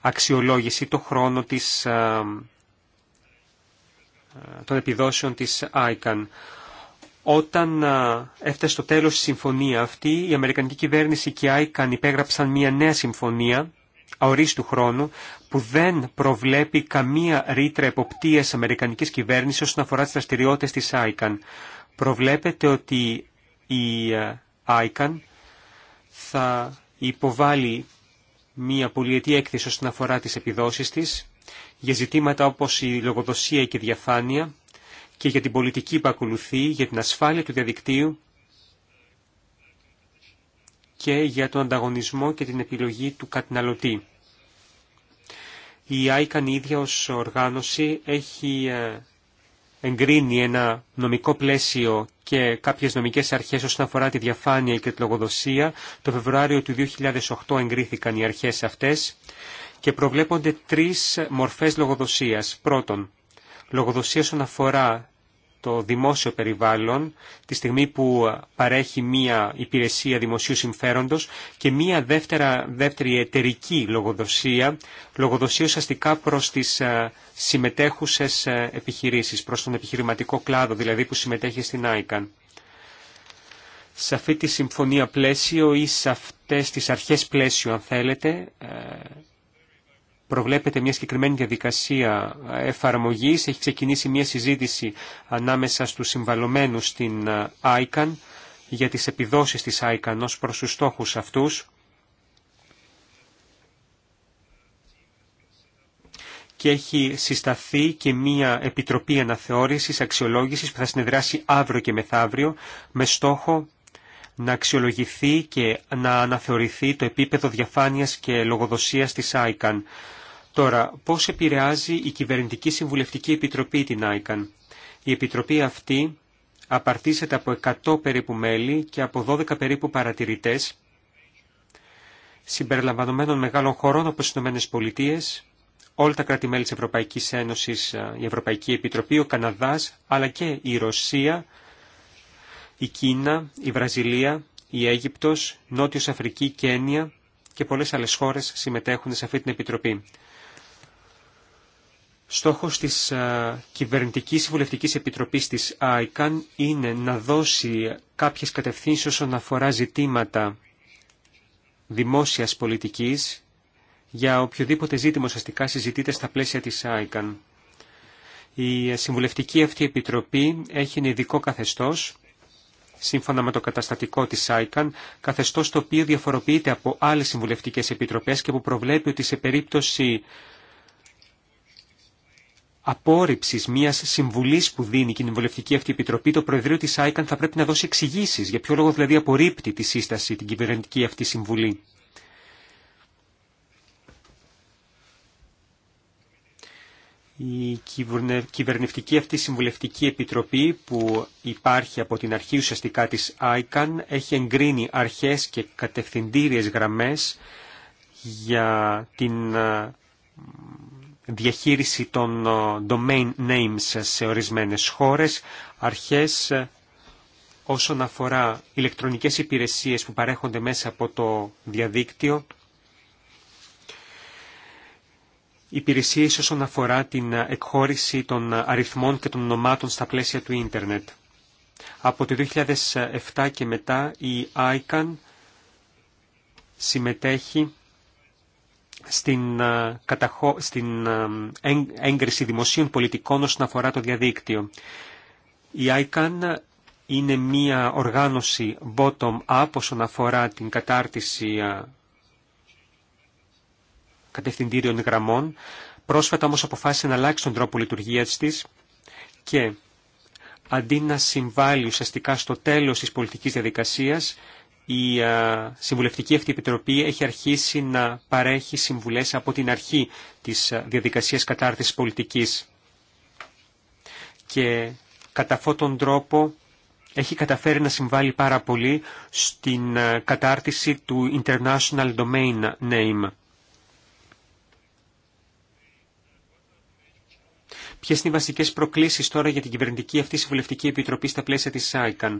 αξιολόγηση το χρόνο της, ε, ε, των επιδόσεων της ICAN. Όταν ε, έφτασε το τέλος η συμφωνία αυτή, η Αμερικανική κυβέρνηση και η ICAN υπέγραψαν μια νέα συμφωνία αορίστου χρόνου που δεν προβλέπει καμία ρήτρα εποπτείας Αμερικανικής κυβέρνησης όσον αφορά τις δραστηριότητες της ICAN. Προβλέπεται ότι η ICAN θα υποβάλει μία πολυετή έκθεση όσον αφορά τις επιδόσεις της, για ζητήματα όπως η λογοδοσία και η διαφάνεια και για την πολιτική που ακολουθεί, για την ασφάλεια του διαδικτύου και για τον ανταγωνισμό και την επιλογή του καταναλωτή. Η ICAN ίδια ως οργάνωση έχει ε, εγκρίνει ένα νομικό πλαίσιο και κάποιες νομικές αρχές όσον αφορά τη διαφάνεια και τη λογοδοσία. Το Φεβρουάριο του 2008 εγκρίθηκαν οι αρχές αυτές και προβλέπονται τρεις μορφές λογοδοσίας. Πρώτον, λογοδοσία όσον αφορά το δημόσιο περιβάλλον, τη στιγμή που παρέχει μία υπηρεσία δημοσίου συμφέροντος και μία δεύτερα, δεύτερη εταιρική λογοδοσία, λογοδοσία ουσιαστικά προς τις ε, συμμετέχουσες ε, επιχειρήσεις, προς τον επιχειρηματικό κλάδο δηλαδή που συμμετέχει στην ICAN. Σε αυτή τη συμφωνία πλαίσιο ή σε αυτές τις αρχές πλαίσιο αν θέλετε, ε, προβλέπεται μια συγκεκριμένη διαδικασία εφαρμογής. Έχει ξεκινήσει μια συζήτηση ανάμεσα στους συμβαλωμένους στην ICAN για τις επιδόσεις της ICAN ως προς τους στόχους αυτούς. και έχει συσταθεί και μία επιτροπή αναθεώρησης, αξιολόγησης που θα συνεδράσει αύριο και μεθαύριο με στόχο να αξιολογηθεί και να αναθεωρηθεί το επίπεδο διαφάνειας και λογοδοσίας της ICAN. Τώρα, πώς επηρεάζει η Κυβερνητική Συμβουλευτική Επιτροπή την ICAN. Η Επιτροπή αυτή απαρτίζεται από 100 περίπου μέλη και από 12 περίπου παρατηρητές, συμπεριλαμβανομένων μεγάλων χωρών όπως οι ΗΠΑ, όλα τα κράτη-μέλη της Ευρωπαϊκής Ένωσης, ε, η Ευρωπαϊκή Επιτροπή, ο Καναδάς, αλλά και η Ρωσία, η Κίνα, η Βραζιλία, η Αίγυπτος, Νότιος Αφρική, Κένια και πολλές άλλες χώρες συμμετέχουν σε αυτή την Επιτροπή. Στόχος της Κυβερνητικής Συμβουλευτικής Επιτροπής της ICAN είναι να δώσει κάποιες κατευθύνσεις όσον αφορά ζητήματα δημόσιας πολιτικής για οποιοδήποτε ζήτημα ουσιαστικά συζητείται στα πλαίσια της ICAN. Η Συμβουλευτική αυτή Επιτροπή έχει ένα ειδικό καθεστώς, σύμφωνα με το καταστατικό της ICAN, καθεστώς το οποίο διαφοροποιείται από άλλες συμβουλευτικές επιτροπές και που προβλέπει ότι σε περίπτωση απόρριψη μιας συμβουλή που δίνει η κοινοβουλευτική αυτή επιτροπή, το Προεδρείο της ΆΙΚΑΝ θα πρέπει να δώσει εξηγήσει για ποιο λόγο δηλαδή απορρίπτει τη σύσταση την κυβερνητική αυτή συμβουλή. Η κυβερνητική αυτή συμβουλευτική επιτροπή που υπάρχει από την αρχή ουσιαστικά της ΆΙΚΑΝ έχει εγκρίνει αρχές και κατευθυντήριες γραμμές για την διαχείριση των ε, domain names σε ορισμένες χώρες, αρχές ε, όσον αφορά ηλεκτρονικές υπηρεσίες που παρέχονται μέσα από το διαδίκτυο, υπηρεσίες όσον αφορά την ε, εκχώρηση των αριθμών και των ονομάτων στα πλαίσια του ίντερνετ. Από το 2007 και μετά η ICANN συμμετέχει στην, ε, στην ε, έγκριση δημοσίων πολιτικών όσον αφορά το διαδίκτυο. Η ICAN είναι μία οργάνωση bottom-up όσον αφορά την κατάρτιση ε, κατευθυντήριων γραμμών. Πρόσφατα όμως αποφάσισε να αλλάξει τον τρόπο λειτουργίας της και αντί να συμβάλλει ουσιαστικά στο τέλος της πολιτικής διαδικασίας, η συμβουλευτική αυτή επιτροπή έχει αρχίσει να παρέχει συμβουλές από την αρχή της διαδικασίας κατάρτισης πολιτικής. Και κατά αυτόν τον τρόπο έχει καταφέρει να συμβάλλει πάρα πολύ στην κατάρτιση του International Domain Name. Ποιες είναι οι βασικές προκλήσεις τώρα για την κυβερνητική αυτή συμβουλευτική επιτροπή στα πλαίσια της ICAN.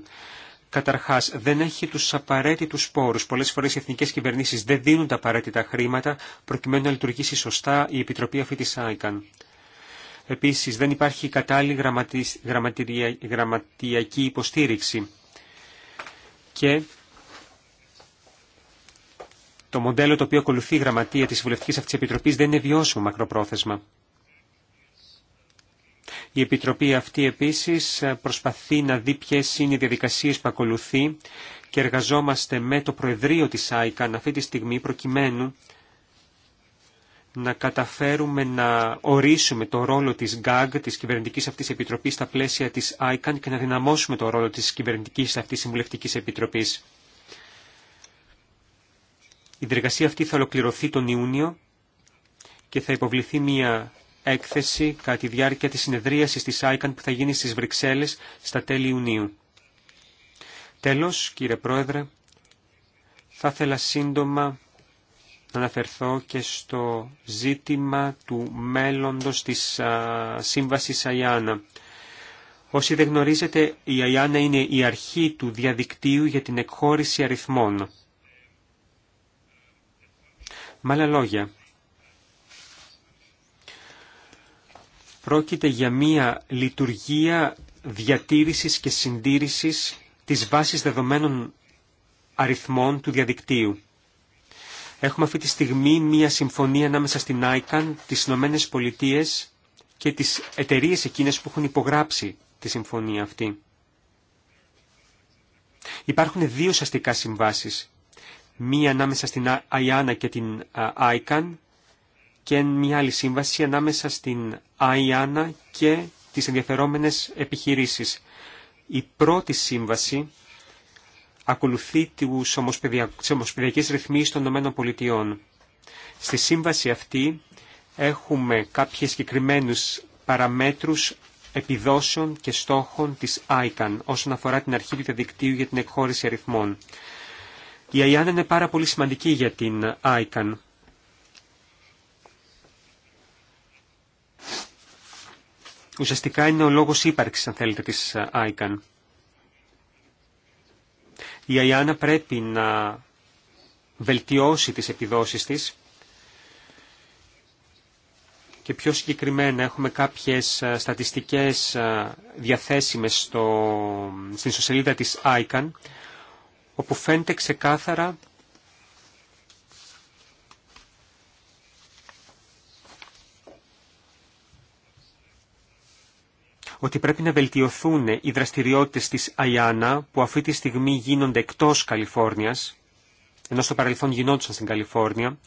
Καταρχάς, δεν έχει τους απαραίτητους πόρου. Πολλές φορές οι εθνικές κυβερνήσεις δεν δίνουν τα απαραίτητα χρήματα προκειμένου να λειτουργήσει σωστά η επιτροπή αυτή της ICAN. Επίσης, δεν υπάρχει κατάλληλη γραμματιακή υποστήριξη. Και το μοντέλο το οποίο ακολουθεί η γραμματεία τη Βουλευτική αυτή επιτροπή δεν είναι βιώσιμο μακροπρόθεσμα. Η Επιτροπή αυτή επίσης προσπαθεί να δει ποιε είναι οι διαδικασίες που ακολουθεί και εργαζόμαστε με το Προεδρείο της ΆΙΚΑΝ αυτή τη στιγμή προκειμένου να καταφέρουμε να ορίσουμε το ρόλο της ΓΑΓ, της Κυβερνητικής Αυτής Επιτροπής, στα πλαίσια της ICAN και να δυναμώσουμε το ρόλο της Κυβερνητικής Αυτής Συμβουλευτικής Επιτροπής. Η διεργασία αυτή θα ολοκληρωθεί τον Ιούνιο και θα υποβληθεί μια έκθεση κατά τη διάρκεια της συνεδρίασης της ICANN που θα γίνει στις Βρυξέλλες στα τέλη Ιουνίου. Τέλος, κύριε Πρόεδρε, θα ήθελα σύντομα να αναφερθώ και στο ζήτημα του μέλλοντος της Σύμβασης Αϊάννα. Όσοι δεν γνωρίζετε, η Αϊάννα είναι η αρχή του διαδικτύου για την εκχώρηση αριθμών. Με άλλα λόγια, Πρόκειται για μία λειτουργία διατήρησης και συντήρησης της βάσης δεδομένων αριθμών του διαδικτύου. Έχουμε αυτή τη στιγμή μία συμφωνία ανάμεσα στην ICAN, τις Ηνωμένε Πολιτείε και τις εταιρείες εκείνες που έχουν υπογράψει τη συμφωνία αυτή. Υπάρχουν δύο σαστικά συμβάσεις. Μία ανάμεσα στην IANA και την ICAN και μια άλλη σύμβαση ανάμεσα στην ΑΙΑΝΑ και τις ενδιαφερόμενες επιχειρήσεις. Η πρώτη σύμβαση ακολουθεί τις ομοσπονδιακές ρυθμίσεις των ΗΠΑ. Στη σύμβαση αυτή έχουμε κάποιες συγκεκριμένους παραμέτρους επιδόσεων και στόχων της ICAN όσον αφορά την αρχή του διαδικτύου για την εκχώρηση αριθμών. Η ΆΙΑΝΑ είναι πάρα πολύ σημαντική για την ICAN. ουσιαστικά είναι ο λόγος ύπαρξης, αν θέλετε, της ε, ICAN. Η Αιάννα πρέπει να βελτιώσει τις επιδόσεις της και πιο συγκεκριμένα έχουμε κάποιες ε, στατιστικές ε, διαθέσιμες στο, στην ισοσελίδα της ICAN όπου φαίνεται ξεκάθαρα ότι πρέπει να βελτιωθούν οι δραστηριότητες της ΑΙΑΝΑ που αυτή τη στιγμή γίνονται εκτός Καλιφόρνιας, ενώ στο παρελθόν γινόντουσαν στην Καλιφόρνια,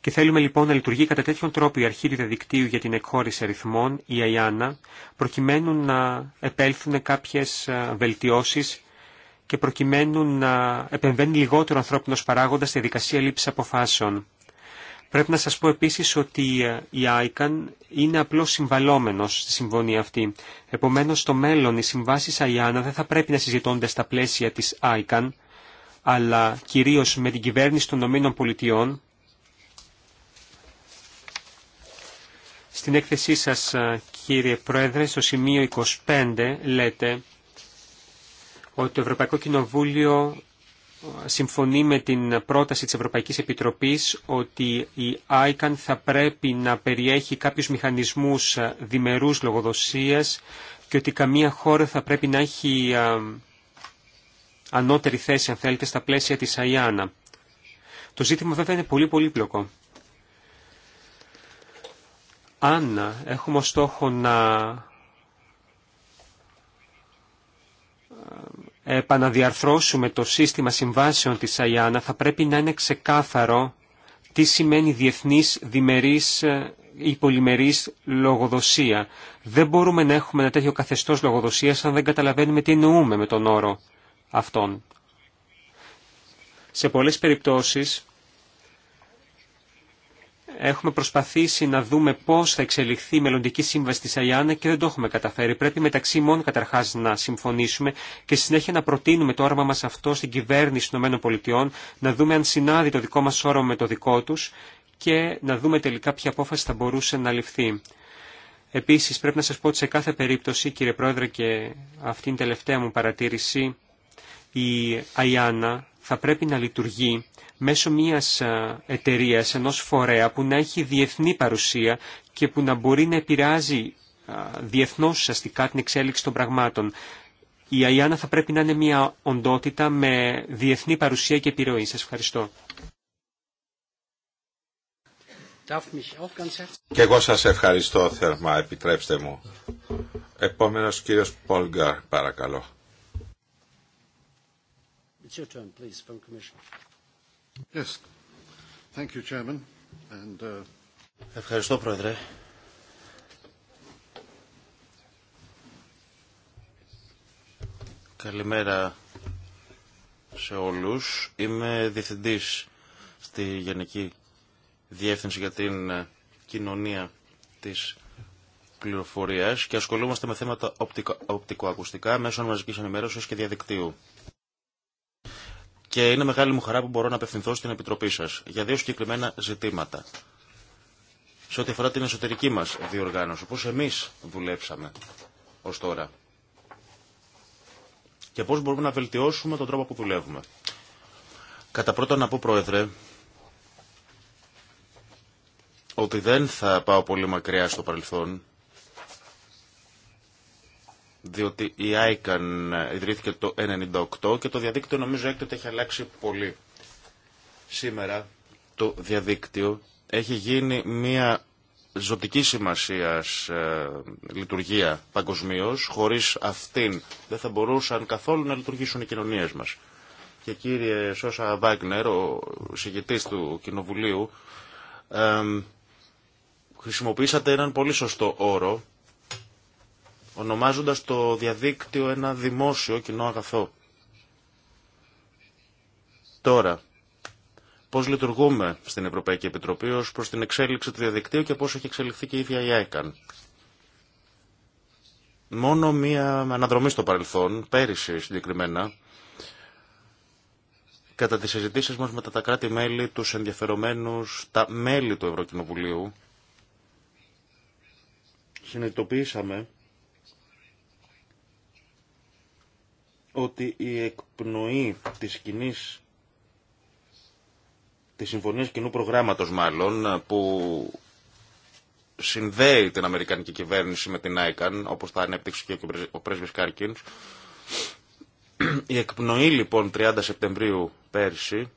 και θέλουμε λοιπόν να λειτουργεί κατά τέτοιον τρόπο η αρχή του διαδικτύου για την εκχώρηση αριθμών, η ΑΙΑΝΑ, προκειμένου να επέλθουν κάποιες ε, βελτιώσεις και προκειμένου να επεμβαίνει λιγότερο ανθρώπινος παράγοντας στη δικασία λήψης αποφάσεων. Πρέπει να σας πω επίσης ότι ε, η ICAN είναι απλώς συμβαλόμενος στη συμφωνία αυτή. Επομένως, στο μέλλον οι συμβάσεις ΑΙΑΝΑ δεν θα πρέπει να συζητώνται στα πλαίσια της ICAN, αλλά κυρίως με την κυβέρνηση των Ηνωμένων Πολιτειών. Στην έκθεσή σας, ε, κύριε Πρόεδρε, στο σημείο 25 λέτε ότι το Ευρωπαϊκό Κοινοβούλιο συμφωνεί με την πρόταση της Ευρωπαϊκής Επιτροπής ότι η ICAN θα πρέπει να περιέχει κάποιους μηχανισμούς διμερούς λογοδοσίας και ότι καμία χώρα θα πρέπει να έχει ανώτερη θέση, αν θέλετε, στα πλαίσια της ΑΙΑΝΑ. Το ζήτημα βέβαια είναι πολύ πλοκό. Αν έχουμε στόχο να επαναδιαρθρώσουμε το σύστημα συμβάσεων της ΑΙΑΝΑ θα πρέπει να είναι ξεκάθαρο τι σημαίνει διεθνής διμερής ή ε, πολυμερής λογοδοσία. Δεν μπορούμε να έχουμε ένα τέτοιο καθεστώς λογοδοσίας αν δεν καταλαβαίνουμε τι εννοούμε με τον όρο αυτόν. Σε πολλές περιπτώσεις Έχουμε προσπαθήσει να δούμε πώς θα εξελιχθεί η μελλοντική σύμβαση της ΑΙΑΝΕ και δεν το έχουμε καταφέρει. Πρέπει μεταξύ μόνο καταρχάς να συμφωνήσουμε και συνέχεια να προτείνουμε το όραμα μας αυτό στην κυβέρνηση των ΗΠΑ, να δούμε αν συνάδει το δικό μας όρο με το δικό τους και να δούμε τελικά ποια απόφαση θα μπορούσε να ληφθεί. Επίσης πρέπει να σας πω ότι σε κάθε περίπτωση, κύριε Πρόεδρε και αυτή είναι η τελευταία μου παρατήρηση, η ΑΙΑΝΑ θα πρέπει να λειτουργεί μέσω μιας εταιρείας, ενός φορέα που να έχει διεθνή παρουσία και που να μπορεί να επηρεάζει διεθνώς ουσιαστικά την εξέλιξη των πραγμάτων. Η ΑΙΑΝΑ θα πρέπει να είναι μια οντότητα με διεθνή παρουσία και επιρροή. Σας ευχαριστώ. Και εγώ σας ευχαριστώ θερμά, επιτρέψτε μου. Επόμενος κύριος Πόλγκαρ, παρακαλώ. Uh, Ευχαριστώ, Πρόεδρε. Καλημέρα σε όλους. Είμαι διευθυντής στη Γενική Διεύθυνση για την Κοινωνία της Πληροφορίας και ασχολούμαστε με θέματα οπτικο- οπτικοακουστικά μέσω μαζικής ενημέρωσης και διαδικτύου και είναι μεγάλη μου χαρά που μπορώ να απευθυνθώ στην Επιτροπή σας για δύο συγκεκριμένα ζητήματα σε ό,τι αφορά την εσωτερική μας διοργάνωση, πώς εμείς δουλέψαμε ως τώρα και πώς μπορούμε να βελτιώσουμε τον τρόπο που δουλεύουμε. Κατά πρώτα να πω, Πρόεδρε, ότι δεν θα πάω πολύ μακριά στο παρελθόν διότι η ICAN ιδρύθηκε το 1998 και το διαδίκτυο νομίζω έκτοτε έχει αλλάξει πολύ. Σήμερα το διαδίκτυο έχει γίνει μια ζωτική σημασία ε, λειτουργία παγκοσμίω. Χωρίς αυτήν δεν θα μπορούσαν καθόλου να λειτουργήσουν οι κοινωνίες μας. Και κύριε Σόσα Βάγκνερ, ο συγκητής του Κοινοβουλίου, ε, χρησιμοποίησατε έναν πολύ σωστό όρο ονομάζοντας το διαδίκτυο ένα δημόσιο κοινό αγαθό. Τώρα, πώς λειτουργούμε στην Ευρωπαϊκή Επιτροπή ως προς την εξέλιξη του διαδικτύου και πώς έχει εξελιχθεί και η ίδια η Μόνο μία αναδρομή στο παρελθόν, πέρυσι συγκεκριμένα, κατά τις συζητήσεις μας με τα κράτη-μέλη, τους ενδιαφερομένους, τα μέλη του Ευρωκοινοβουλίου, συνειδητοποίησαμε ότι η εκπνοή της κοινή της συμφωνίας κοινού προγράμματος μάλλον που συνδέει την Αμερικανική κυβέρνηση με την ICAN όπως θα ανέπτυξε και ο πρέσβης Κάρκινς η εκπνοή λοιπόν 30 Σεπτεμβρίου πέρσι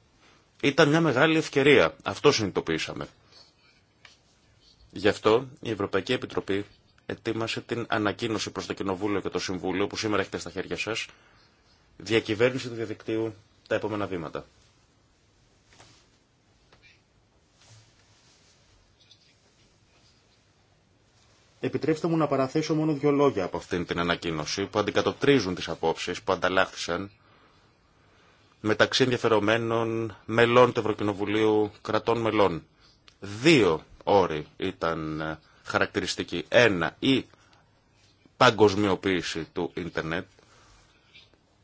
ήταν μια μεγάλη ευκαιρία. Αυτό συνειδητοποιήσαμε. Γι' αυτό η Ευρωπαϊκή Επιτροπή ετοίμασε την ανακοίνωση προς το Κοινοβούλιο και το Συμβούλιο που σήμερα έχετε στα χέρια σας διακυβέρνηση του διαδικτύου τα επόμενα βήματα. Επιτρέψτε μου να παραθέσω μόνο δύο λόγια από αυτήν την ανακοίνωση που αντικατοπτρίζουν τις απόψεις που ανταλλάχθησαν μεταξύ ενδιαφερομένων μελών του Ευρωκοινοβουλίου κρατών μελών. Δύο όροι ήταν ε, χαρακτηριστικοί. Ένα, η παγκοσμιοποίηση του ίντερνετ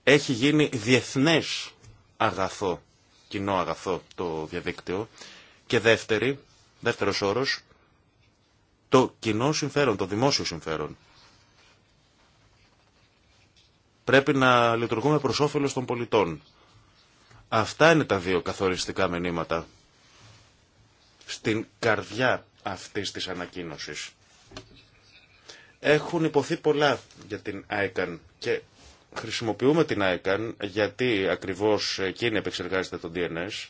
έχει γίνει διεθνές αγαθό, κοινό αγαθό το διαδίκτυο και δεύτερη, δεύτερος όρος, το κοινό συμφέρον, το δημόσιο συμφέρον. Πρέπει να λειτουργούμε προς όφελος των πολιτών. Αυτά είναι τα δύο καθοριστικά μηνύματα στην καρδιά αυτής της ανακοίνωσης. Έχουν υποθεί πολλά για την ICAN και Χρησιμοποιούμε την ICAN γιατί ακριβώς εκείνη επεξεργάζεται το DNS.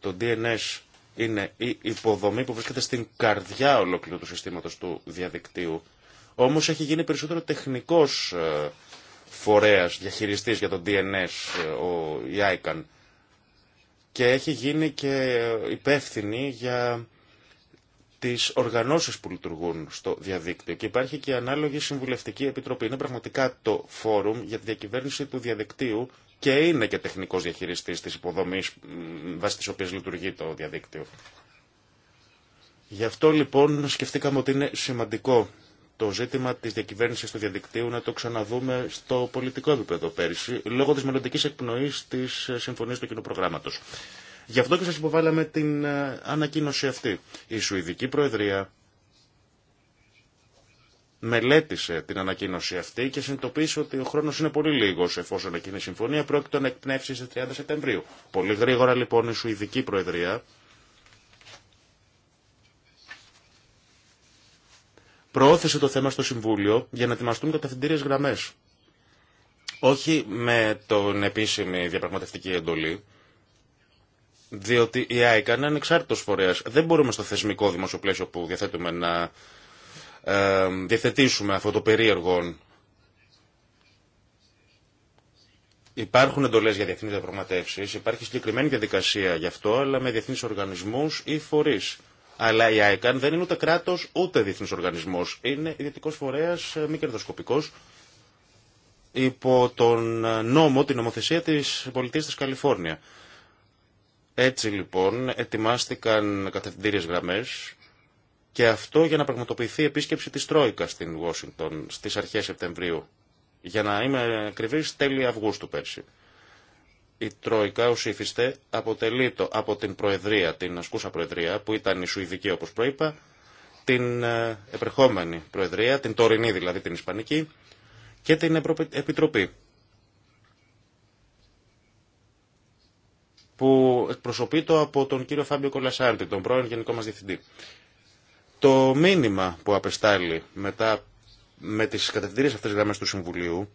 Το DNS είναι η υποδομή που βρίσκεται στην καρδιά ολόκληρου του συστήματος του διαδικτύου. Όμως έχει γίνει περισσότερο τεχνικός ε, φορέας, διαχειριστής για το DNS, ε, ο, η ICAN. Και έχει γίνει και ε, υπεύθυνη για τις οργανώσεις που λειτουργούν στο διαδίκτυο και υπάρχει και η ανάλογη συμβουλευτική επιτροπή. Είναι πραγματικά το φόρουμ για τη διακυβέρνηση του διαδικτύου και είναι και τεχνικός διαχειριστής της υποδομής βάσει της οποίας λειτουργεί το διαδίκτυο. Γι' αυτό λοιπόν σκεφτήκαμε ότι είναι σημαντικό το ζήτημα της διακυβέρνησης του διαδικτύου να το ξαναδούμε στο πολιτικό επίπεδο πέρυσι, λόγω της μελλοντικής εκπνοής της συμφωνίας του κοινού Γι' αυτό και σας υποβάλαμε την ε, ανακοίνωση αυτή. Η Σουηδική Προεδρία μελέτησε την ανακοίνωση αυτή και συνειδητοποίησε ότι ο χρόνος είναι πολύ λίγος εφόσον εκείνη η συμφωνία πρόκειται να εκπνεύσει στις 30 Σεπτεμβρίου. Πολύ γρήγορα λοιπόν η Σουηδική Προεδρία προώθησε το θέμα στο Συμβούλιο για να ετοιμαστούν κατευθυντήριες γραμμές. Όχι με τον επίσημη διαπραγματευτική εντολή, διότι η ΑΕΚ είναι ανεξάρτητο φορέα. Δεν μπορούμε στο θεσμικό δημοσιοπλαίσιο που διαθέτουμε να ε, διαθετήσουμε αυτό το περίεργο. Υπάρχουν εντολέ για διεθνεί διαπραγματεύσει, υπάρχει συγκεκριμένη διαδικασία γι' αυτό, αλλά με διεθνεί οργανισμού ή φορεί. Αλλά η φορει αλλα η ICAN δεν είναι ούτε κράτο ούτε διεθνή οργανισμό. Είναι ιδιωτικό φορέα, ε, μη κερδοσκοπικό, υπό τον νόμο, την νομοθεσία τη πολιτεία τη Καλιφόρνια. Έτσι λοιπόν ετοιμάστηκαν κατευθυντήριες γραμμές και αυτό για να πραγματοποιηθεί η επίσκεψη της Τρόικα στην Ουάσιγκτον στις αρχές Σεπτεμβρίου. Για να είμαι ακριβής, τέλη Αυγούστου πέρσι. Η Τρόικα, ως ήθιστε, το, από την Προεδρία, την ασκούσα Προεδρία, που ήταν η Σουηδική όπως προείπα, την ε, επερχόμενη Προεδρία, την τωρινή δηλαδή την Ισπανική, και την Επιτροπή που εκπροσωπείται από τον κύριο Φάμπιο Κολασάρτη, τον πρώην Γενικό μας Διευθυντή. Το μήνυμα που απεστάλλει μετά με τις κατευθυντήριες αυτές γραμμές του Συμβουλίου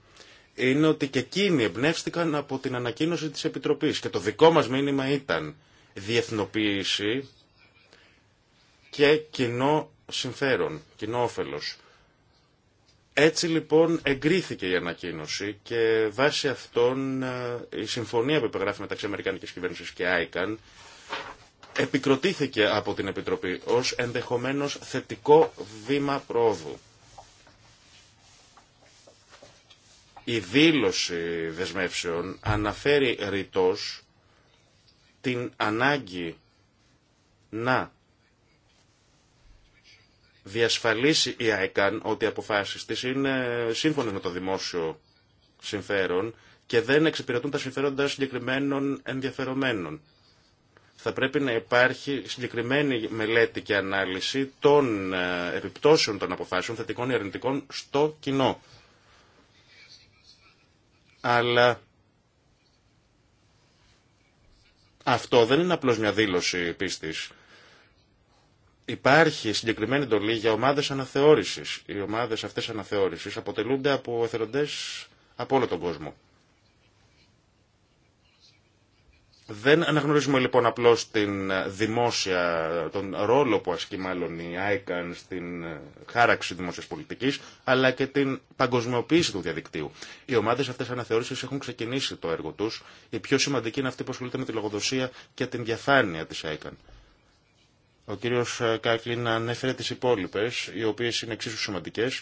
είναι ότι και εκείνοι εμπνεύστηκαν από την ανακοίνωση της Επιτροπής και το δικό μας μήνυμα ήταν διεθνοποίηση και κοινό συμφέρον, κοινό όφελος. Έτσι λοιπόν εγκρίθηκε η ανακοίνωση και βάσει αυτών ε, η συμφωνία που υπεγράφει μεταξύ Αμερικανικής Κυβέρνησης και ICAN επικροτήθηκε από την Επιτροπή ως ενδεχομένως θετικό βήμα πρόοδου. Η δήλωση δεσμεύσεων αναφέρει ρητός την ανάγκη να διασφαλίσει η ΑΕΚΑΝ ότι οι αποφάσεις τη είναι σύμφωνες με το δημόσιο συμφέρον και δεν εξυπηρετούν τα συμφέροντα συγκεκριμένων ενδιαφερομένων. Θα πρέπει να υπάρχει συγκεκριμένη μελέτη και ανάλυση των ε, επιπτώσεων των αποφάσεων θετικών ή αρνητικών στο κοινό. Αλλά αυτό δεν είναι απλώς μια δήλωση πίστης. Υπάρχει συγκεκριμένη εντολή για ομάδε αναθεώρηση. Οι ομάδε αυτές αναθεώρηση αποτελούνται από εθελοντές από όλο τον κόσμο. Δεν αναγνωρίζουμε λοιπόν απλώ την δημόσια, τον ρόλο που ασκεί μάλλον η ICAN στην χάραξη δημόσια πολιτική, αλλά και την παγκοσμιοποίηση του διαδικτύου. Οι ομάδε αυτέ αναθεώρηση έχουν ξεκινήσει το έργο του. Η πιο σημαντική είναι αυτή που ασχολείται με τη λογοδοσία και την διαφάνεια τη ICAN. Ο κύριος ε, Κάκλιν ανέφερε τις υπόλοιπες, οι οποίες είναι εξίσου σημαντικές,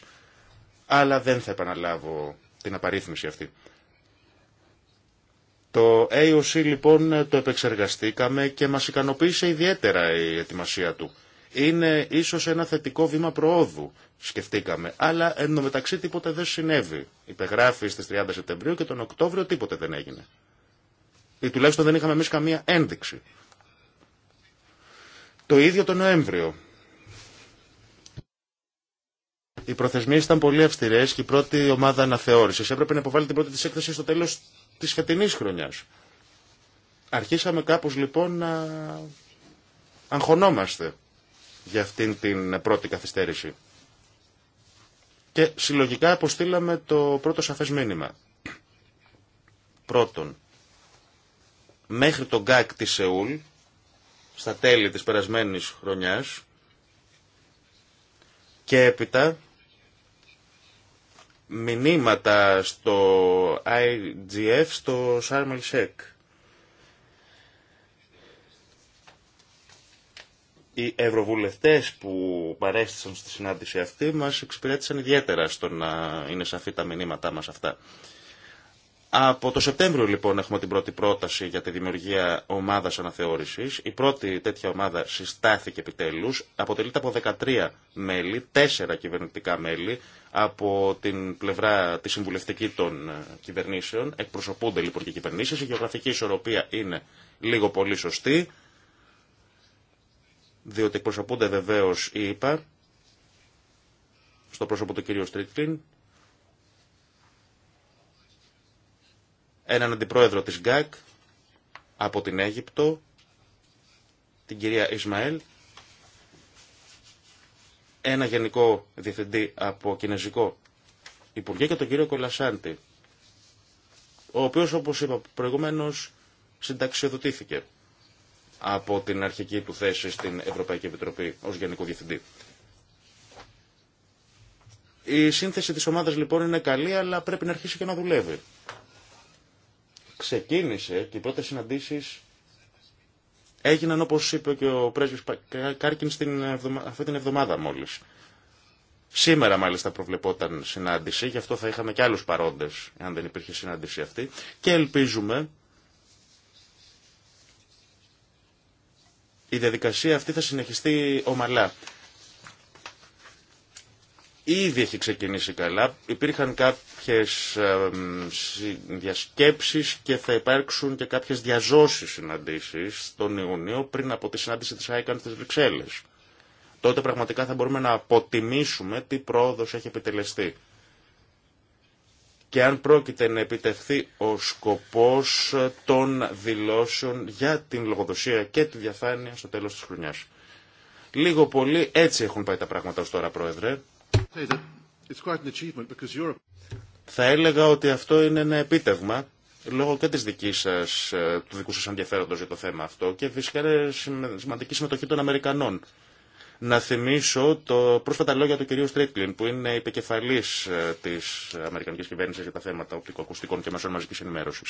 αλλά δεν θα επαναλάβω την απαρίθμηση αυτή. Το AOC λοιπόν το επεξεργαστήκαμε και μας ικανοποίησε ιδιαίτερα η ετοιμασία του. Είναι ίσως ένα θετικό βήμα προόδου, σκεφτήκαμε, αλλά ενώ μεταξύ τίποτε δεν συνέβη. Υπεγράφει στις 30 Σεπτεμβρίου και τον Οκτώβριο τίποτε δεν έγινε. Ή τουλάχιστον δεν είχαμε εμεί καμία ένδειξη. Το ίδιο το Νοέμβριο. Οι προθεσμίε ήταν πολύ αυστηρέ και η πρώτη ομάδα αναθεώρησης έπρεπε να υποβάλει την πρώτη της έκθεση στο τέλος της φετινής χρονιάς. Αρχίσαμε κάπως λοιπόν να αγχωνόμαστε για αυτήν την πρώτη καθυστέρηση. Και συλλογικά αποστήλαμε το πρώτο σαφές μήνυμα. Πρώτον, μέχρι τον ΚΑΚ της Σεούλ στα τέλη της περασμένης χρονιάς και έπειτα μηνύματα στο IGF στο Σάρμελ Σέκ. Οι ευρωβουλευτές που παρέστησαν στη συνάντηση αυτή μας εξυπηρέτησαν ιδιαίτερα στο να είναι σαφή τα μηνύματά μας αυτά. Από το Σεπτέμβριο λοιπόν έχουμε την πρώτη πρόταση για τη δημιουργία ομάδας αναθεώρησης. Η πρώτη τέτοια ομάδα συστάθηκε επιτέλους. Αποτελείται από 13 μέλη, 4 κυβερνητικά μέλη από την πλευρά τη συμβουλευτική των ε, κυβερνήσεων. Εκπροσωπούνται λοιπόν και οι κυβερνήσεις. Η γεωγραφική ισορροπία είναι λίγο πολύ σωστή. Διότι εκπροσωπούνται βεβαίω οι στο πρόσωπο του κ. Στρίτκλιν έναν αντιπρόεδρο της ΓΚΑΚ από την Αίγυπτο, την κυρία Ισμαέλ, ένα γενικό διευθυντή από Κινέζικο Υπουργείο και τον κύριο Κολασάντη, ο οποίος όπως είπα προηγουμένως συνταξιοδοτήθηκε από την αρχική του θέση στην Ευρωπαϊκή Επιτροπή ως Γενικό Διευθυντή. Η σύνθεση της ομάδας λοιπόν είναι καλή αλλά πρέπει να αρχίσει και να δουλεύει ξεκίνησε και οι πρώτες συναντήσεις έγιναν όπως είπε και ο πρέσβης Κάρκιν στην αυτή την εβδομάδα μόλις. Σήμερα μάλιστα προβλεπόταν συνάντηση, γι' αυτό θα είχαμε και άλλους παρόντες, αν δεν υπήρχε συνάντηση αυτή, και ελπίζουμε η διαδικασία αυτή θα συνεχιστεί ομαλά ήδη έχει ξεκινήσει καλά. Υπήρχαν κάποιες διασκέψεις και θα υπάρξουν και κάποιες διαζώσεις συναντήσεις τον Ιουνίο πριν από τη συνάντηση της ΆΕΚΑΝ στις Βρυξέλλες. Τότε πραγματικά θα μπορούμε να αποτιμήσουμε τι πρόοδος έχει επιτελεστεί. Και αν πρόκειται να επιτευχθεί ο σκοπός των δηλώσεων για την λογοδοσία και τη διαφάνεια στο τέλος της χρονιάς. Λίγο πολύ έτσι έχουν πάει τα πράγματα ως τώρα, Πρόεδρε. Θα έλεγα ότι αυτό είναι ένα επίτευγμα λόγω και της δικής σας, ε, του δικού σας ενδιαφέροντος για το θέμα αυτό και φυσικά είναι σημαντική συμμετοχή των Αμερικανών. Να θυμίσω το πρόσφατα λόγια του κυρίου Στρίκλιν, που είναι υπεκεφαλής ε, της Αμερικανικής κυβέρνηση για τα θέματα οπτικοακουστικών και μέσων μαζική ενημέρωση.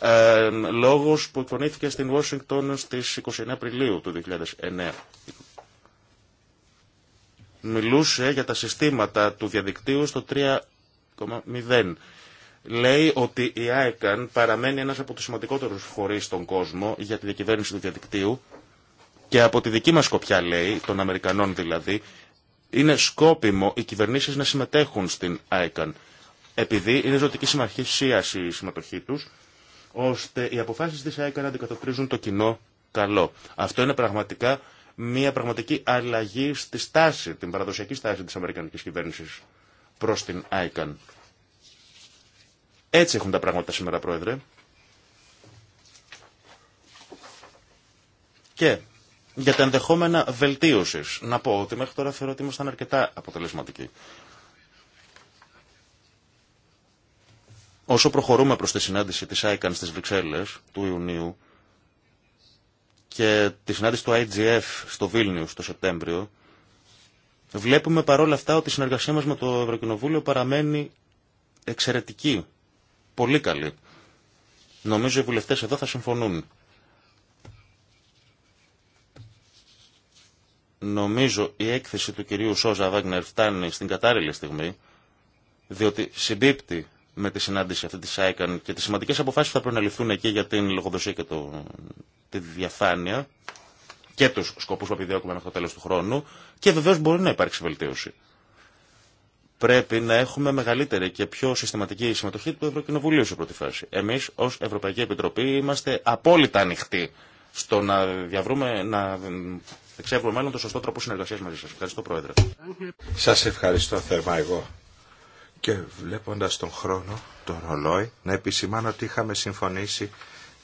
Ε, Λόγο που εκφωνήθηκε στην Ουάσιγκτον στις 29 Απριλίου του 2009 μιλούσε για τα συστήματα του διαδικτύου στο 3,0. Λέει ότι η ICAN παραμένει ένας από τους σημαντικότερους φορείς στον κόσμο για τη διακυβέρνηση του διαδικτύου και από τη δική μας σκοπιά λέει, των Αμερικανών δηλαδή, είναι σκόπιμο οι κυβερνήσεις να συμμετέχουν στην ICAN επειδή είναι ζωτική σημασία η συμμετοχή τους ώστε οι αποφάσεις της ICAN αντικατοπτρίζουν το κοινό καλό. Αυτό είναι πραγματικά μια πραγματική αλλαγή στη στάση, την παραδοσιακή στάση της Αμερικανικής κυβέρνησης προς την ICAN. Έτσι έχουν τα πράγματα σήμερα, Πρόεδρε. Και για τα ενδεχόμενα βελτίωση. Να πω ότι μέχρι τώρα θεωρώ ότι ήμασταν αρκετά αποτελεσματικοί. Όσο προχωρούμε προς τη συνάντηση της ICAN στις Βρυξέλλες του Ιουνίου, και τη συνάντηση του IGF στο Βίλνιους το Σεπτέμβριο, βλέπουμε παρόλα αυτά ότι η συνεργασία μας με το Ευρωκοινοβούλιο παραμένει εξαιρετική, πολύ καλή. Νομίζω οι βουλευτές εδώ θα συμφωνούν. Νομίζω η έκθεση του κυρίου Σόζα Βάγνερ φτάνει στην κατάλληλη στιγμή, διότι συμπίπτει με τη συνάντηση αυτή τη ΣΑΕΚΑΝ και τι σημαντικέ αποφάσει που θα πρέπει να ληφθούν εκεί για την λογοδοσία και το, τη διαφάνεια και του σκοπούς που επιδιώκουμε μέχρι το τέλο του χρόνου και βεβαίω μπορεί να υπάρξει βελτίωση. Πρέπει να έχουμε μεγαλύτερη και πιο συστηματική συμμετοχή του Ευρωκοινοβουλίου σε πρώτη φάση. Εμεί, ω Ευρωπαϊκή Επιτροπή είμαστε απόλυτα ανοιχτοί στο να διαβρούμε, να εξεύρουμε μάλλον το σωστό τρόπο συνεργασία μαζί σα. Ευχαριστώ Πρόεδρε. Σα ευχαριστώ θερμά εγώ και βλέποντας τον χρόνο, το ρολόι, να επισημάνω ότι είχαμε συμφωνήσει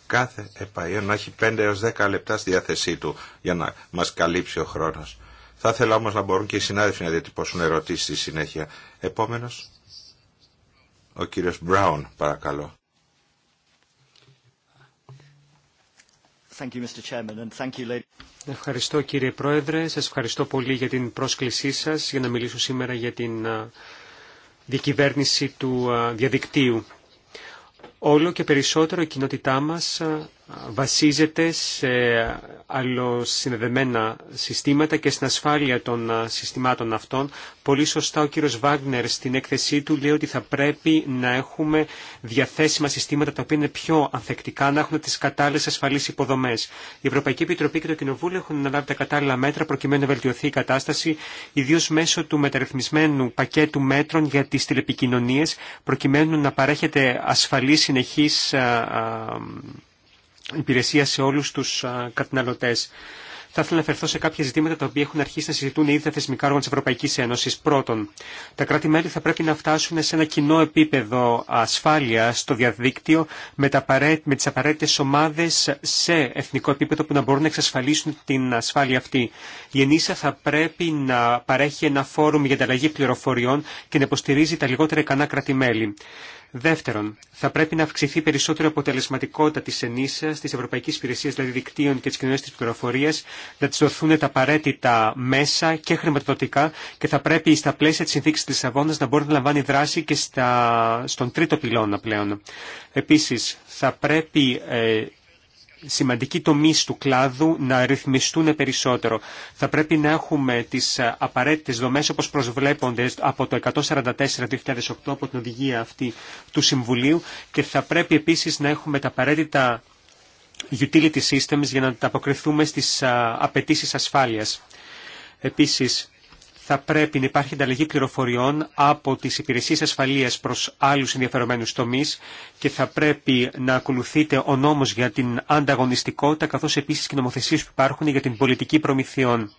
κάθε επαΐων να έχει 5 έως 10 λεπτά στη διάθεσή του για να μας καλύψει ο χρόνος. Θα ήθελα όμως να μπορούν και οι συνάδελφοι να διατυπώσουν ερωτήσεις στη συνέχεια. Επόμενος, ο κύριος Μπράουν, παρακαλώ. Thank you, Mr. Chairman, and thank you, ευχαριστώ κύριε Πρόεδρε, σας ευχαριστώ πολύ για την πρόσκλησή σας για να μιλήσω σήμερα για την διακυβέρνηση του ε, διαδικτύου. Όλο και περισσότερο η κοινότητά μας ε, βασίζεται σε αλλοσυνδεμένα συστήματα και στην ασφάλεια των συστημάτων αυτών. Πολύ σωστά ο κύριος Βάγνερ στην έκθεσή του λέει ότι θα πρέπει να έχουμε διαθέσιμα συστήματα τα οποία είναι πιο ανθεκτικά, να έχουν τις κατάλληλες ασφαλείς υποδομές. Η Ευρωπαϊκή Επιτροπή και το Κοινοβούλιο έχουν αναλάβει τα κατάλληλα μέτρα προκειμένου να βελτιωθεί η κατάσταση, ιδίω μέσω του μεταρρυθμισμένου πακέτου μέτρων για τις τηλεπικοινωνίες, προκειμένου να παρέχεται ασφαλή συνεχής υπηρεσία σε όλους τους καταναλωτέ. Θα ήθελα να αφαιρθώ σε κάποια ζητήματα τα οποία έχουν αρχίσει να συζητούν ήδη τα θεσμικά όργανα τη Ευρωπαϊκή Ένωση. Πρώτον, τα κράτη-μέλη θα πρέπει να φτάσουν σε ένα κοινό επίπεδο ασφάλεια στο διαδίκτυο με, με τι απαραίτητε ομάδε σε εθνικό επίπεδο που να μπορούν να εξασφαλίσουν την ασφάλεια αυτή. Η ΕΝΗΣΑ θα πρέπει να παρέχει ένα φόρουμ για ανταλλαγή πληροφοριών και να υποστηρίζει τα λιγότερα ικανά κράτη-μέλη. Δεύτερον, θα πρέπει να αυξηθεί περισσότερο αποτελεσματικότητα τη ενίσχυση τη Ευρωπαϊκή Υπηρεσία δηλαδή Δικτύων και τη Κοινωνία τη Πληροφορία, να τη δοθούν τα απαραίτητα μέσα και χρηματοδοτικά και θα πρέπει στα πλαίσια τη συνθήκη τη Λισαβόνα να μπορεί να λαμβάνει δράση και στα... στον τρίτο πυλώνα πλέον. Επίση, θα πρέπει ε, σημαντικοί τομείς του κλάδου να ρυθμιστούν περισσότερο. Θα πρέπει να έχουμε τις ε, απαραίτητες δομές όπως προσβλέπονται από το 144-2008 από την οδηγία αυτή του Συμβουλίου και θα πρέπει επίσης να έχουμε τα απαραίτητα utility systems για να ανταποκριθούμε αποκριθούμε στις ε, απαιτήσει ασφάλειας. Επίσης, θα πρέπει να υπάρχει ανταλλαγή πληροφοριών από τις υπηρεσίες ασφαλείας προς άλλους ενδιαφερομένους τομείς και θα πρέπει να ακολουθείται ο νόμος για την ανταγωνιστικότητα καθώς επίσης και νομοθεσίες που υπάρχουν για την πολιτική προμηθειών.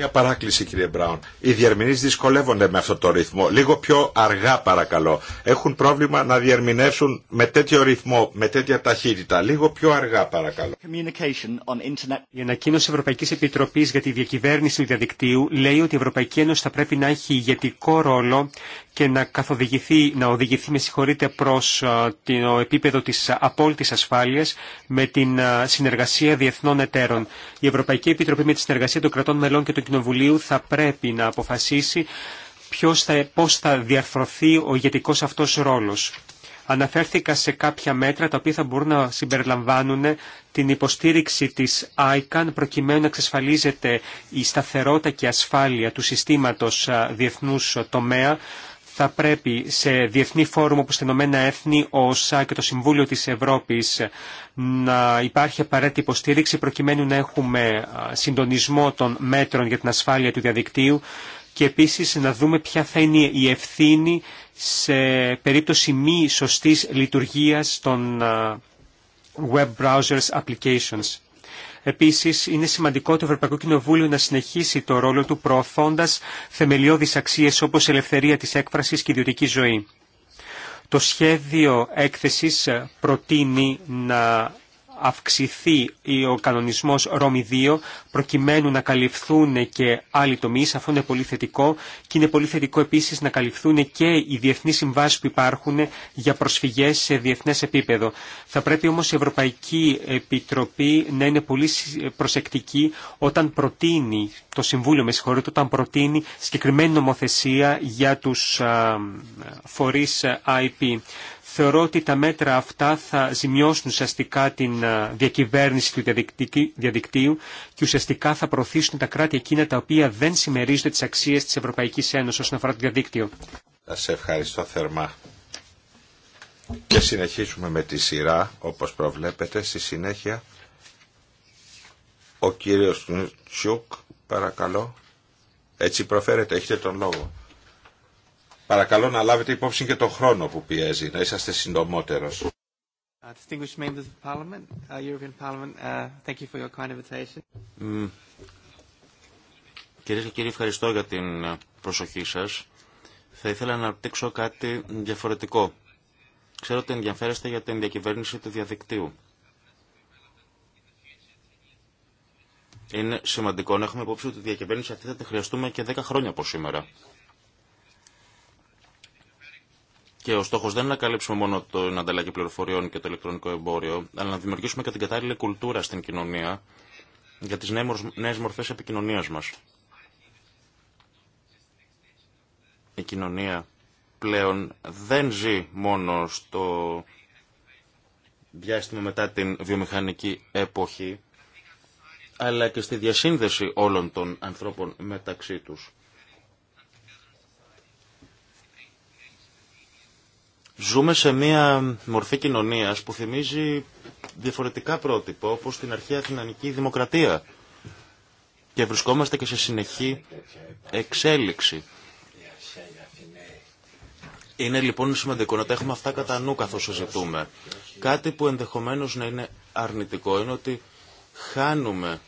Μια παράκληση κύριε Μπράουν. Οι διερμηνείς δυσκολεύονται με αυτό το ρυθμό. Λίγο πιο αργά παρακαλώ. Έχουν πρόβλημα να διερμηνεύσουν με τέτοιο ρυθμό, με τέτοια ταχύτητα. Λίγο πιο αργά παρακαλώ. Η ανακοίνωση Ευρωπαϊκής Επιτροπής για τη διακυβέρνηση του διαδικτύου λέει ότι η Ευρωπαϊκή Ένωση θα πρέπει να έχει ηγετικό ρόλο και να καθοδηγηθεί, να οδηγηθεί με συγχωρείτε προς το επίπεδο της απόλυτης ασφάλειας με την συνεργασία διεθνών εταίρων. Η Ευρωπαϊκή Επιτροπή με τη συνεργασία των κρατών μελών και των Κοινοβουλίου θα πρέπει να αποφασίσει ποιος θα, πώς θα διαρθρωθεί ο ηγετικός αυτός ρόλος. Αναφέρθηκα σε κάποια μέτρα τα οποία θα μπορούν να συμπεριλαμβάνουν την υποστήριξη της ICAN προκειμένου να εξασφαλίζεται η σταθερότητα και ασφάλεια του συστήματος διεθνούς τομέα θα πρέπει σε διεθνή φόρουμ όπως την Ηνωμένα Έθνη, ο ΩΣΑ και το Συμβούλιο της Ευρώπης να υπάρχει απαραίτητη υποστήριξη προκειμένου να έχουμε συντονισμό των μέτρων για την ασφάλεια του διαδικτύου και επίσης να δούμε ποια θα είναι η ευθύνη σε περίπτωση μη σωστής λειτουργίας των web browsers applications. Επίσης, είναι σημαντικό το Ευρωπαϊκό Κοινοβούλιο να συνεχίσει το ρόλο του προωθώντα θεμελιώδεις αξίες όπως ελευθερία της έκφρασης και ιδιωτική ζωή. Το σχέδιο έκθεσης προτείνει να αυξηθεί ο κανονισμός Ρώμη 2 προκειμένου να καλυφθούν και άλλοι τομείς. Αυτό είναι πολύ θετικό και είναι πολύ θετικό επίσης να καλυφθούν και οι διεθνείς συμβάσεις που υπάρχουν για προσφυγές σε διεθνές επίπεδο. Θα πρέπει όμως η Ευρωπαϊκή Επιτροπή να είναι πολύ προσεκτική όταν προτείνει, το Συμβούλιο με συγχωρείτε, όταν προτείνει συγκεκριμένη νομοθεσία για τους φορείς IP θεωρώ ότι τα μέτρα αυτά θα ζημιώσουν ουσιαστικά την ε, διακυβέρνηση του διαδικτύου και ουσιαστικά θα προωθήσουν τα κράτη εκείνα τα οποία δεν συμμερίζονται τις αξίες της Ευρωπαϊκής Ένωσης όσον αφορά το διαδίκτυο. Θα ευχαριστώ θερμά. Και συνεχίσουμε με τη σειρά, όπως προβλέπετε, στη συνέχεια. Ο κύριος Τσούκ, παρακαλώ. Έτσι προφέρετε, έχετε τον λόγο. Παρακαλώ να λάβετε υπόψη και το χρόνο που πιέζει, να είσαστε συντομότερος. Uh, uh, uh, Κυρίε και κύριοι, ευχαριστώ για την ε, προσοχή σα. Θα ήθελα να αναπτύξω κάτι διαφορετικό. Ξέρω ότι ενδιαφέρεστε για την διακυβέρνηση του διαδικτύου. Είναι σημαντικό να έχουμε υπόψη ότι η διακυβέρνηση αυτή θα τη χρειαστούμε και 10 χρόνια από σήμερα. Και ο στόχο δεν είναι να καλύψουμε μόνο την ανταλλαγή πληροφοριών και το ηλεκτρονικό εμπόριο, αλλά να δημιουργήσουμε και την κατάλληλη κουλτούρα στην κοινωνία για τι νέε μορφέ επικοινωνία μα. Η κοινωνία πλέον δεν ζει μόνο στο διάστημα μετά την βιομηχανική εποχή, αλλά και στη διασύνδεση όλων των ανθρώπων μεταξύ τους. Ζούμε σε μια μορφή κοινωνίας που θυμίζει διαφορετικά πρότυπα, όπως την αρχαία αθηνανική δημοκρατία. Και βρισκόμαστε και σε συνεχή εξέλιξη. Είναι λοιπόν σημαντικό να τα έχουμε αυτά κατά νου καθώς συζητούμε. Κάτι που ενδεχομένως να είναι αρνητικό είναι ότι χάνουμε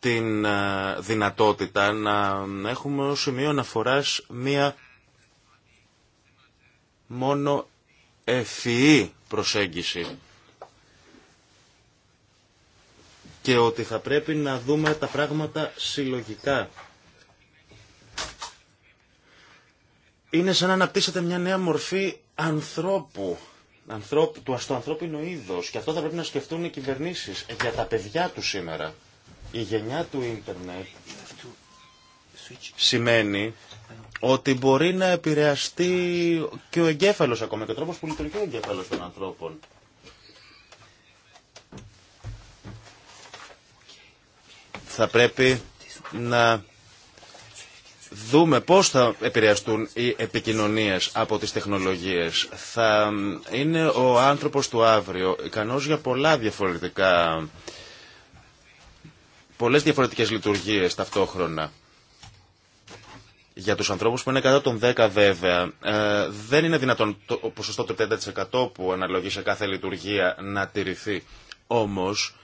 την ε, δυνατότητα να έχουμε ως σημείο αναφοράς μία μόνο ευφυή προσέγγιση και ότι θα πρέπει να δούμε τα πράγματα συλλογικά. Είναι σαν να αναπτύσσεται μια νέα μορφή ανθρώπου, ανθρώπου του, αστοανθρώπινου είδους και αυτό θα πρέπει να σκεφτούν οι κυβερνήσεις για τα παιδιά του σήμερα. Η γενιά του ίντερνετ σημαίνει ότι μπορεί να επηρεαστεί και ο εγκέφαλος ακόμα και ο τρόπος που λειτουργεί ο εγκέφαλος των ανθρώπων. Θα πρέπει να δούμε πώς θα επηρεαστούν οι επικοινωνίες από τις τεχνολογίες. Θα είναι ο άνθρωπος του αύριο ικανός για πολλά διαφορετικά πολλές διαφορετικές λειτουργίες ταυτόχρονα. Για τους ανθρώπους που είναι κατά των 10 βέβαια, ε, δεν είναι δυνατόν το ποσοστό του 30% που αναλογεί σε κάθε λειτουργία να τηρηθεί. Όμως,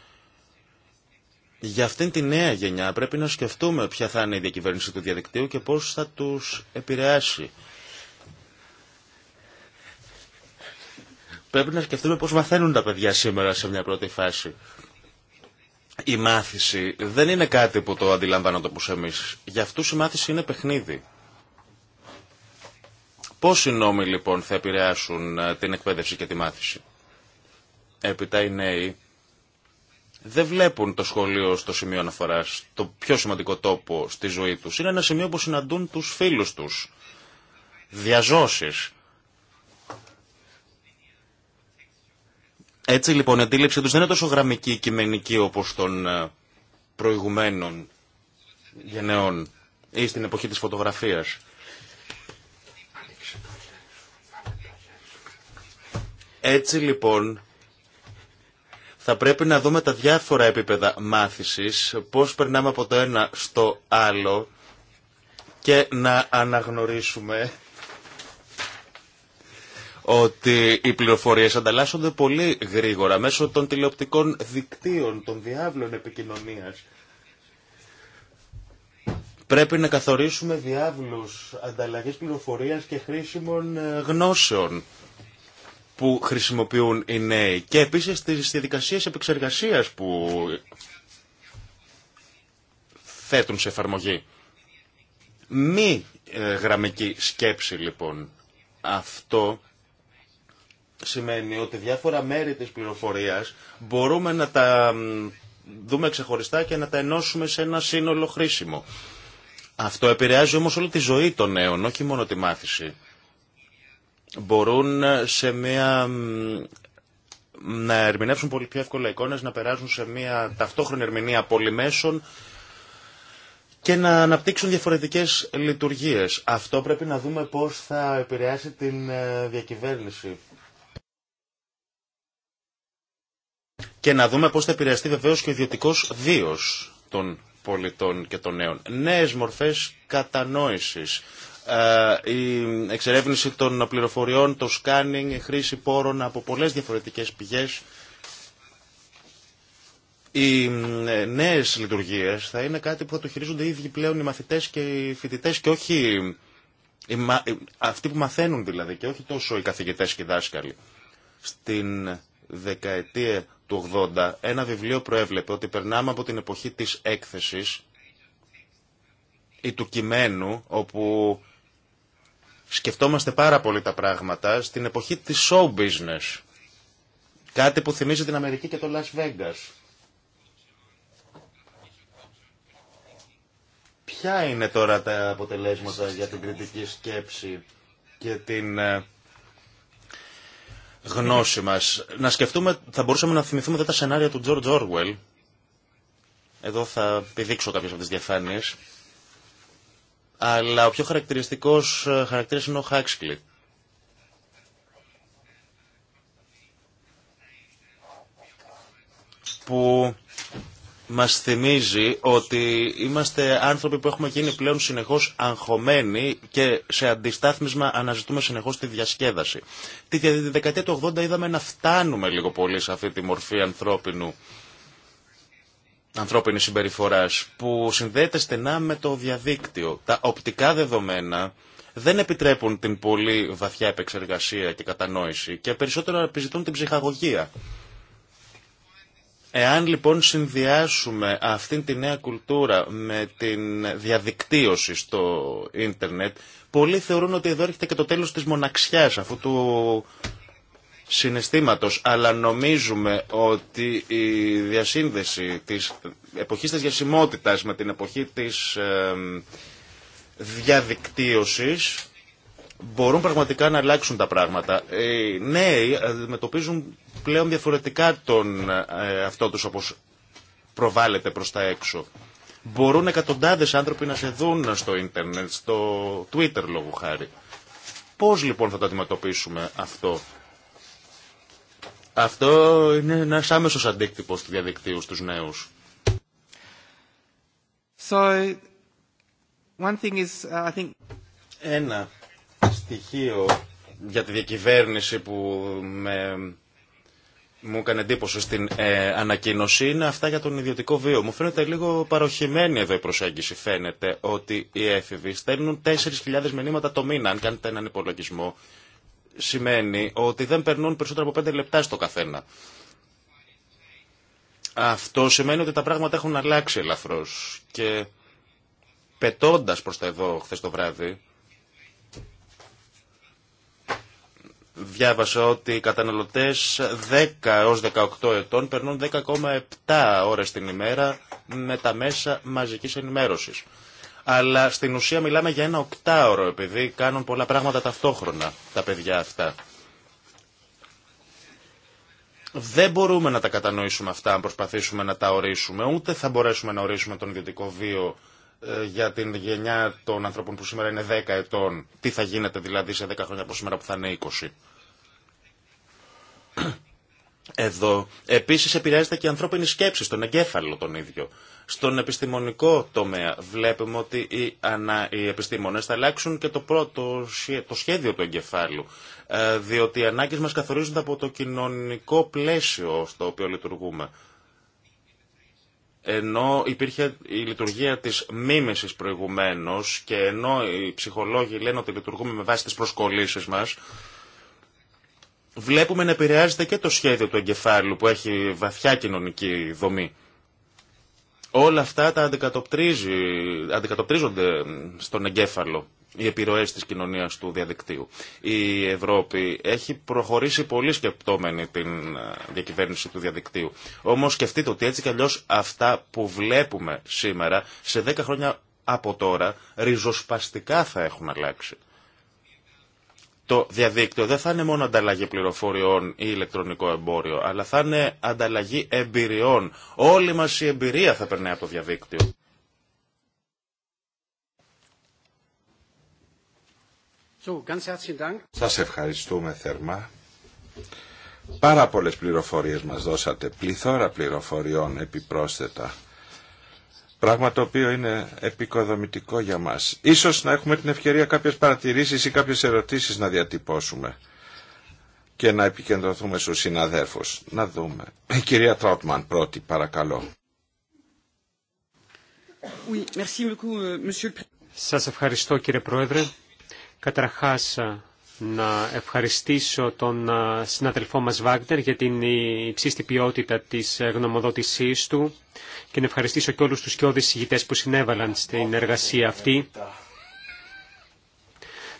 για αυτήν τη νέα γενιά πρέπει να σκεφτούμε ποια θα είναι η διακυβέρνηση του διαδικτύου και πώς θα τους επηρεάσει. Πρέπει να σκεφτούμε πώς μαθαίνουν τα παιδιά σήμερα σε μια πρώτη φάση η μάθηση δεν είναι κάτι που το αντιλαμβάνονται όπως εμείς. Για αυτούς η μάθηση είναι παιχνίδι. Πώς νόμοι λοιπόν θα επηρεάσουν ε, την εκπαίδευση και τη μάθηση. Έπειτα οι νέοι δεν βλέπουν το σχολείο στο σημείο αναφοράς, το πιο σημαντικό τόπο στη ζωή τους. Είναι ένα σημείο που συναντούν τους φίλους τους. Διαζώσεις. Έτσι λοιπόν η αντίληψη τους δεν είναι τόσο γραμμική ή κειμενική όπως των ε, προηγουμένων γενεών ή στην εποχή της φωτογραφίας. Έτσι λοιπόν θα πρέπει να δούμε τα διάφορα επίπεδα μάθησης, πώς περνάμε από το ένα στο άλλο και να αναγνωρίσουμε ότι οι πληροφορίες ανταλλάσσονται πολύ γρήγορα μέσω των τηλεοπτικών δικτύων, των διάβλων επικοινωνίας. Πρέπει να καθορίσουμε διάβλους ανταλλαγής πληροφορίας και χρήσιμων ε, γνώσεων που χρησιμοποιούν οι νέοι και επίσης τις διαδικασίες επεξεργασίας που θέτουν σε εφαρμογή. Μη ε, γραμμική σκέψη λοιπόν. Αυτό σημαίνει ότι διάφορα μέρη της πληροφορίας μπορούμε να τα δούμε ξεχωριστά και να τα ενώσουμε σε ένα σύνολο χρήσιμο. Αυτό επηρεάζει όμως όλη τη ζωή των νέων, όχι μόνο τη μάθηση. Μπορούν ε, σε μια να ερμηνεύσουν πολύ πιο εύκολα εικόνες, να περάσουν σε μια ταυτόχρονη ερμηνεία πολυμέσων και να αναπτύξουν διαφορετικές λειτουργίες. Αυτό πρέπει να δούμε πώς θα επηρεάσει την ε, διακυβέρνηση και να δούμε πώς θα επηρεαστεί βεβαίως και ο ιδιωτικός βίος των πολιτών και των νέων. Νέες μορφές κατανόησης, ε, η εξερεύνηση των πληροφοριών, το σκάνινγκ, η χρήση πόρων από πολλές διαφορετικές πηγές. Οι ε, νέες λειτουργίες θα είναι κάτι που θα το χειρίζονται οι ίδιοι πλέον οι μαθητές και οι φοιτητές και όχι αυτοί που μαθαίνουν δηλαδή και όχι τόσο οι καθηγητές και οι δάσκαλοι. Στην δεκαετία του 80 ένα βιβλίο προέβλεπε ότι περνάμε από την εποχή της έκθεσης ή του κειμένου όπου σκεφτόμαστε πάρα πολύ τα πράγματα στην εποχή της show business. Κάτι που θυμίζει την Αμερική και το Las Vegas. Ποια είναι τώρα τα αποτελέσματα για την κριτική σκέψη και την ε, γνώση μας. Να σκεφτούμε, θα μπορούσαμε να θυμηθούμε τα σενάρια του George Orwell. Εδώ θα επιδείξω κάποιε από τις διαφάνειες. Αλλά ο πιο χαρακτηριστικός ε, χαρακτήρα είναι ο Huxley. Που μας θυμίζει ότι είμαστε άνθρωποι που έχουμε γίνει πλέον συνεχώς αγχωμένοι και σε αντιστάθμισμα αναζητούμε συνεχώς τη διασκέδαση. Τη δεκαετία του 80 είδαμε να φτάνουμε λίγο πολύ σε αυτή τη μορφή ανθρώπινου ανθρώπινης συμπεριφοράς που συνδέεται στενά με το διαδίκτυο. Τα οπτικά δεδομένα δεν επιτρέπουν την πολύ βαθιά επεξεργασία και κατανόηση και περισσότερο επιζητούν την ψυχαγωγία. Εάν λοιπόν συνδυάσουμε αυτήν τη νέα κουλτούρα με την διαδικτύωση στο ίντερνετ, πολλοί θεωρούν ότι εδώ έρχεται και το τέλος της μοναξιάς αυτού του συναισθήματος, αλλά νομίζουμε ότι η διασύνδεση της εποχής της διασημότητας με την εποχή της διαδικτύωσης μπορούν πραγματικά να αλλάξουν τα πράγματα. Οι νέοι αντιμετωπίζουν πλέον διαφορετικά τον ε, αυτό τους όπως προβάλλεται προς τα έξω. Μπορούν εκατοντάδες άνθρωποι να σε δουν στο ίντερνετ, στο Twitter λόγου χάρη. Πώς λοιπόν θα το αντιμετωπίσουμε αυτό. Αυτό είναι ένας άμεσος αντίκτυπος του διαδικτύου στους νέους. So, one uh, Ένα στοιχείο για τη διακυβέρνηση που με μου έκανε εντύπωση στην ε, ανακοίνωση είναι αυτά για τον ιδιωτικό βίο. Μου φαίνεται λίγο παροχημένη εδώ η προσέγγιση. Φαίνεται ότι οι έφηβοι στέλνουν 4.000 μηνύματα το μήνα. Αν κάνετε έναν υπολογισμό, σημαίνει ότι δεν περνούν περισσότερο από 5 λεπτά στο καθένα. Αυτό σημαίνει ότι τα πράγματα έχουν αλλάξει ελαφρώς. Και πετώντας προς τα εδώ χθε το βράδυ, διάβασα ότι οι καταναλωτές 10 έως 18 ετών περνούν 10,7 ώρες την ημέρα με τα μέσα μαζικής ενημέρωσης. Αλλά στην ουσία μιλάμε για ένα οκτάωρο επειδή κάνουν πολλά πράγματα ταυτόχρονα τα παιδιά αυτά. Δεν μπορούμε να τα κατανοήσουμε αυτά αν προσπαθήσουμε να τα ορίσουμε, ούτε θα μπορέσουμε να ορίσουμε τον ιδιωτικό βίο ε, για την γενιά των ανθρώπων που σήμερα είναι 10 ετών. Τι θα γίνεται δηλαδή σε 10 χρόνια από σήμερα που θα είναι 20. Εδώ επίσης επηρεάζεται και η ανθρώπινη σκέψη στον εγκέφαλο τον ίδιο. Στον επιστημονικό τομέα βλέπουμε ότι οι, ανα, επιστήμονες θα αλλάξουν και το, πρώτο, το σχέδιο του εγκεφάλου. Ε, διότι οι ανάγκες μας καθορίζονται από το κοινωνικό πλαίσιο στο οποίο λειτουργούμε ενώ υπήρχε η λειτουργία της μίμησης προηγουμένως και ενώ οι ψυχολόγοι λένε ότι λειτουργούμε με βάση τις προσκολήσεις μας, βλέπουμε να επηρεάζεται και το σχέδιο του εγκεφάλου που έχει βαθιά κοινωνική δομή. Όλα αυτά τα αντικατοπτρίζονται στον εγκέφαλο οι επιρροέ της κοινωνίας του διαδικτύου. Η Ευρώπη έχει προχωρήσει πολύ σκεπτόμενη την ε, διακυβέρνηση του διαδικτύου. Όμως σκεφτείτε ότι έτσι κι αλλιώ αυτά που βλέπουμε σήμερα σε 10 χρόνια από τώρα ριζοσπαστικά θα έχουν αλλάξει. Το διαδίκτυο δεν θα είναι μόνο ανταλλαγή πληροφοριών ή ηλεκτρονικό εμπόριο, αλλά θα είναι ανταλλαγή εμπειριών. Όλη μας η εμπειρία θα περνάει από το διαδίκτυο. Σας ευχαριστούμε θερμά. Πάρα πολλές πληροφορίες μας δώσατε, πληθώρα πληροφοριών επιπρόσθετα. Πράγμα το οποίο είναι επικοδομητικό για μας. Ίσως να έχουμε την ευκαιρία κάποιες παρατηρήσεις ή κάποιες ερωτήσεις να διατυπώσουμε και να επικεντρωθούμε στους συναδέρφους. Να δούμε. Η ε, κυρία Τράουτμαν πρώτη, παρακαλώ. Euh, Σας ευχαριστώ κύριε Πρόεδρε. Καταρχάς, να ευχαριστήσω τον ε, συναδελφό μας Βάγνερ για την υψίστη ποιότητα της ε, γνωμοδότησής του και να ευχαριστήσω και όλους τους κοιόδης ηγητές που συνέβαλαν στην εργασία αυτή.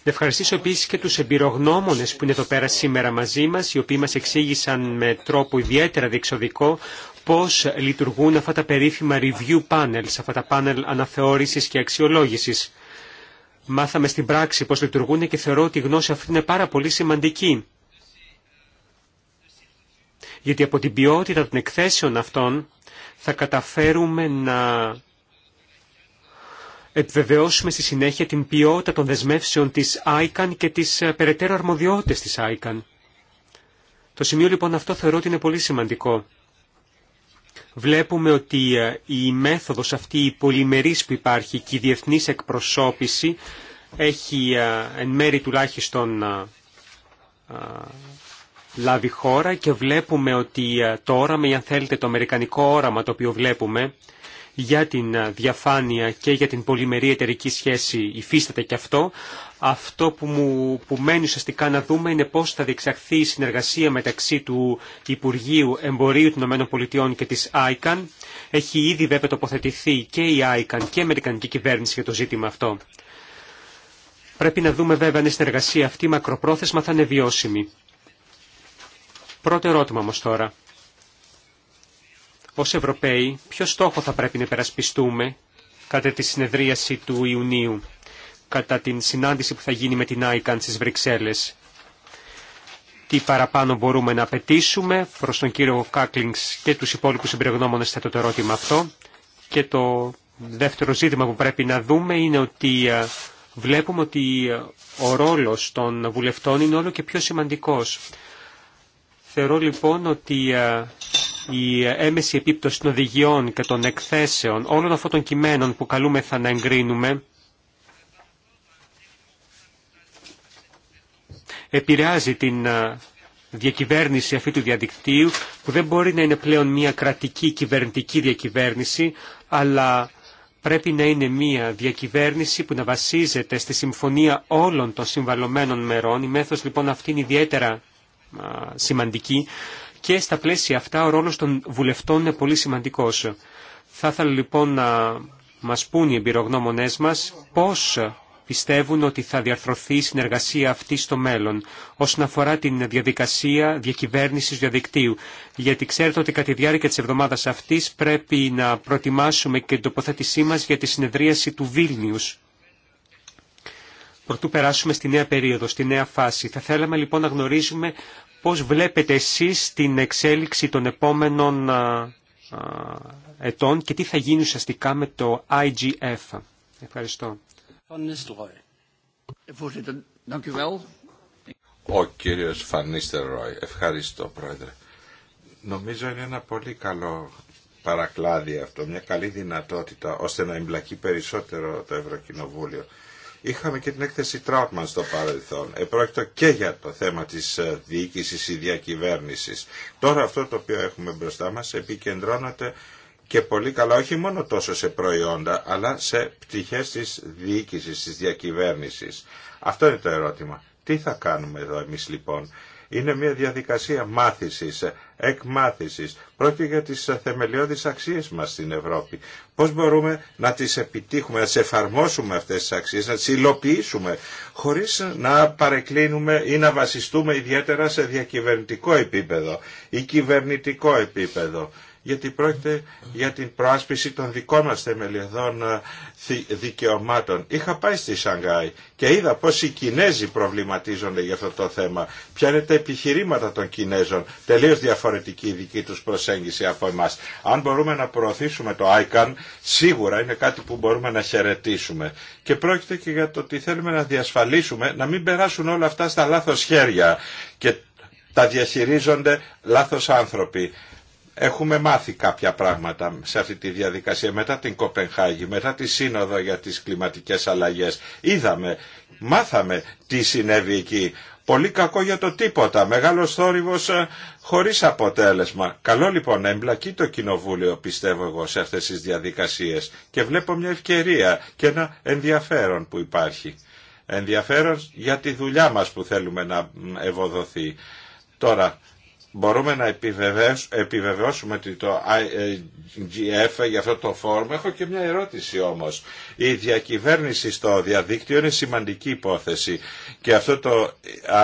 Να ευχαριστήσω επίσης και τους εμπειρογνώμονες που είναι εδώ πέρα σήμερα μαζί μας, οι οποίοι μας εξήγησαν με τρόπο ιδιαίτερα διεξοδικό πώς λειτουργούν αυτά τα περίφημα review panels, αυτά τα panel αναθεώρησης και αξιολόγησης μάθαμε στην πράξη πώς λειτουργούν και θεωρώ ότι η γνώση αυτή είναι πάρα πολύ σημαντική. Γιατί από την ποιότητα των εκθέσεων αυτών θα καταφέρουμε να επιβεβαιώσουμε στη συνέχεια την ποιότητα των δεσμεύσεων της ICAN και τις ε, περαιτέρω αρμοδιότητες της ICAN. Το σημείο λοιπόν αυτό θεωρώ ότι είναι πολύ σημαντικό βλέπουμε ότι ε, η μέθοδος αυτή, η πολυμερής που υπάρχει και η διεθνής εκπροσώπηση έχει ε, εν μέρη τουλάχιστον ε, λάβει χώρα και βλέπουμε ότι το όραμα, ή αν θέλετε το αμερικανικό όραμα το οποίο βλέπουμε για την διαφάνεια και για την πολυμερή εταιρική σχέση υφίσταται και αυτό, αυτό που, μου, που μένει ουσιαστικά να δούμε είναι πώς θα διεξαχθεί η συνεργασία μεταξύ του Υπουργείου Εμπορίου των ΗΠΑ και της ICAN. Έχει ήδη βέβαια τοποθετηθεί και η ICAN και η Αμερικανική κυβέρνηση για το ζήτημα αυτό. Πρέπει να δούμε βέβαια αν η συνεργασία αυτή μακροπρόθεσμα θα είναι βιώσιμη. Πρώτο ερώτημα όμως τώρα. Ως Ευρωπαίοι, ποιο στόχο θα πρέπει να υπερασπιστούμε κατά τη συνεδρίαση του Ιουνίου κατά την συνάντηση που θα γίνει με την ICAN στις Βρυξέλλες. Τι παραπάνω μπορούμε να απαιτήσουμε προς τον κύριο Κάκλινγκς και τους υπόλοιπους συμπεριγνώμονες θέτω το ερώτημα αυτό. Και το δεύτερο ζήτημα που πρέπει να δούμε είναι ότι ε, βλέπουμε ότι ε, ο ρόλος των βουλευτών είναι όλο και πιο σημαντικός. Θεωρώ λοιπόν ότι ε, η έμεση επίπτωση των οδηγιών και των εκθέσεων όλων αυτών των κειμένων που καλούμεθα να εγκρίνουμε επηρεάζει την ε, διακυβέρνηση αυτή του διαδικτύου που δεν μπορεί να είναι πλέον μια κρατική κυβερνητική διακυβέρνηση αλλά πρέπει να είναι μια διακυβέρνηση που να βασίζεται στη συμφωνία όλων των συμβαλωμένων μερών. Η μέθος λοιπόν αυτή είναι ιδιαίτερα σημαντική και στα πλαίσια αυτά ο ρόλος των βουλευτών είναι πολύ σημαντικός. Θα ήθελα λοιπόν να μας πούν οι εμπειρογνώμονές μας πώς πιστεύουν ότι θα διαρθρωθεί η συνεργασία αυτή στο μέλλον όσον αφορά την διαδικασία διακυβέρνησης διαδικτύου. Γιατί ξέρετε ότι κατά τη διάρκεια της εβδομάδας αυτής πρέπει να προετοιμάσουμε και την τοποθέτησή μας για τη συνεδρίαση του Βίλνιους. Προτού περάσουμε στη νέα περίοδο, στη νέα φάση. Θα θέλαμε λοιπόν να γνωρίζουμε πώς βλέπετε εσείς την εξέλιξη των επόμενων ετών και τι θα γίνει ουσιαστικά με το IGF. Ευχαριστώ. Ο κύριος Φανίστερ Ρόι. Ευχαριστώ πρόεδρε. Νομίζω είναι ένα πολύ καλό παρακλάδι αυτό, μια καλή δυνατότητα ώστε να εμπλακεί περισσότερο το Ευρωκοινοβούλιο. Είχαμε και την έκθεση Τράουτμαν στο παρελθόν. Επρόκειτο και για το θέμα της ε, διοίκησης ή διακυβέρνησης. Τώρα αυτό το οποίο έχουμε μπροστά μας επικεντρώνεται και πολύ καλά όχι μόνο τόσο σε προϊόντα αλλά σε πτυχές της διοίκησης, της διακυβέρνησης. Αυτό είναι το ερώτημα. Τι θα κάνουμε εδώ εμείς λοιπόν. Είναι μια διαδικασία μάθησης, εκμάθησης. Πρόκειται για τις θεμελιώδεις αξίες μας στην Ευρώπη. Πώς μπορούμε να τις επιτύχουμε, να τις εφαρμόσουμε αυτές τις αξίες, να τις υλοποιήσουμε, χωρίς να παρεκκλίνουμε ή να βασιστούμε ιδιαίτερα σε διακυβερνητικό επίπεδο ή κυβερνητικό επίπεδο γιατί πρόκειται για την προάσπιση των δικών μας θεμελιωδών ε, δικαιωμάτων. Είχα πάει στη Σανγκάη και είδα πώς οι Κινέζοι προβληματίζονται για αυτό το θέμα. Ποια είναι τα επιχειρήματα των Κινέζων, τελείως διαφορετική η δική τους προσέγγιση από εμάς. Αν μπορούμε να προωθήσουμε το ICAN, σίγουρα είναι κάτι που μπορούμε να χαιρετήσουμε. Και πρόκειται και για το ότι θέλουμε να διασφαλίσουμε να μην περάσουν όλα αυτά στα λάθος χέρια και τα διαχειρίζονται λάθος άνθρωποι έχουμε μάθει κάποια πράγματα σε αυτή τη διαδικασία μετά την Κοπενχάγη, μετά τη Σύνοδο για τις κλιματικές αλλαγές. Είδαμε, μάθαμε τι συνέβη εκεί. Πολύ κακό για το τίποτα, μεγάλος θόρυβος ε, χωρίς αποτέλεσμα. Καλό λοιπόν να εμπλακεί το Κοινοβούλιο, πιστεύω εγώ, σε αυτές τις διαδικασίες και βλέπω μια ευκαιρία και ένα ενδιαφέρον που υπάρχει. Ενδιαφέρον για τη δουλειά μας που θέλουμε να ευοδοθεί. Τώρα, μπορούμε να επιβεβαιώσουμε ότι το IGF ε, για αυτό το φόρμα. Έχω και μια ερώτηση όμως. Η διακυβέρνηση στο διαδίκτυο είναι σημαντική υπόθεση και αυτό το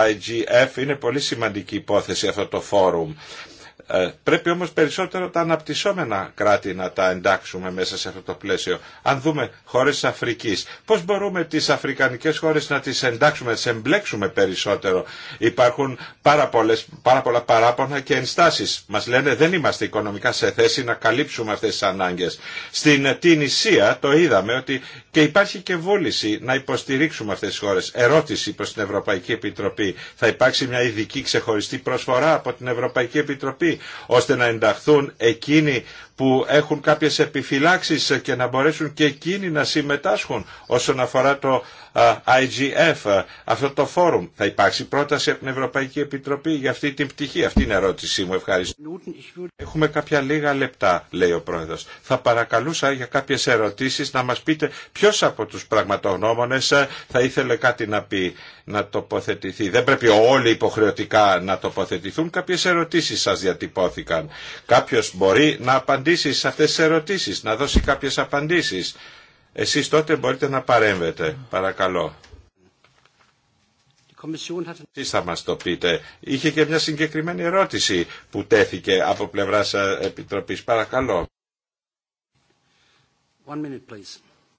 IGF είναι πολύ σημαντική υπόθεση αυτό το φόρουμ. Ε, πρέπει όμως περισσότερο τα αναπτυσσόμενα κράτη να τα εντάξουμε μέσα σε αυτό το πλαίσιο. Αν δούμε χώρες της Αφρικής, πώς μπορούμε τις αφρικανικές χώρες να τις εντάξουμε, να τις εμπλέξουμε περισσότερο. Υπάρχουν πάρα, πολλές, πολλά παράπονα και ενστάσεις. Μας λένε δεν είμαστε οικονομικά σε θέση να καλύψουμε αυτές τις ανάγκες. Στην Τινησία το είδαμε ότι και υπάρχει και βούληση να υποστηρίξουμε αυτές τις χώρες. Ερώτηση προς την Ευρωπαϊκή Επιτροπή. Θα υπάρξει μια ειδική ξεχωριστή προσφορά από την Ευρωπαϊκή Επιτροπή ώστε να ενταχθούν εκείνοι που έχουν κάποιες επιφυλάξεις και να μπορέσουν και εκείνοι να συμμετάσχουν όσον αφορά το IGF, αυτό το φόρουμ. Θα υπάρξει πρόταση από την Ευρωπαϊκή Επιτροπή για αυτή την πτυχή. Αυτή είναι η ερώτησή μου. Ευχαριστώ. Έχουμε κάποια λίγα λεπτά, λέει ο Πρόεδρος. Θα παρακαλούσα για κάποιες ερωτήσεις να μας πείτε ποιος από τους πραγματογνώμονες θα ήθελε κάτι να πει, να τοποθετηθεί. Δεν πρέπει όλοι υποχρεωτικά να τοποθετηθούν. Κάποιες ερωτήσεις σας διατυπώθηκαν. Κάποιος μπορεί να απαντήσει απαντήσει σε αυτές τις ερωτήσεις, να δώσει κάποιες απαντήσεις. Εσείς τότε μπορείτε να παρέμβετε, παρακαλώ. Τι θα μας το πείτε. Είχε και μια συγκεκριμένη ερώτηση που τέθηκε από πλευράς ε, Επιτροπής. Παρακαλώ.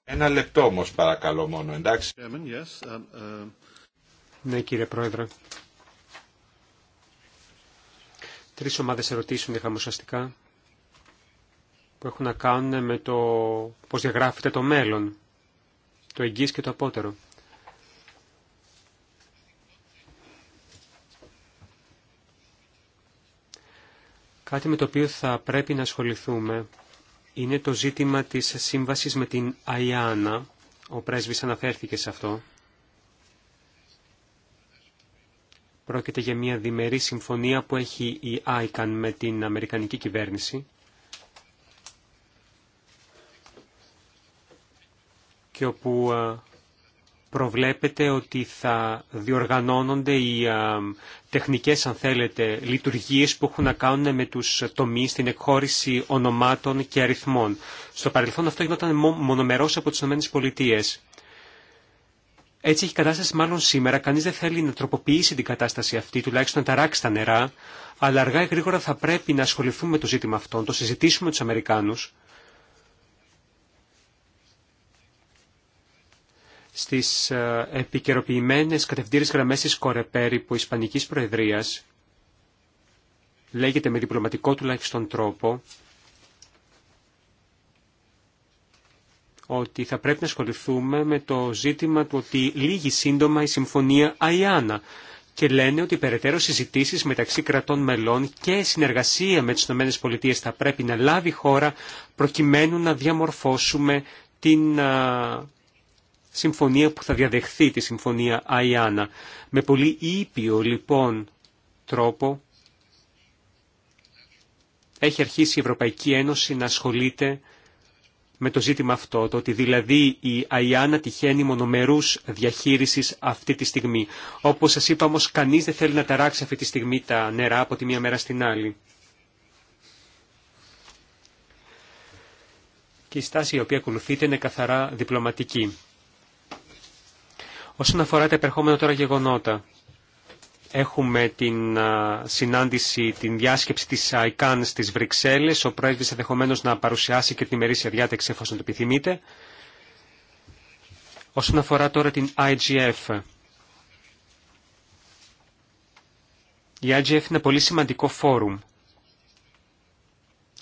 Ένα λεπτό όμω παρακαλώ μόνο, εντάξει. Um, um, ναι κύριε Πρόεδρε. Τρεις ομάδες ερωτήσεων είχαμε ουσιαστικά που έχουν να κάνουν με το πώς διαγράφεται το μέλλον, το εγγύς και το απότερο. Κάτι με το οποίο θα πρέπει να ασχοληθούμε είναι το ζήτημα της σύμβασης με την ΑΙΑΝΑ. Ο πρέσβης αναφέρθηκε σε αυτό. Πρόκειται για μια διμερή συμφωνία που έχει η ICAN με την Αμερικανική κυβέρνηση. και όπου προβλέπεται ότι θα διοργανώνονται οι τεχνικές, αν θέλετε, λειτουργίες που έχουν να κάνουν με τους τομείς, στην εκχώρηση ονομάτων και αριθμών. Στο παρελθόν αυτό γινόταν μονομερός από τις ΗΠΑ. Έτσι έχει κατάσταση μάλλον σήμερα. Κανείς δεν θέλει να τροποποιήσει την κατάσταση αυτή, τουλάχιστον να ταράξει τα νερά, αλλά αργά ή γρήγορα θα πρέπει να ασχοληθούμε με το ζήτημα αυτό, να το συζητήσουμε με του Αμερικάνου στις ε, επικαιροποιημένες κατευθύνσεις γραμμές της Κορεπέρη που Ισπανική Προεδρία λέγεται με διπλωματικό τουλάχιστον τρόπο ότι θα πρέπει να ασχοληθούμε με το ζήτημα του ότι λύγει σύντομα η Συμφωνία Αϊάννα και λένε ότι περαιτέρω συζητήσεις μεταξύ κρατών μελών και συνεργασία με τις ΗΠΑ θα πρέπει να λάβει χώρα προκειμένου να διαμορφώσουμε την συμφωνία που θα διαδεχθεί τη συμφωνία Αϊάννα. Με πολύ ήπιο λοιπόν τρόπο έχει αρχίσει η Ευρωπαϊκή Ένωση να ασχολείται με το ζήτημα αυτό, το ότι δηλαδή η ΑΙΑΝΑ τυχαίνει μονομερούς διαχείρισης αυτή τη στιγμή. Όπως σας είπα όμως κανείς δεν θέλει να ταράξει αυτή τη στιγμή τα νερά από τη μία μέρα στην άλλη. Και η στάση η οποία ακολουθείται είναι καθαρά διπλωματική. Όσον αφορά τα επερχόμενα τώρα γεγονότα, έχουμε την συνάντηση, την διάσκεψη της ICAN στις Βρυξέλλες. Ο πρόεδρος ενδεχομένω να παρουσιάσει και την ημερήσια διάταξη εφόσον το επιθυμείτε. Όσον αφορά τώρα την IGF. Η IGF είναι πολύ σημαντικό φόρουμ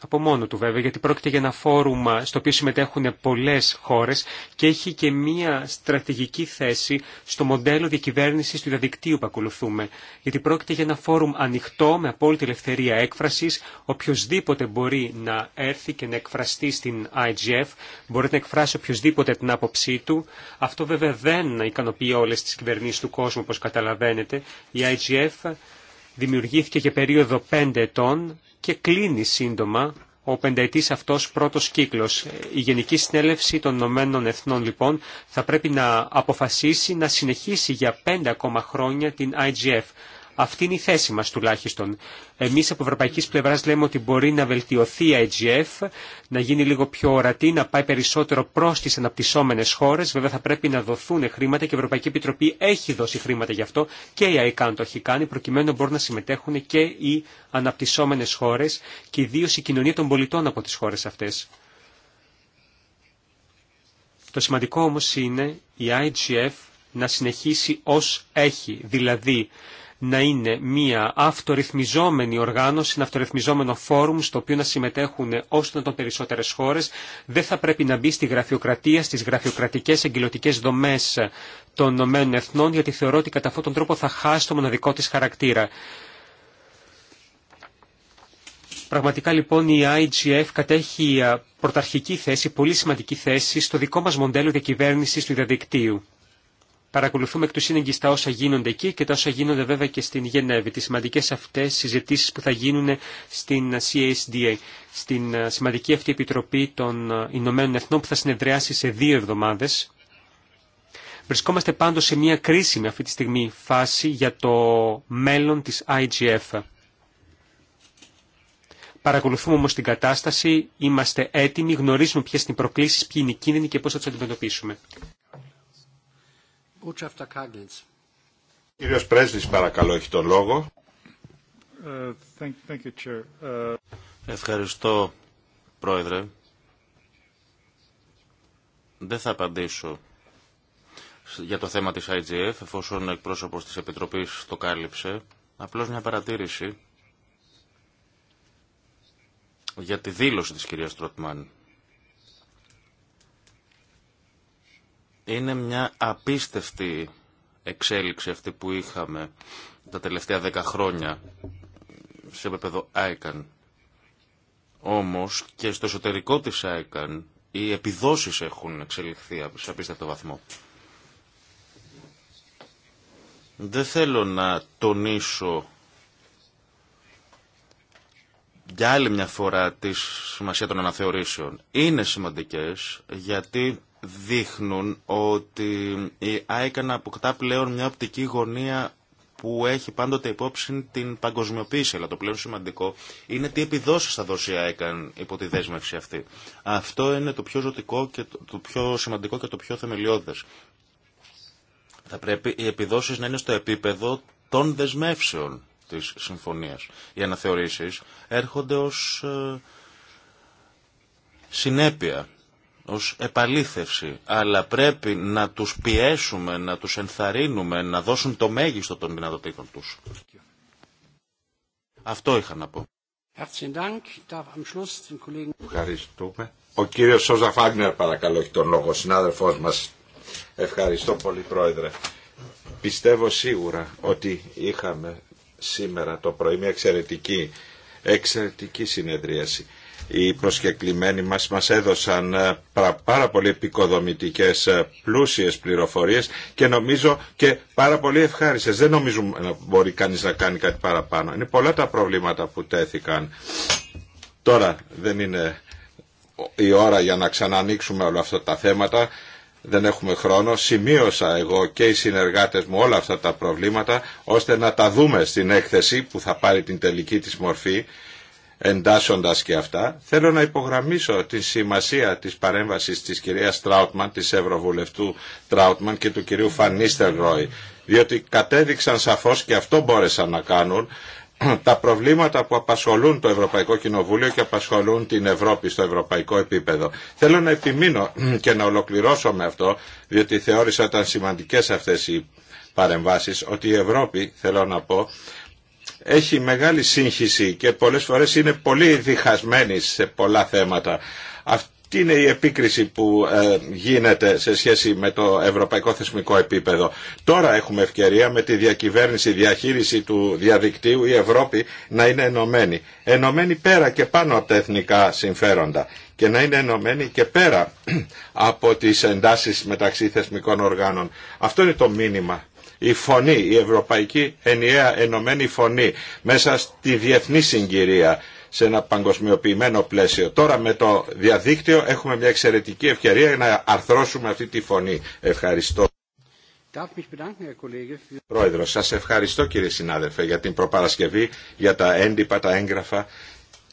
από μόνο του βέβαια, γιατί πρόκειται για ένα φόρουμ στο οποίο συμμετέχουν πολλές χώρες και έχει και μία στρατηγική θέση στο μοντέλο διακυβέρνησης του διαδικτύου που ακολουθούμε. Γιατί πρόκειται για ένα φόρουμ ανοιχτό, με απόλυτη ελευθερία έκφρασης, οποιοδήποτε μπορεί να έρθει και να εκφραστεί στην IGF, μπορεί να εκφράσει οποιοδήποτε την άποψή του. Αυτό βέβαια δεν ικανοποιεί όλες τις κυβερνήσεις του κόσμου, όπως καταλαβαίνετε. Η IGF δημιουργήθηκε για περίοδο 5 ετών και κλείνει σύντομα ο πενταετής αυτός πρώτος κύκλος. Η Γενική Συνέλευση των Ηνωμένων Εθνών λοιπόν θα πρέπει να αποφασίσει να συνεχίσει για πέντε ακόμα χρόνια την IGF. Αυτή είναι η θέση μας τουλάχιστον. Εμείς από ευρωπαϊκής πλευράς λέμε ότι μπορεί να βελτιωθεί η IGF, να γίνει λίγο πιο ορατή, να πάει περισσότερο προς τις αναπτυσσόμενες χώρες. Βέβαια θα πρέπει να δοθούν χρήματα και η Ευρωπαϊκή Επιτροπή έχει δώσει χρήματα γι' αυτό και η ICAN το έχει κάνει προκειμένου να μπορούν να συμμετέχουν και οι αναπτυσσόμενες χώρες και ιδίω η κοινωνία των πολιτών από τις χώρες αυτές. Το σημαντικό όμως είναι η IGF να συνεχίσει ως έχει, δηλαδή να είναι μία αυτορυθμιζόμενη οργάνωση, ένα αυτορυθμιζόμενο φόρουμ στο οποίο να συμμετέχουν όσο να τον περισσότερες χώρες. Δεν θα πρέπει να μπει στη γραφειοκρατία, στις γραφειοκρατικές εγκυλωτικές δομές των ΗΠΑ γιατί θεωρώ ότι κατά αυτόν τον τρόπο θα χάσει το μοναδικό της χαρακτήρα. Πραγματικά λοιπόν η IGF κατέχει πρωταρχική θέση, πολύ σημαντική θέση στο δικό μας μοντέλο διακυβέρνησης του διαδικτύου παρακολουθούμε εκ του σύνεγγι τα όσα γίνονται εκεί και τα όσα γίνονται βέβαια και στην Γενέβη, τις σημαντικές αυτές συζητήσεις που θα γίνουν στην CSDA, στην ε, σημαντική αυτή επιτροπή των ε, Ηνωμένων Εθνών που θα συνεδριάσει σε δύο εβδομάδες. Βρισκόμαστε πάντως σε μια κρίσιμη αυτή τη στιγμή φάση για το μέλλον της IGF. Παρακολουθούμε όμως την κατάσταση, είμαστε έτοιμοι, γνωρίζουμε ποιες είναι οι προκλήσεις, ποιοι είναι οι κίνδυνοι και πώς θα τους αντιμετωπίσουμε. Κύριος Πρέσβης, παρακαλώ, έχει τον λόγο. Ευχαριστώ, Πρόεδρε. Δεν θα απαντήσω για το θέμα της IGF, εφόσον ο εκπρόσωπος της Επιτροπής το κάλυψε. Απλώς μια παρατήρηση για τη δήλωση της κυρίας Τροτμάν. Είναι μια απίστευτη εξέλιξη αυτή που είχαμε τα τελευταία δέκα χρόνια σε επίπεδο ICAN. Όμως και στο εσωτερικό της ICAN οι επιδόσεις έχουν εξελιχθεί σε απίστευτο βαθμό. Δεν θέλω να τονίσω για άλλη μια φορά τη σημασία των αναθεωρήσεων. Είναι σημαντικές γιατί δείχνουν ότι η ICAN αποκτά πλέον μια οπτική γωνία που έχει πάντοτε υπόψη την παγκοσμιοποίηση. Αλλά το πλέον σημαντικό είναι τι επιδόσεις θα δώσει η ICAN υπό τη δέσμευση αυτή. Αυτό είναι το πιο ζωτικό και το πιο σημαντικό και το πιο θεμελιώδες. Θα πρέπει οι επιδόσεις να είναι στο επίπεδο των δεσμεύσεων της συμφωνίας. Οι αναθεωρήσεις έρχονται ως ε, συνέπεια ως επαλήθευση, αλλά πρέπει να τους πιέσουμε, να τους ενθαρρύνουμε, να δώσουν το μέγιστο των δυνατοτήτων τους. Αυτό είχα να πω. Ευχαριστούμε. Ο κύριος Σόζα Φάγνερ παρακαλώ έχει τον λόγο, συνάδελφός μας. Ευχαριστώ πολύ πρόεδρε. Πιστεύω σίγουρα ότι είχαμε σήμερα το πρωί μια εξαιρετική, εξαιρετική συνεδρίαση οι προσκεκλημένοι μας μας έδωσαν ε, πάρα πολύ επικοδομητικές ε, πλούσιες πληροφορίες και νομίζω και πάρα πολύ ευχάριστες. Δεν νομίζω μπορεί κανείς να κάνει κάτι παραπάνω. Είναι πολλά τα προβλήματα που τέθηκαν. Τώρα δεν είναι η ώρα για να ξανανοίξουμε όλα αυτά τα θέματα. Δεν έχουμε χρόνο. Σημείωσα εγώ και οι συνεργάτες μου όλα αυτά τα προβλήματα ώστε να τα δούμε στην έκθεση που θα πάρει την τελική της μορφή εντάσσοντας και αυτά, θέλω να υπογραμμίσω τη σημασία της παρέμβασης της κυρίας Τράουτμαν, της Ευρωβουλευτού Τράουτμαν και του κυρίου Φανίστερ Ρόι, διότι κατέδειξαν σαφώς και αυτό μπόρεσαν να κάνουν [clears throat] τα προβλήματα που απασχολούν το Ευρωπαϊκό Κοινοβούλιο και απασχολούν την Ευρώπη στο ευρωπαϊκό επίπεδο. Θέλω να επιμείνω [clears throat] και να ολοκληρώσω με αυτό, διότι θεώρησα ήταν σημαντικές αυτές οι παρεμβάσεις, ότι η Ευρώπη, θέλω να πω, έχει μεγάλη σύγχυση και πολλές φορές είναι πολύ διχασμένη σε πολλά θέματα. Αυτή είναι η επίκριση που ε, γίνεται σε σχέση με το ευρωπαϊκό θεσμικό επίπεδο. Τώρα έχουμε ευκαιρία με τη διακυβέρνηση, διαχείριση του διαδικτύου η Ευρώπη να είναι ενωμένη. Ενωμένη πέρα και πάνω από τα εθνικά συμφέροντα και να είναι ενωμένη και πέρα [clears throat] από τις εντάσεις μεταξύ θεσμικών οργάνων. Αυτό είναι το μήνυμα η φωνή, η ευρωπαϊκή ενιαία ενωμένη φωνή μέσα στη διεθνή συγκυρία σε ένα παγκοσμιοποιημένο πλαίσιο. Τώρα με το διαδίκτυο έχουμε μια εξαιρετική ευκαιρία για να αρθρώσουμε αυτή τη φωνή. Ευχαριστώ. Πρόεδρο, σας ευχαριστώ κύριε συνάδελφε για την προπαρασκευή, για τα έντυπα, τα έγγραφα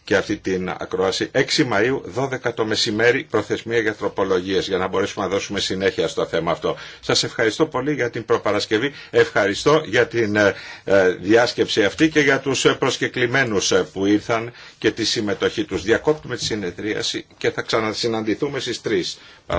και αυτή την ακρόαση. 6 Μαΐου, 12 το μεσημέρι, προθεσμία για τροπολογίες, για να μπορέσουμε να δώσουμε συνέχεια στο θέμα αυτό. Σας ευχαριστώ πολύ για την προπαρασκευή, ευχαριστώ για την ε, ε, διάσκεψη αυτή και για τους ε, προσκεκλημένους που ήρθαν και τη συμμετοχή τους. Διακόπτουμε τη συνεδρίαση και θα ξανασυναντηθούμε στις 3.